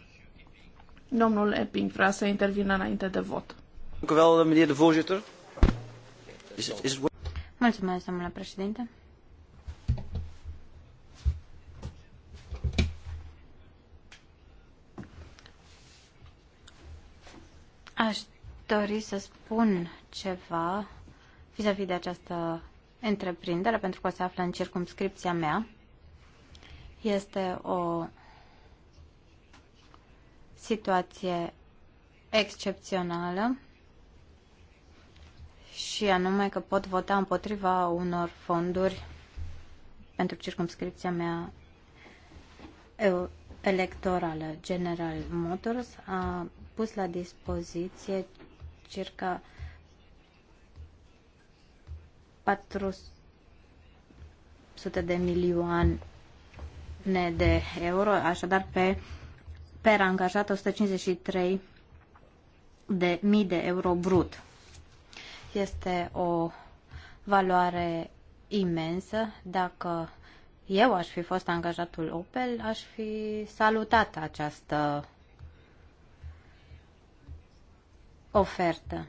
Domnul Epping vrea să intervină înainte de vot. Eh, Mulțumesc, domnule președinte. Aș dori să spun ceva vis-a-vis de această întreprindere, pentru că o se află în circumscripția mea. Este o situație excepțională și anume că pot vota împotriva unor fonduri pentru circumscripția mea electorală. General Motors a pus la dispoziție circa 400 de milioane de euro, așadar pe per angajat 153 de mii de euro brut. Este o valoare imensă. Dacă eu aș fi fost angajatul Opel, aș fi salutat această ofertă.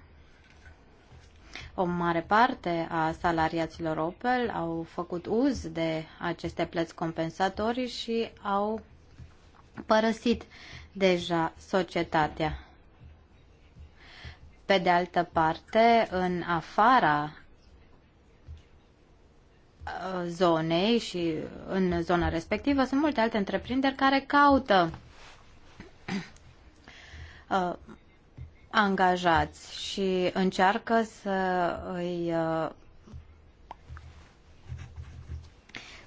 O mare parte a salariaților Opel au făcut uz de aceste plăți compensatorii și au părăsit deja societatea. Pe de altă parte, în afara uh, zonei și în zona respectivă sunt multe alte întreprinderi care caută uh, angajați și încearcă să îi uh,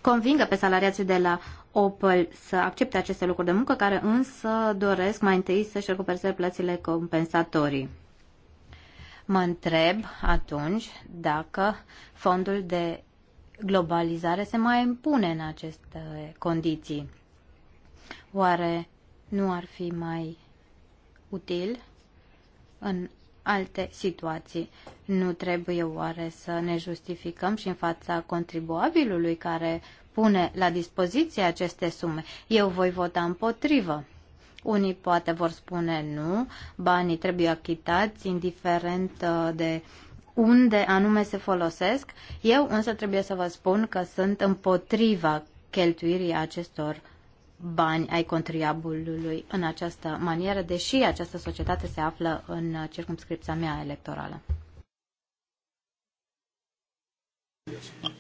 convingă pe salariații de la Opel să accepte aceste lucruri de muncă, care însă doresc mai întâi să-și recupereze plățile compensatorii. Mă întreb atunci dacă fondul de globalizare se mai impune în aceste condiții. Oare nu ar fi mai util în alte situații. Nu trebuie oare să ne justificăm și în fața contribuabilului care pune la dispoziție aceste sume? Eu voi vota împotrivă. Unii poate vor spune nu, banii trebuie achitați indiferent uh, de unde anume se folosesc. Eu însă trebuie să vă spun că sunt împotriva cheltuirii acestor bani ai contribuabilului în această manieră, deși această societate se află în circumscripția mea electorală.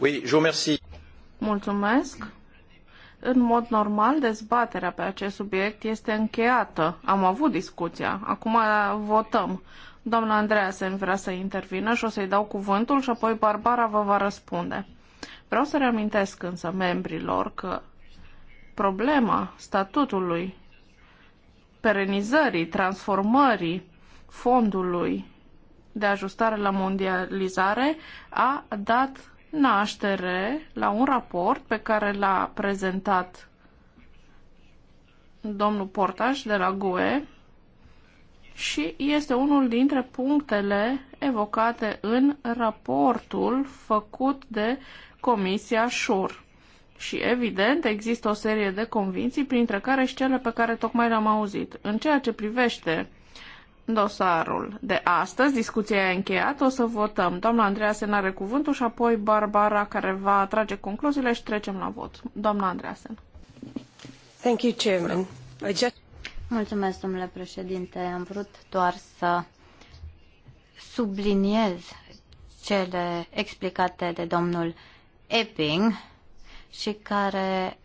Oui, je remercie. Mulțumesc. În mod normal, dezbaterea pe acest subiect este încheiată. Am avut discuția. Acum votăm. Doamna Andreea se vrea să intervină și o să-i dau cuvântul și apoi Barbara vă va răspunde. Vreau să reamintesc însă membrilor că problema statutului, perenizării, transformării fondului de ajustare la mondializare a dat naștere la un raport pe care l-a prezentat domnul Portaș de la GUE și este unul dintre punctele evocate în raportul făcut de Comisia Șur. Și evident există o serie de convinții, printre care și cele pe care tocmai le-am auzit. În ceea ce privește dosarul de astăzi, discuția e încheiată, o să votăm. Doamna Andreea se are cuvântul și apoi Barbara care va trage concluziile și trecem la vot. Doamna Andreasen. Thank you, Chairman. just... Mulțumesc, domnule președinte. Am vrut doar să subliniez cele explicate de domnul Epping și care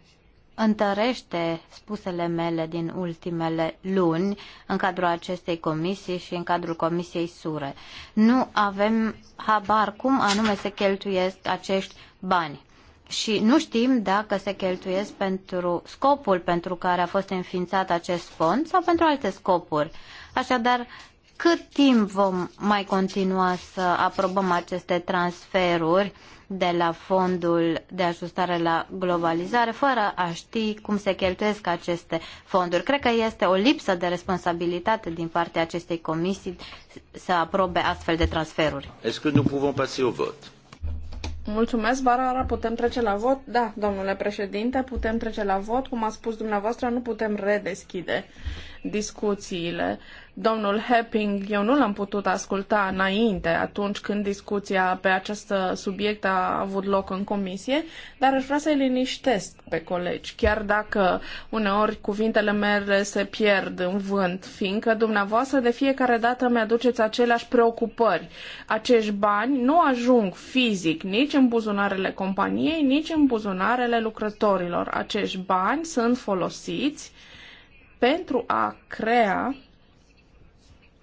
întărește spusele mele din ultimele luni în cadrul acestei comisii și în cadrul Comisiei Sure. Nu avem habar cum anume se cheltuiesc acești bani și nu știm dacă se cheltuiesc pentru scopul pentru care a fost înființat acest fond sau pentru alte scopuri. Așadar, cât timp vom mai continua să aprobăm aceste transferuri de la fondul de ajustare la globalizare fără a ști cum se cheltuiesc aceste fonduri. Cred că este o lipsă de responsabilitate din partea acestei comisii să aprobe astfel de transferuri. Mulțumesc, Barara. Putem trece la vot? Da, domnule președinte, putem trece la vot. Cum a spus dumneavoastră, nu putem redeschide discuțiile. Domnul Hepping, eu nu l-am putut asculta înainte, atunci când discuția pe acest subiect a avut loc în comisie, dar aș vrea să-i liniștesc pe colegi, chiar dacă uneori cuvintele mele se pierd în vânt, fiindcă dumneavoastră de fiecare dată mi-aduceți aceleași preocupări. Acești bani nu ajung fizic nici în buzunarele companiei, nici în buzunarele lucrătorilor. Acești bani sunt folosiți pentru a crea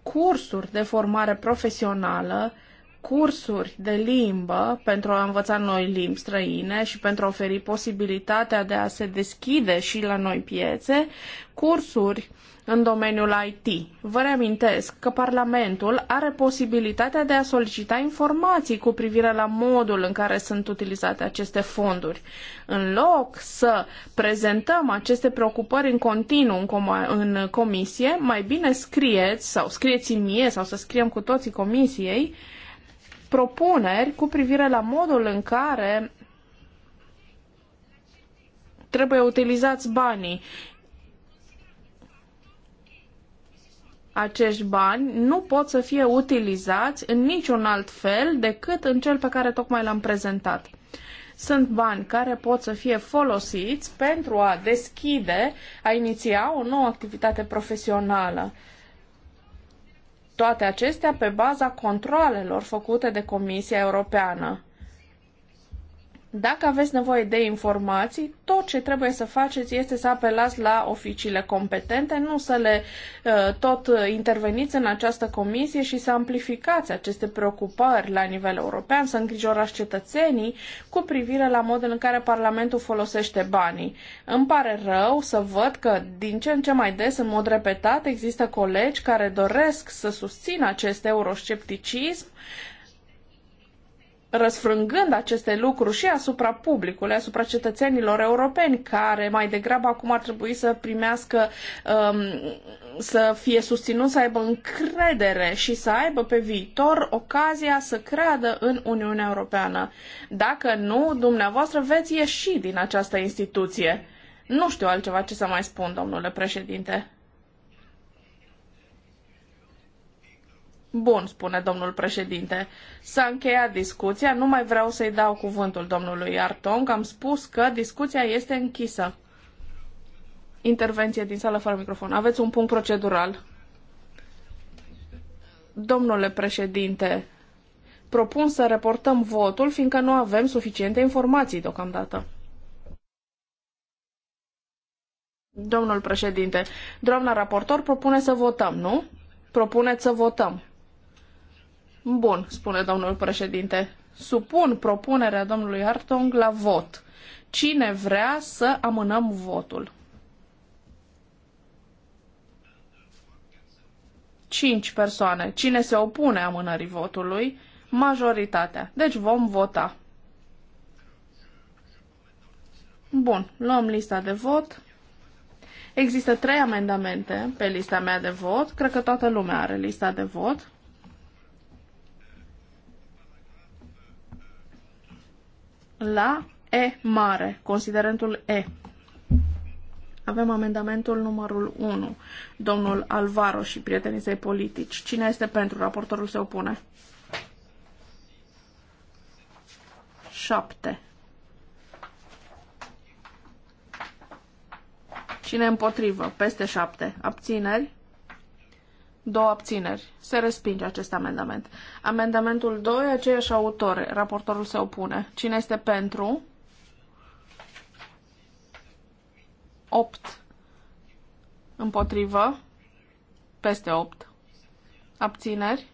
cursuri de formare profesională, cursuri de limbă pentru a învăța noi limbi străine și pentru a oferi posibilitatea de a se deschide și la noi piețe, cursuri în domeniul IT. Vă reamintesc că Parlamentul are posibilitatea de a solicita informații cu privire la modul în care sunt utilizate aceste fonduri. În loc să prezentăm aceste preocupări în continuu în, com- în comisie, mai bine scrieți sau scrieți mie sau să scriem cu toții comisiei propuneri cu privire la modul în care trebuie utilizați banii. acești bani nu pot să fie utilizați în niciun alt fel decât în cel pe care tocmai l-am prezentat. Sunt bani care pot să fie folosiți pentru a deschide, a iniția o nouă activitate profesională. Toate acestea pe baza controalelor făcute de Comisia Europeană. Dacă aveți nevoie de informații, tot ce trebuie să faceți este să apelați la oficiile competente, nu să le uh, tot interveniți în această comisie și să amplificați aceste preocupări la nivel european, să îngrijorați cetățenii cu privire la modul în care Parlamentul folosește banii. Îmi pare rău să văd că din ce în ce mai des, în mod repetat, există colegi care doresc să susțină acest euroscepticism, răsfrângând aceste lucruri și asupra publicului, asupra cetățenilor europeni, care mai degrabă acum ar trebui să primească, um, să fie susținut, să aibă încredere și să aibă pe viitor ocazia să creadă în Uniunea Europeană. Dacă nu, dumneavoastră veți ieși din această instituție. Nu știu altceva ce să mai spun, domnule președinte. Bun, spune domnul președinte. S-a încheiat discuția, nu mai vreau să-i dau cuvântul domnului Artong. Am spus că discuția este închisă. Intervenție din sală fără microfon. Aveți un punct procedural. Domnule președinte, propun să reportăm votul, fiindcă nu avem suficiente informații deocamdată. Domnul președinte, doamna raportor propune să votăm, nu? Propuneți să votăm. Bun, spune domnul președinte. Supun propunerea domnului Hartong la vot. Cine vrea să amânăm votul? 5 persoane. Cine se opune amânării votului? Majoritatea. Deci vom vota. Bun, luăm lista de vot. Există trei amendamente pe lista mea de vot. Cred că toată lumea are lista de vot. la E mare, considerentul E. Avem amendamentul numărul 1, domnul Alvaro și prietenii săi politici. Cine este pentru? Raportorul se opune. 7. Cine împotrivă? Peste 7. Abțineri? Două abțineri. Se respinge acest amendament. Amendamentul 2, aceiași autor. Raportorul se opune. Cine este pentru? 8. Împotrivă. Peste 8. Abțineri.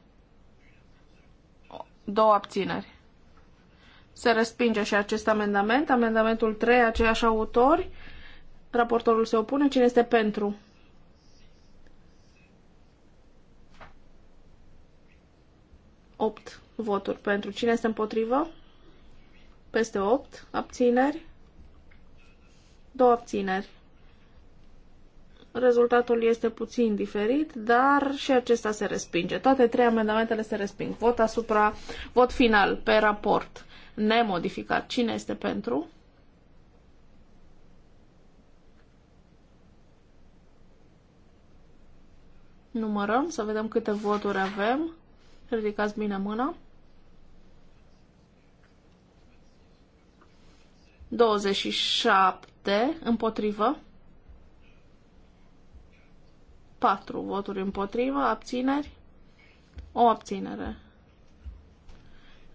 Două abțineri. Se respinge și acest amendament. Amendamentul 3, aceiași autori. Raportorul se opune. Cine este pentru? 8 voturi pentru. Cine este împotrivă? Peste 8. Abțineri? Două abțineri. Rezultatul este puțin diferit, dar și acesta se respinge. Toate trei amendamentele se resping. Vot asupra, vot final pe raport nemodificat. Cine este pentru? Numărăm să vedem câte voturi avem. Ridicați bine mâna. 27 împotrivă. 4 voturi împotrivă, abțineri, o abținere.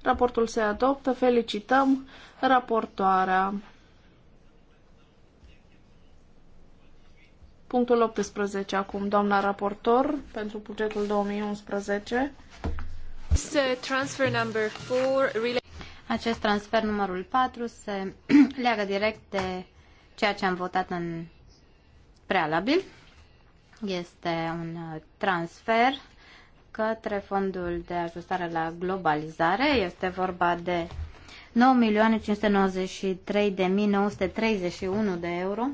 Raportul se adoptă, felicităm raportoarea. Punctul 18 acum, doamna raportor, pentru bugetul 2011. Uh, Acest transfer numărul 4 se leagă direct de ceea ce am votat în prealabil. Este un uh, transfer către Fondul de Ajustare la Globalizare. Este vorba de 9.593.931 de euro.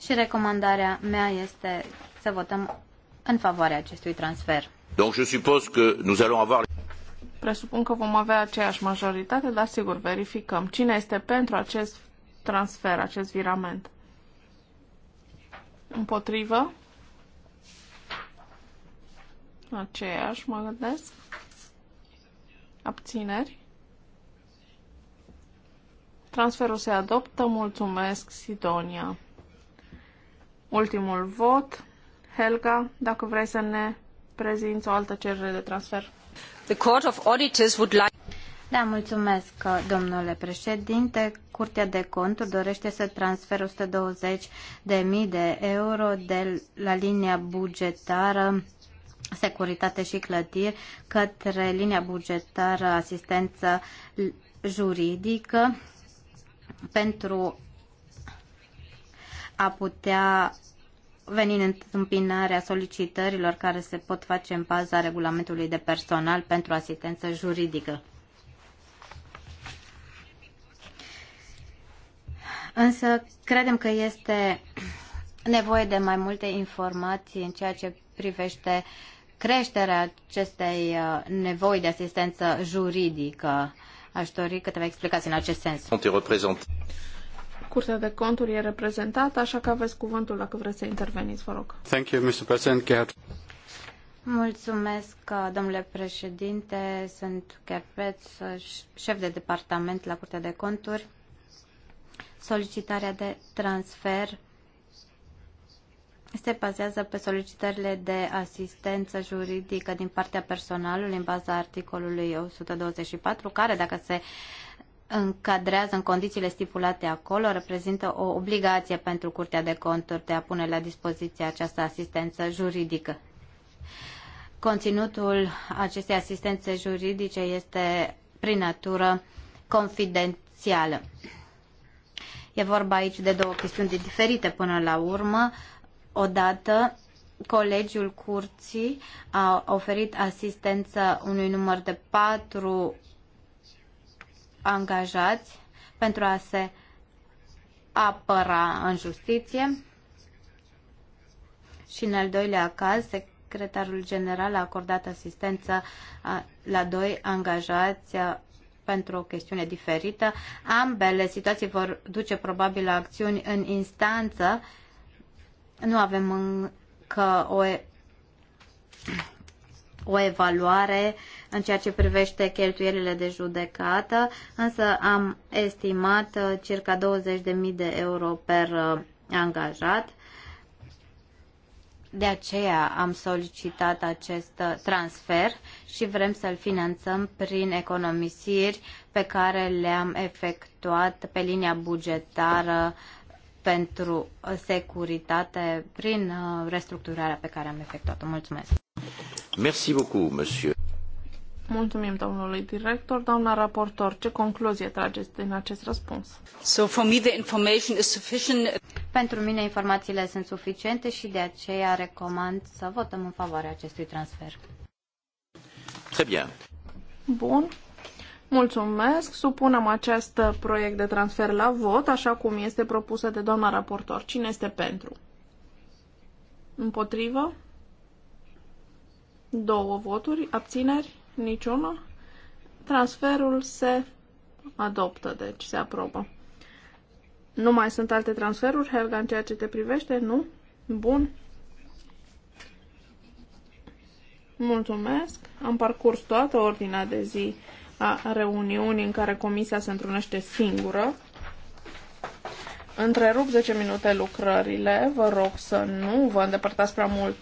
Și recomandarea mea este să votăm în favoarea acestui transfer. Donc je suppose que nous allons avoir Presupun că vom avea aceeași majoritate, dar sigur verificăm cine este pentru acest transfer, acest virament. Împotrivă? Aceeași, mă gândesc. Abțineri? Transferul se adoptă. Mulțumesc, Sidonia. Ultimul vot. Helga, dacă vrei să ne Prezint o altă cerere de transfer. The Court of Auditors would like... Da, mulțumesc, domnule președinte. Curtea de conturi dorește să transfere 120 de mii de euro de la linia bugetară securitate și clădiri către linia bugetară asistență juridică pentru a putea venind în întâmpinarea solicitărilor care se pot face în baza regulamentului de personal pentru asistență juridică. Însă credem că este nevoie de mai multe informații în ceea ce privește creșterea acestei uh, nevoi de asistență juridică. Aș dori câteva explicații în acest sens. Curtea de Conturi e reprezentată, așa că aveți cuvântul dacă vreți să interveniți, vă rog. Thank you, Mr. President. Gerhard. Mulțumesc, domnule președinte. Sunt Gerpeț, șef de departament la Curtea de Conturi. Solicitarea de transfer se bazează pe solicitările de asistență juridică din partea personalului în baza articolului 124, care, dacă se încadrează în condițiile stipulate acolo reprezintă o obligație pentru Curtea de Conturi de a pune la dispoziție această asistență juridică. Conținutul acestei asistențe juridice este prin natură confidențială. E vorba aici de două chestiuni diferite până la urmă. Odată, Colegiul Curții a oferit asistență unui număr de patru angajați pentru a se apăra în justiție. Și în al doilea caz, secretarul general a acordat asistență la doi angajați pentru o chestiune diferită. Ambele situații vor duce probabil la acțiuni în instanță. Nu avem încă o o evaluare în ceea ce privește cheltuielile de judecată, însă am estimat uh, circa 20.000 de euro per uh, angajat. De aceea am solicitat acest uh, transfer și vrem să-l finanțăm prin economisiri pe care le-am efectuat pe linia bugetară uh, pentru uh, securitate prin uh, restructurarea pe care am efectuat-o. Mulțumesc! Merci beaucoup, monsieur. Mulțumim domnului director, doamna raportor. Ce concluzie trageți din acest răspuns? So for me the information is sufficient. Pentru mine informațiile sunt suficiente și de aceea recomand să votăm în favoarea acestui transfer. Très bien. Bun. Mulțumesc. Supunem acest proiect de transfer la vot, așa cum este propusă de doamna raportor. Cine este pentru? Împotrivă? Două voturi. Abțineri? Niciuna. Transferul se adoptă, deci se aprobă. Nu mai sunt alte transferuri, Helga, în ceea ce te privește? Nu? Bun. Mulțumesc. Am parcurs toată ordinea de zi a reuniunii în care comisia se întrunește singură. Întrerup 10 minute lucrările, vă rog să nu vă îndepărtați prea mult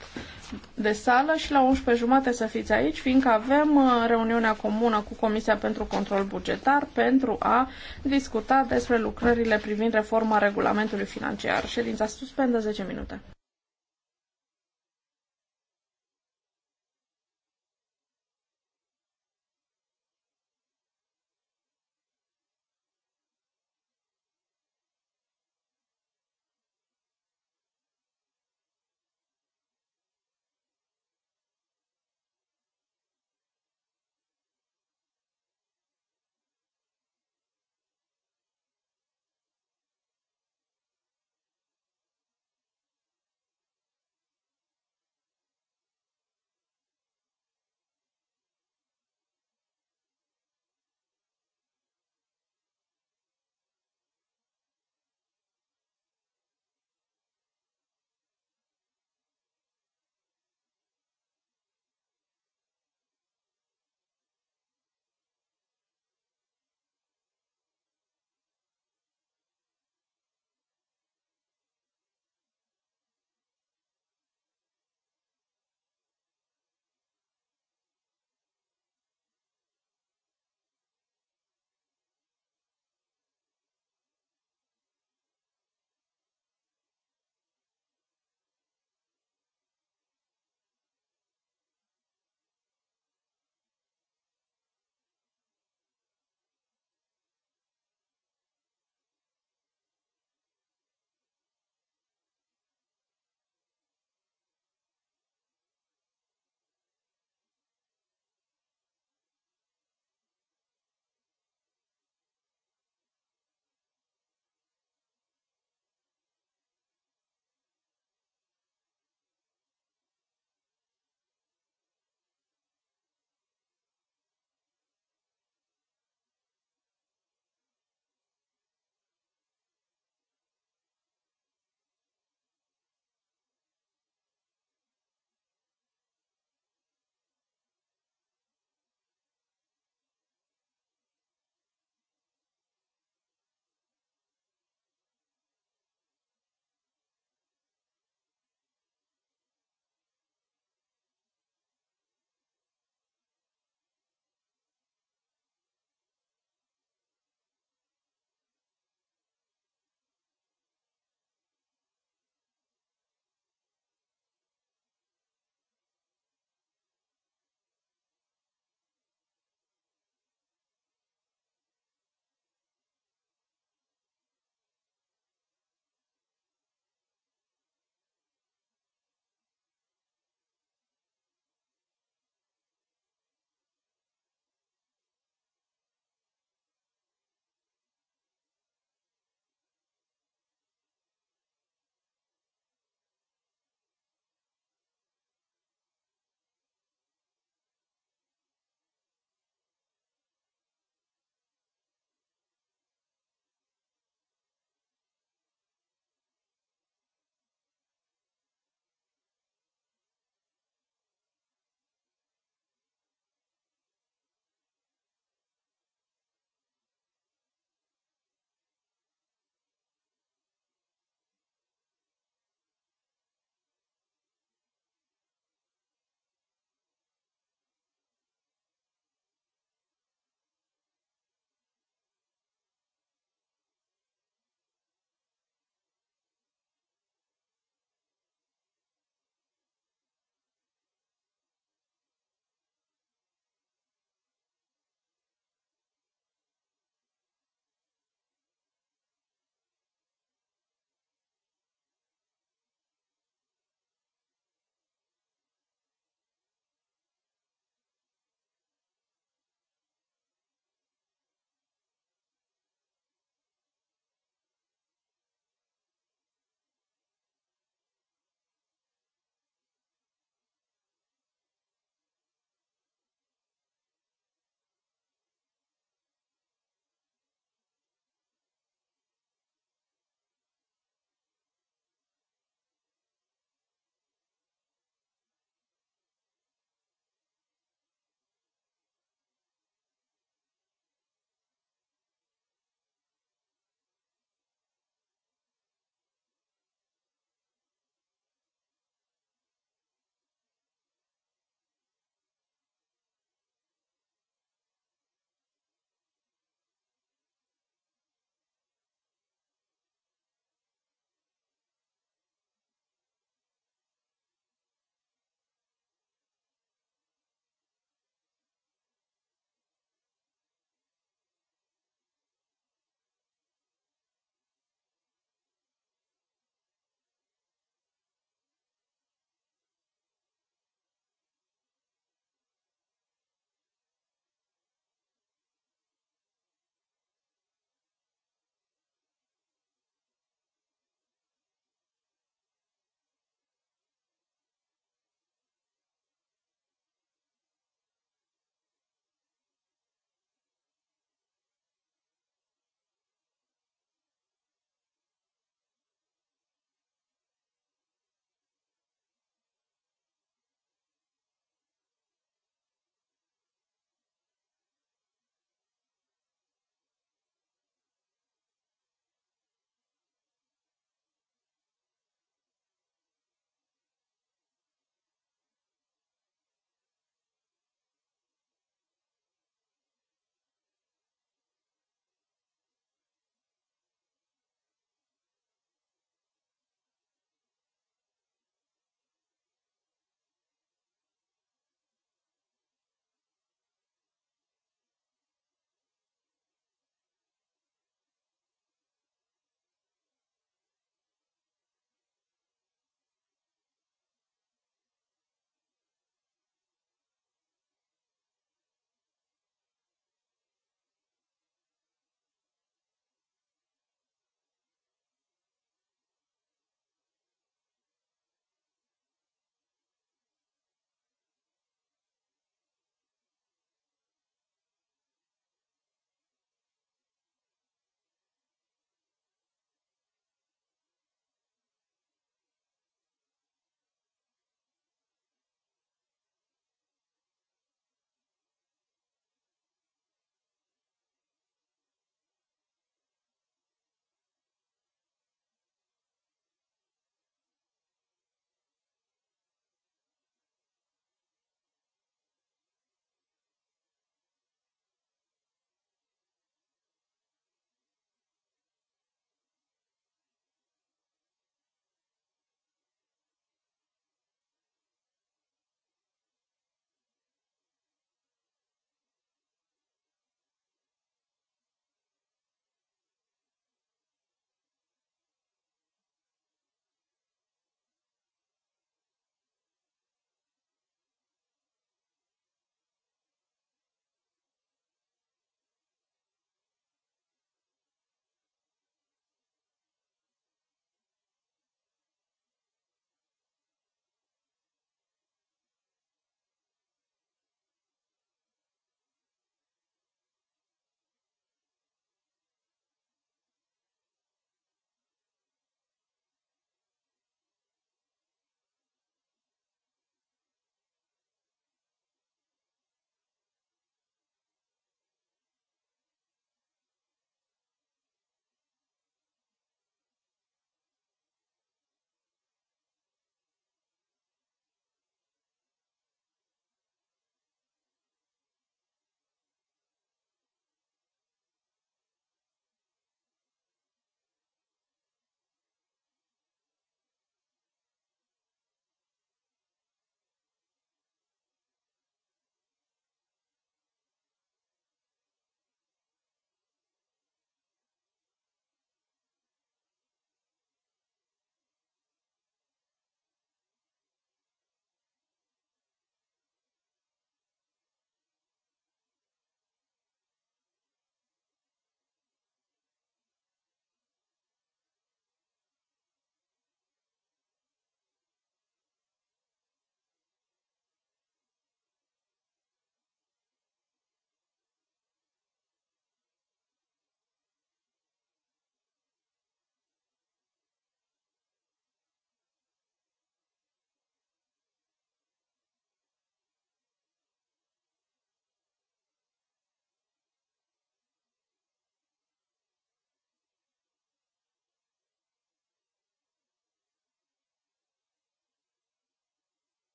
de sală și la 11 jumate să fiți aici, fiindcă avem uh, reuniunea comună cu Comisia pentru Control Bugetar pentru a discuta despre lucrările privind reforma regulamentului financiar. Ședința suspendă 10 minute.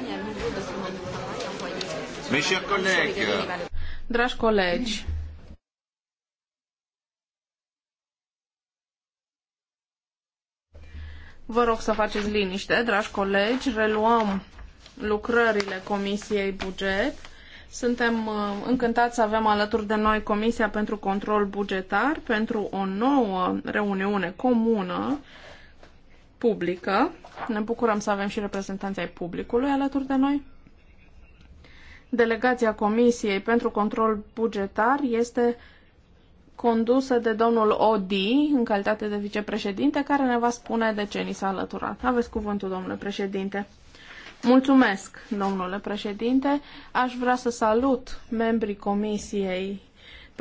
il y de Mes chers collègues. Dragi colegi, Vă rog să faceți liniște, dragi colegi, reluăm lucrările Comisiei Buget. Suntem uh, încântați să avem alături de noi Comisia pentru Control Bugetar pentru o nouă reuniune comună publică. Ne bucurăm să avem și reprezentanții ai publicului alături de noi. Delegația Comisiei pentru Control Bugetar este condusă de domnul Odi, în calitate de vicepreședinte, care ne va spune de ce ni s-a alăturat. Aveți cuvântul, domnule președinte. Mulțumesc, domnule președinte. Aș vrea să salut membrii Comisiei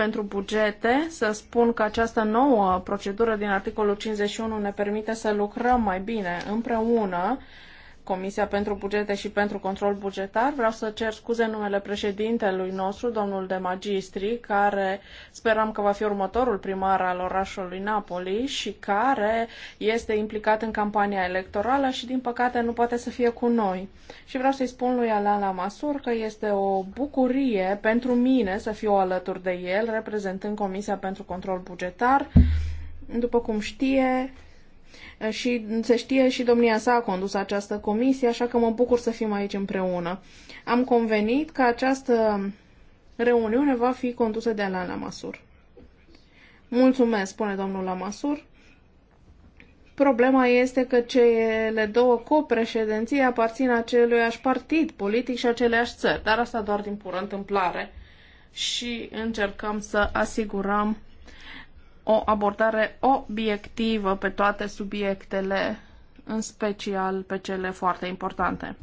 pentru bugete, să spun că această nouă procedură din articolul 51 ne permite să lucrăm mai bine împreună Comisia pentru Bugete și pentru Control Bugetar. Vreau să cer scuze în numele președintelui nostru, domnul de magistri, care speram că va fi următorul primar al orașului Napoli și care este implicat în campania electorală și, din păcate, nu poate să fie cu noi. Și vreau să-i spun lui Alain Masur că este o bucurie pentru mine să fiu alături de el, reprezentând Comisia pentru Control Bugetar. După cum știe, Eh, și se știe și domnia sa a condus această comisie, așa că mă bucur să fim aici împreună. Am convenit că această reuniune va fi condusă de Alain Lamasur. Mulțumesc, spune domnul Lamasur. Problema este că cele două copreședinții aparțin aceluiași partid politic și aceleași țări, dar asta doar din pură întâmplare. Și încercăm să asigurăm o abordare obiectivă pe toate subiectele, în special pe cele foarte importante.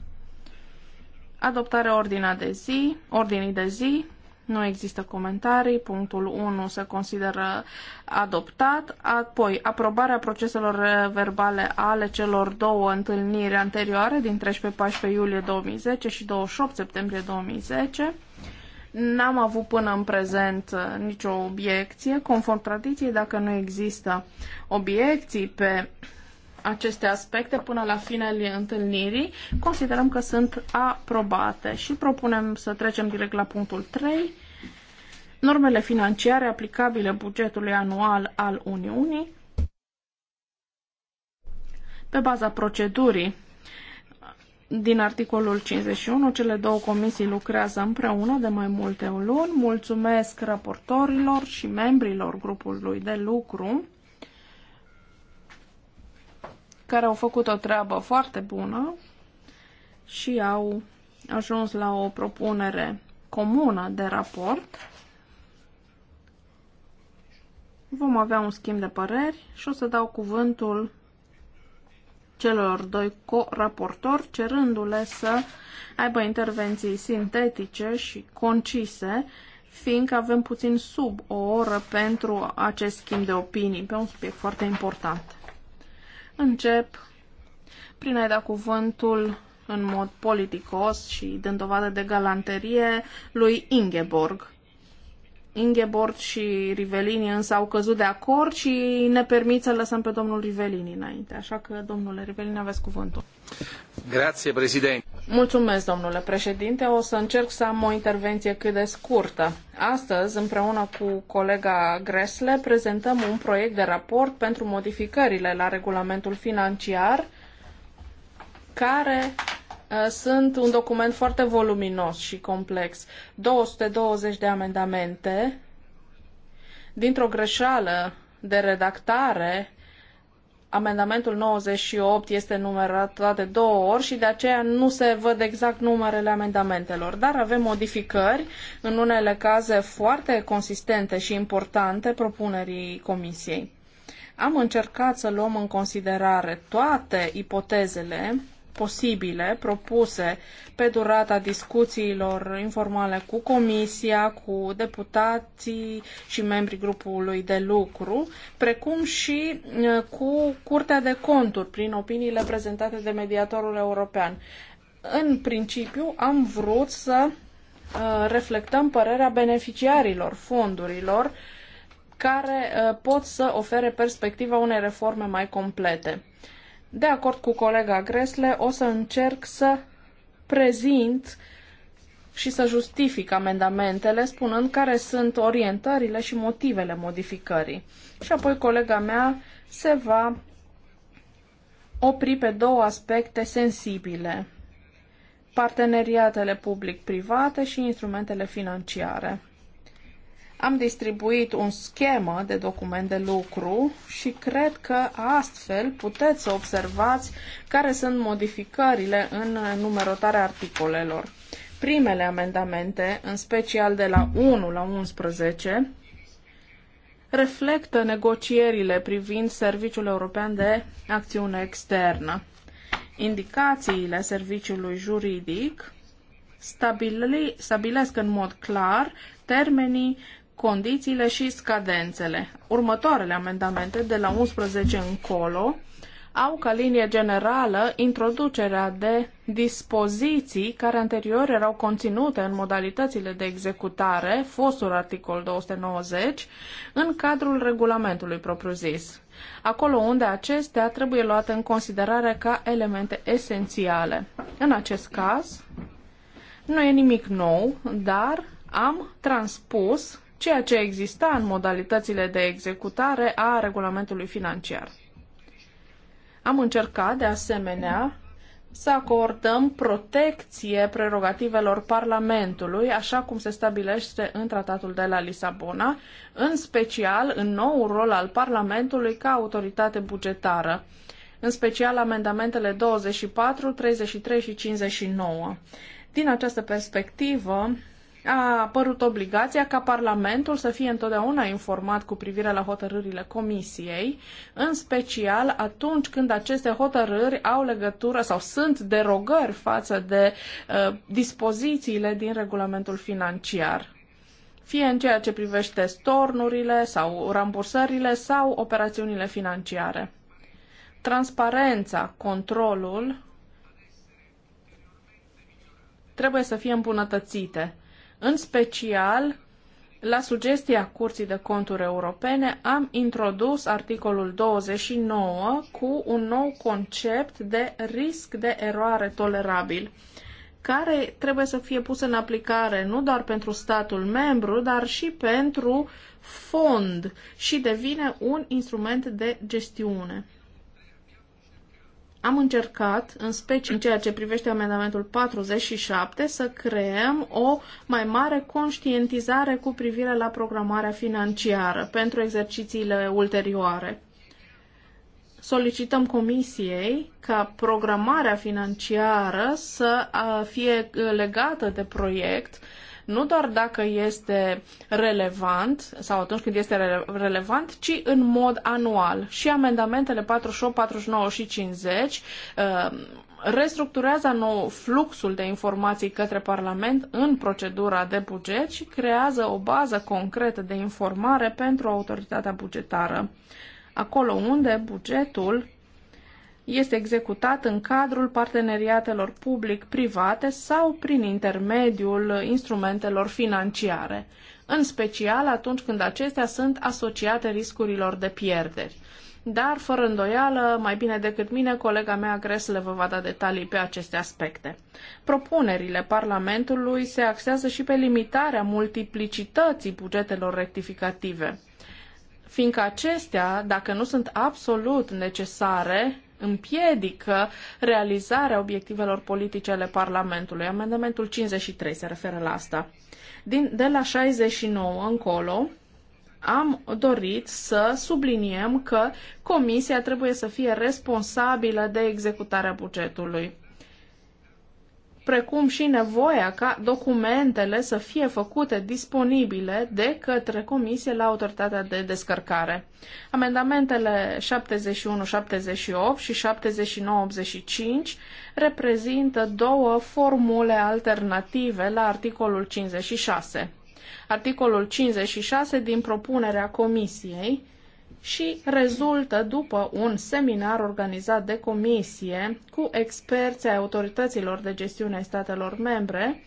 Adoptarea ordinea de zi, ordinii de zi, nu există comentarii, punctul 1 se consideră adoptat, apoi aprobarea proceselor verbale ale celor două întâlniri anterioare din 13-14 iulie 2010 și 28 septembrie 2010, N-am avut până în prezent uh, nicio obiecție. Conform tradiției, dacă nu există obiecții pe aceste aspecte până la finele întâlnirii, considerăm că sunt aprobate și propunem să trecem direct la punctul 3. Normele financiare aplicabile bugetului anual al Uniunii pe baza procedurii din articolul 51. Cele două comisii lucrează împreună de mai multe luni. Mulțumesc raportorilor și membrilor grupului de lucru care au făcut o treabă foarte bună și au ajuns la o propunere comună de raport. Vom avea un schimb de păreri și o să dau cuvântul celor doi co-raportori, cerându-le să aibă intervenții sintetice și concise, fiindcă avem puțin sub o oră pentru acest schimb de opinii pe un subiect foarte important. Încep prin a-i da cuvântul în mod politicos și dând dovadă de galanterie lui Ingeborg, Ingeborg și Rivelini însă au căzut de acord și ne permit să lăsăm pe domnul Rivelini înainte. Așa că, domnule Rivelini, aveți cuvântul. Grație, președinte. Mulțumesc, domnule președinte. O să încerc să am o intervenție cât de scurtă. Astăzi, împreună cu colega Gresle, prezentăm un proiect de raport pentru modificările la regulamentul financiar care Uh, sunt un document foarte voluminos și complex. 220 de amendamente dintr-o greșeală de redactare amendamentul 98 este numerat de două ori și de aceea nu se văd exact numerele amendamentelor, dar avem modificări, în unele caze foarte consistente și importante, propunerii Comisiei. Am încercat să luăm în considerare toate ipotezele posibile propuse pe durata discuțiilor informale cu Comisia, cu deputații și membrii grupului de lucru, precum și cu Curtea de Conturi, prin opiniile prezentate de mediatorul european. În principiu, am vrut să reflectăm părerea beneficiarilor fondurilor care pot să ofere perspectiva unei reforme mai complete de acord cu colega Gresle, o să încerc să prezint și să justific amendamentele, spunând care sunt orientările și motivele modificării. Și apoi colega mea se va opri pe două aspecte sensibile parteneriatele public-private și instrumentele financiare. Am distribuit un schemă de document de lucru și cred că astfel puteți să observați care sunt modificările în numerotarea articolelor. Primele amendamente, în special de la 1 la 11, reflectă negocierile privind Serviciul European de Acțiune Externă. Indicațiile serviciului juridic stabilesc în mod clar termenii, condițiile și scadențele. Următoarele amendamente, de la 11 încolo, au ca linie generală introducerea de dispoziții care anterior erau conținute în modalitățile de executare, fostul articol 290, în cadrul regulamentului propriu-zis, acolo unde acestea trebuie luate în considerare ca elemente esențiale. În acest caz, nu e nimic nou, dar am transpus ceea ce exista în modalitățile de executare a regulamentului financiar. Am încercat, de asemenea, să acordăm protecție prerogativelor Parlamentului, așa cum se stabilește în Tratatul de la Lisabona, în special în noul rol al Parlamentului ca autoritate bugetară, în special amendamentele 24, 33 și 59. Din această perspectivă, a apărut obligația ca Parlamentul să fie întotdeauna informat cu privire la hotărârile Comisiei, în special atunci când aceste hotărâri au legătură sau sunt derogări față de uh, dispozițiile din regulamentul financiar fie în ceea ce privește stornurile sau rambursările sau operațiunile financiare. Transparența, controlul trebuie să fie îmbunătățite în special, la sugestia Curții de Conturi Europene, am introdus articolul 29 cu un nou concept de risc de eroare tolerabil, care trebuie să fie pus în aplicare nu doar pentru statul membru, dar și pentru fond și devine un instrument de gestiune. Am încercat, în special în ceea ce privește amendamentul 47, să creăm o mai mare conștientizare cu privire la programarea financiară pentru exercițiile ulterioare. Solicităm Comisiei ca programarea financiară să fie legată de proiect, nu doar dacă este relevant sau atunci când este relevant, ci în mod anual. Și amendamentele 48, 49 și 50 uh, restructurează nou fluxul de informații către Parlament în procedura de buget și creează o bază concretă de informare pentru autoritatea bugetară, acolo unde bugetul este executat în cadrul parteneriatelor public-private sau prin intermediul instrumentelor financiare, în special atunci când acestea sunt asociate riscurilor de pierderi. Dar, fără îndoială, mai bine decât mine, colega mea Gresle vă va da detalii pe aceste aspecte. Propunerile Parlamentului se axează și pe limitarea multiplicității bugetelor rectificative, fiindcă acestea, dacă nu sunt absolut necesare, împiedică realizarea obiectivelor politice ale Parlamentului. Amendamentul 53 se referă la asta. Din, de la 69 încolo, am dorit să subliniem că Comisia trebuie să fie responsabilă de executarea bugetului precum și nevoia ca documentele să fie făcute disponibile de către Comisie la autoritatea de descărcare. Amendamentele 71, 78 și 79, 85 reprezintă două formule alternative la articolul 56. Articolul 56 din propunerea Comisiei și rezultă după un seminar organizat de comisie cu experți ai autorităților de gestiune a statelor membre,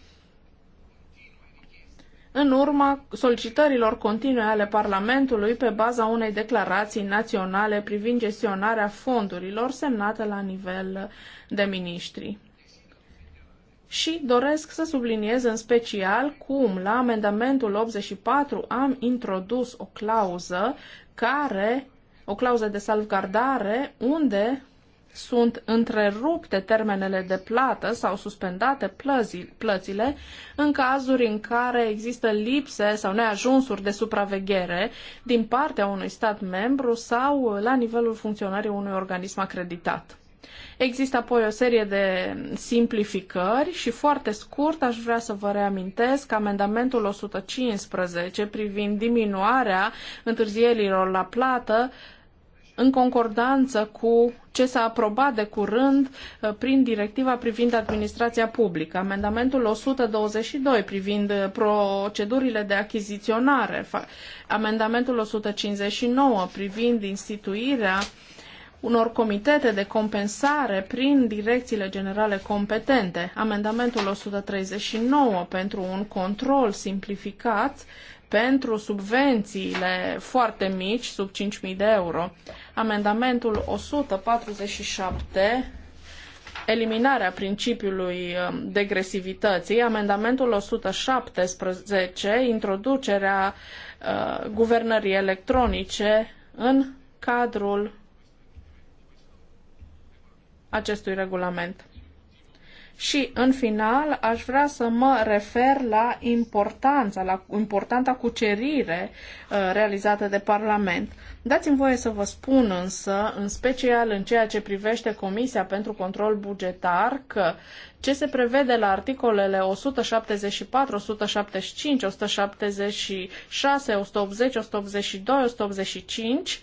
în urma solicitărilor continue ale Parlamentului pe baza unei declarații naționale privind gestionarea fondurilor semnate la nivel de miniștri. Și doresc să subliniez în special cum la amendamentul 84 am introdus o clauză care, o clauză de salvgardare, unde sunt întrerupte termenele de plată sau suspendate plățile în cazuri în care există lipse sau neajunsuri de supraveghere din partea unui stat membru sau la nivelul funcționării unui organism acreditat. Există apoi o serie de simplificări și foarte scurt aș vrea să vă reamintesc amendamentul 115 privind diminuarea întârzierilor la plată în concordanță cu ce s-a aprobat de curând uh, prin directiva privind administrația publică. Amendamentul 122 privind uh, procedurile de achiziționare, amendamentul 159 privind instituirea unor comitete de compensare prin direcțiile generale competente. Amendamentul 139 pentru un control simplificat pentru subvențiile foarte mici, sub 5.000 de euro. Amendamentul 147 eliminarea principiului um, degresivității, amendamentul 117, introducerea uh, guvernării electronice în cadrul acestui regulament. Și, în final, aș vrea să mă refer la importanța, la importanta cucerire uh, realizată de Parlament. Dați-mi voie să vă spun însă, în special în ceea ce privește Comisia pentru Control Bugetar, că ce se prevede la articolele 174, 175, 176, 180, 182, 185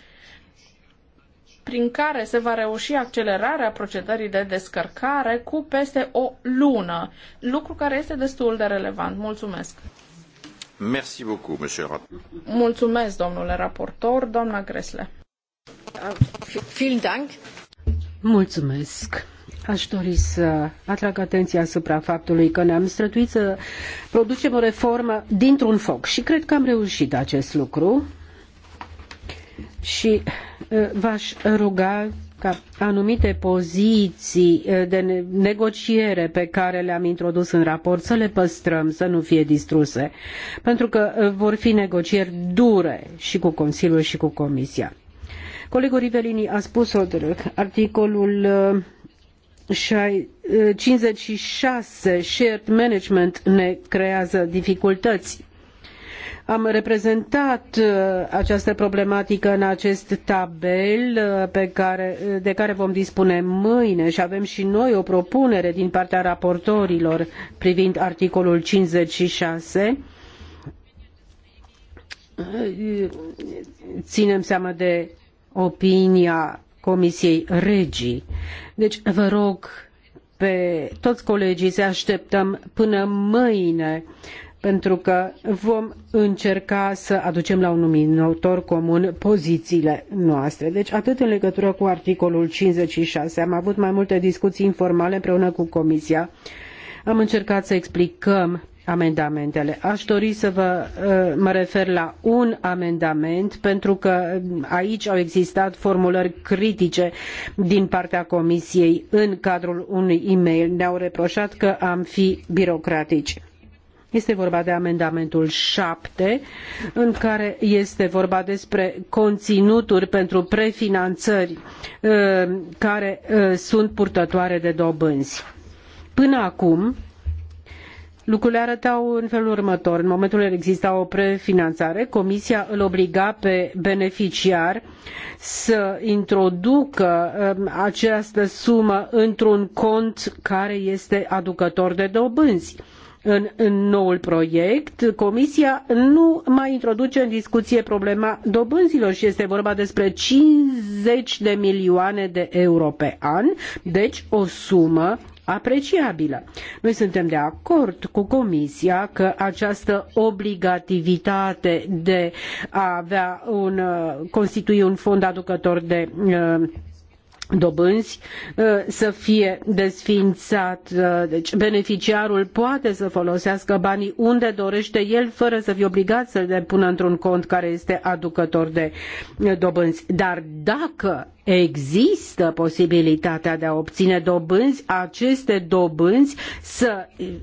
prin care se va reuși accelerarea procedării de descărcare cu peste o lună, lucru care este destul de relevant. Mulțumesc! Merci beaucoup, monsieur. Mulțumesc, domnule raportor, doamna Gresle. Dank. Mulțumesc. Aș dori să atrag atenția asupra faptului că ne-am străduit să producem o reformă dintr-un foc și cred că am reușit acest lucru și uh, v-aș ruga ca anumite poziții uh, de negociere pe care le-am introdus în raport să le păstrăm, să nu fie distruse, pentru că uh, vor fi negocieri dure și cu Consiliul și cu Comisia. Colegul Rivelini a spus-o, articolul 56, shared management, ne creează dificultăți am reprezentat uh, această problematică în acest tabel uh, pe care, uh, de care vom dispune mâine și avem și noi o propunere din partea raportorilor privind articolul 56 ținem seama de opinia Comisiei Regii. Deci vă rog pe toți colegii să așteptăm până mâine pentru că vom încerca să aducem la un numitor comun pozițiile noastre. Deci atât în legătură cu articolul 56, am avut mai multe discuții informale împreună cu Comisia, am încercat să explicăm amendamentele. Aș dori să vă, uh, mă refer la un amendament pentru că aici au existat formulări critice din partea Comisiei în cadrul unui e-mail. Ne-au reproșat că am fi birocratici. Este vorba de amendamentul 7, în care este vorba despre conținuturi pentru prefinanțări uh, care uh, sunt purtătoare de dobânzi. Până acum, Lucrurile arătau în felul următor. În momentul în care exista o prefinanțare, comisia îl obliga pe beneficiar să introducă um, această sumă într-un cont care este aducător de dobânzi. În, în noul proiect, Comisia nu mai introduce în discuție problema dobânzilor și este vorba despre 50 de milioane de euro pe an, deci o sumă apreciabilă. Noi suntem de acord cu Comisia că această obligativitate de a avea un, constitui un fond aducător de uh, dobânzi uh, să fie desfințat. Uh, deci beneficiarul poate să folosească banii unde dorește el fără să fie obligat să le depună într-un cont care este aducător de uh, dobânzi. Dar dacă există posibilitatea de a obține dobânzi, aceste dobânzi să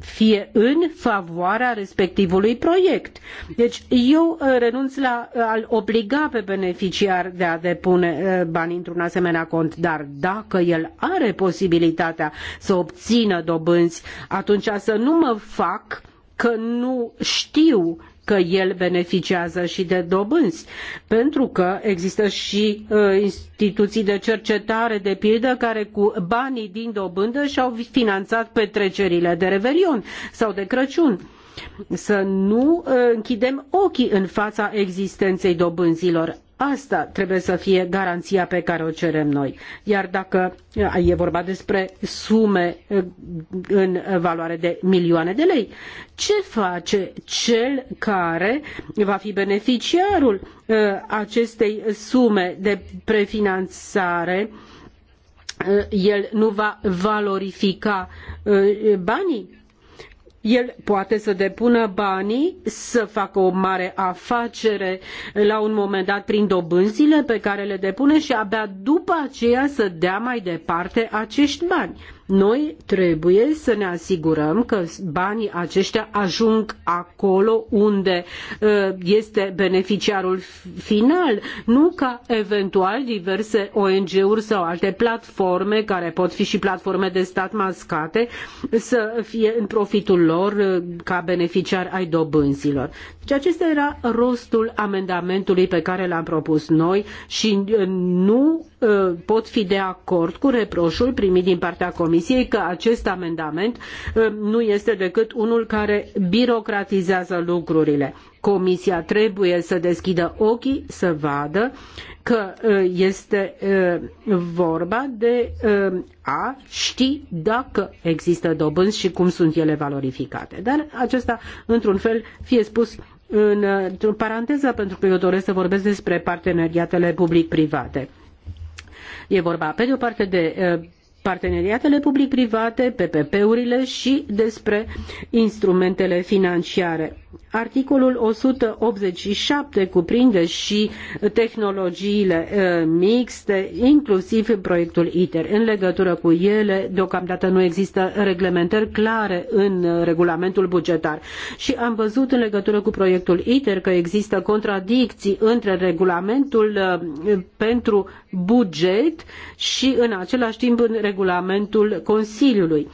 fie în favoarea respectivului proiect. Deci eu renunț la a-l obliga pe beneficiar de a depune bani într-un asemenea cont, dar dar dacă el are posibilitatea să obțină dobânzi, atunci să nu mă fac că nu știu că el beneficiază și de dobânzi, pentru că există și uh, instituții de cercetare, de pildă, care cu banii din dobândă și-au finanțat petrecerile de Revelion sau de Crăciun. Uh, să nu uh, închidem ochii în fața existenței dobânzilor. Asta trebuie să fie garanția pe care o cerem noi. Iar dacă uh, e vorba despre sume uh, în valoare de milioane de lei, ce face cel care va fi beneficiarul acestei sume de prefinanțare? El nu va valorifica banii el poate să depună banii, să facă o mare afacere la un moment dat prin dobânzile pe care le depune și abia după aceea să dea mai departe acești bani. Noi trebuie să ne asigurăm că banii aceștia ajung acolo unde uh, este beneficiarul final, nu ca eventual diverse ONG-uri sau alte platforme care pot fi și platforme de stat mascate să fie în profitul lor uh, ca beneficiari ai dobânzilor. Deci acesta era rostul amendamentului pe care l-am propus noi și uh, nu Uh, pot fi de acord cu reproșul primit din partea Comisiei că acest amendament uh, nu este decât unul care birocratizează lucrurile. Comisia trebuie să deschidă ochii, să vadă că uh, este vorba de a ști dacă există dobânzi și cum sunt ele valorificate. Dar acesta, într-un fel, fie spus într-o paranteză, pentru că eu doresc să vorbesc despre parteneriatele public-private. E vorba, pe de o parte, de eh, parteneriatele public-private, PPP-urile și despre instrumentele financiare. Articolul 187 cuprinde și tehnologiile uh, mixte, inclusiv proiectul ITER. În legătură cu ele, deocamdată nu există reglementări clare în uh, regulamentul bugetar. Și am văzut în legătură cu proiectul ITER că există contradicții între regulamentul uh, pentru buget și în același timp în regulamentul Consiliului.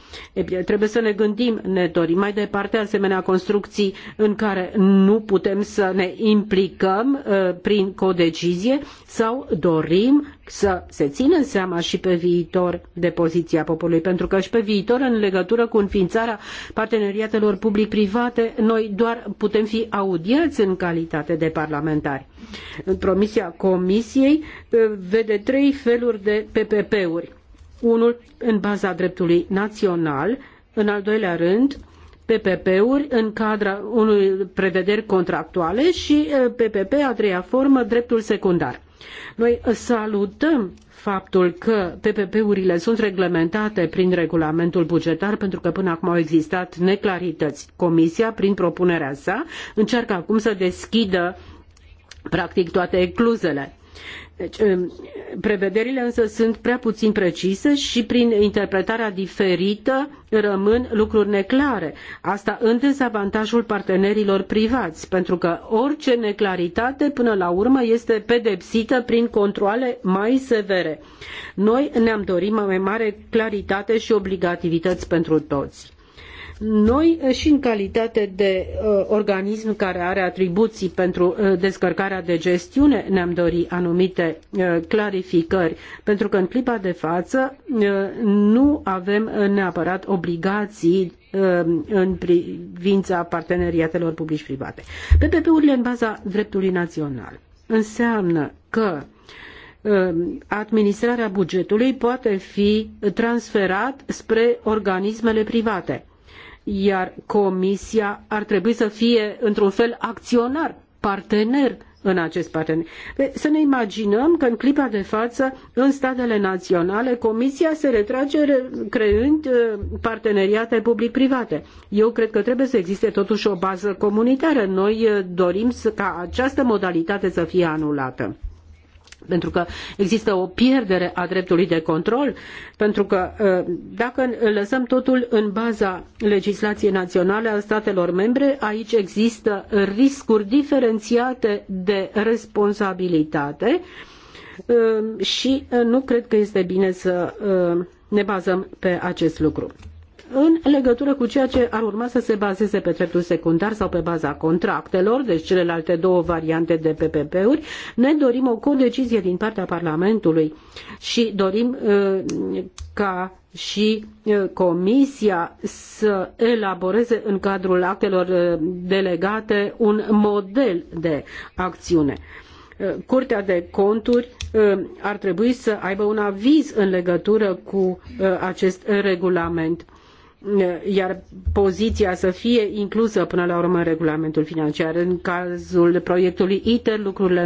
trebuie să ne gândim, ne dorim mai departe asemenea construcții în care nu putem să ne implicăm uh, prin codecizie sau dorim să se țină seama și pe viitor de poziția poporului, pentru că și pe viitor, în legătură cu înființarea parteneriatelor public-private, noi doar putem fi audiați în calitate de parlamentari. Promisia Comisiei uh, vede trei feluri de PPP-uri unul în baza dreptului național, în al doilea rând PPP-uri în cadra unui prevederi contractuale și PPP, eh, a treia formă, dreptul secundar. Noi eh, salutăm faptul că PPP-urile sunt reglementate prin regulamentul bugetar, pentru că până acum au existat neclarități. Comisia, prin propunerea sa, încearcă acum să deschidă practic toate ecluzele. Deci, um, prevederile însă sunt prea puțin precise și prin interpretarea diferită rămân lucruri neclare. Asta în dezavantajul partenerilor privați, pentru că orice neclaritate până la urmă este pedepsită prin controle mai severe. Noi ne-am dorit mai mare claritate și obligativități pentru toți. Noi și în calitate de uh, organism care are atribuții pentru uh, descărcarea de gestiune ne-am dori anumite uh, clarificări, pentru că în clipa de față nu avem neapărat obligații în privința parteneriatelor publici-private. PPP-urile în baza dreptului național înseamnă că administrarea bugetului poate fi transferat spre organismele private iar comisia ar trebui să fie, într-un fel, acționar, partener în acest partener. Să ne imaginăm că în clipa de față, în statele naționale, Comisia se retrage creând uh, parteneriate public-private. Eu cred că trebuie să existe totuși o bază comunitară. Noi uh, dorim ca această modalitate să fie anulată pentru că există o pierdere a dreptului de control, pentru că uh, dacă lăsăm totul în baza legislației naționale a statelor membre, aici există riscuri diferențiate de responsabilitate uh, și uh, nu cred că este bine să ne bazăm pe acest lucru în legătură cu ceea ce ar urma să se bazeze pe dreptul secundar sau pe baza contractelor, deci celelalte două variante de PPP-uri, ne dorim o codecizie din partea Parlamentului și dorim uh, ca și uh, Comisia să elaboreze în cadrul actelor uh, delegate un model de acțiune. Curtea de Conturi ar trebui să aibă un aviz în legătură cu acest regulament iar poziția să fie inclusă până la urmă în regulamentul financiar. În cazul proiectului ITER lucrurile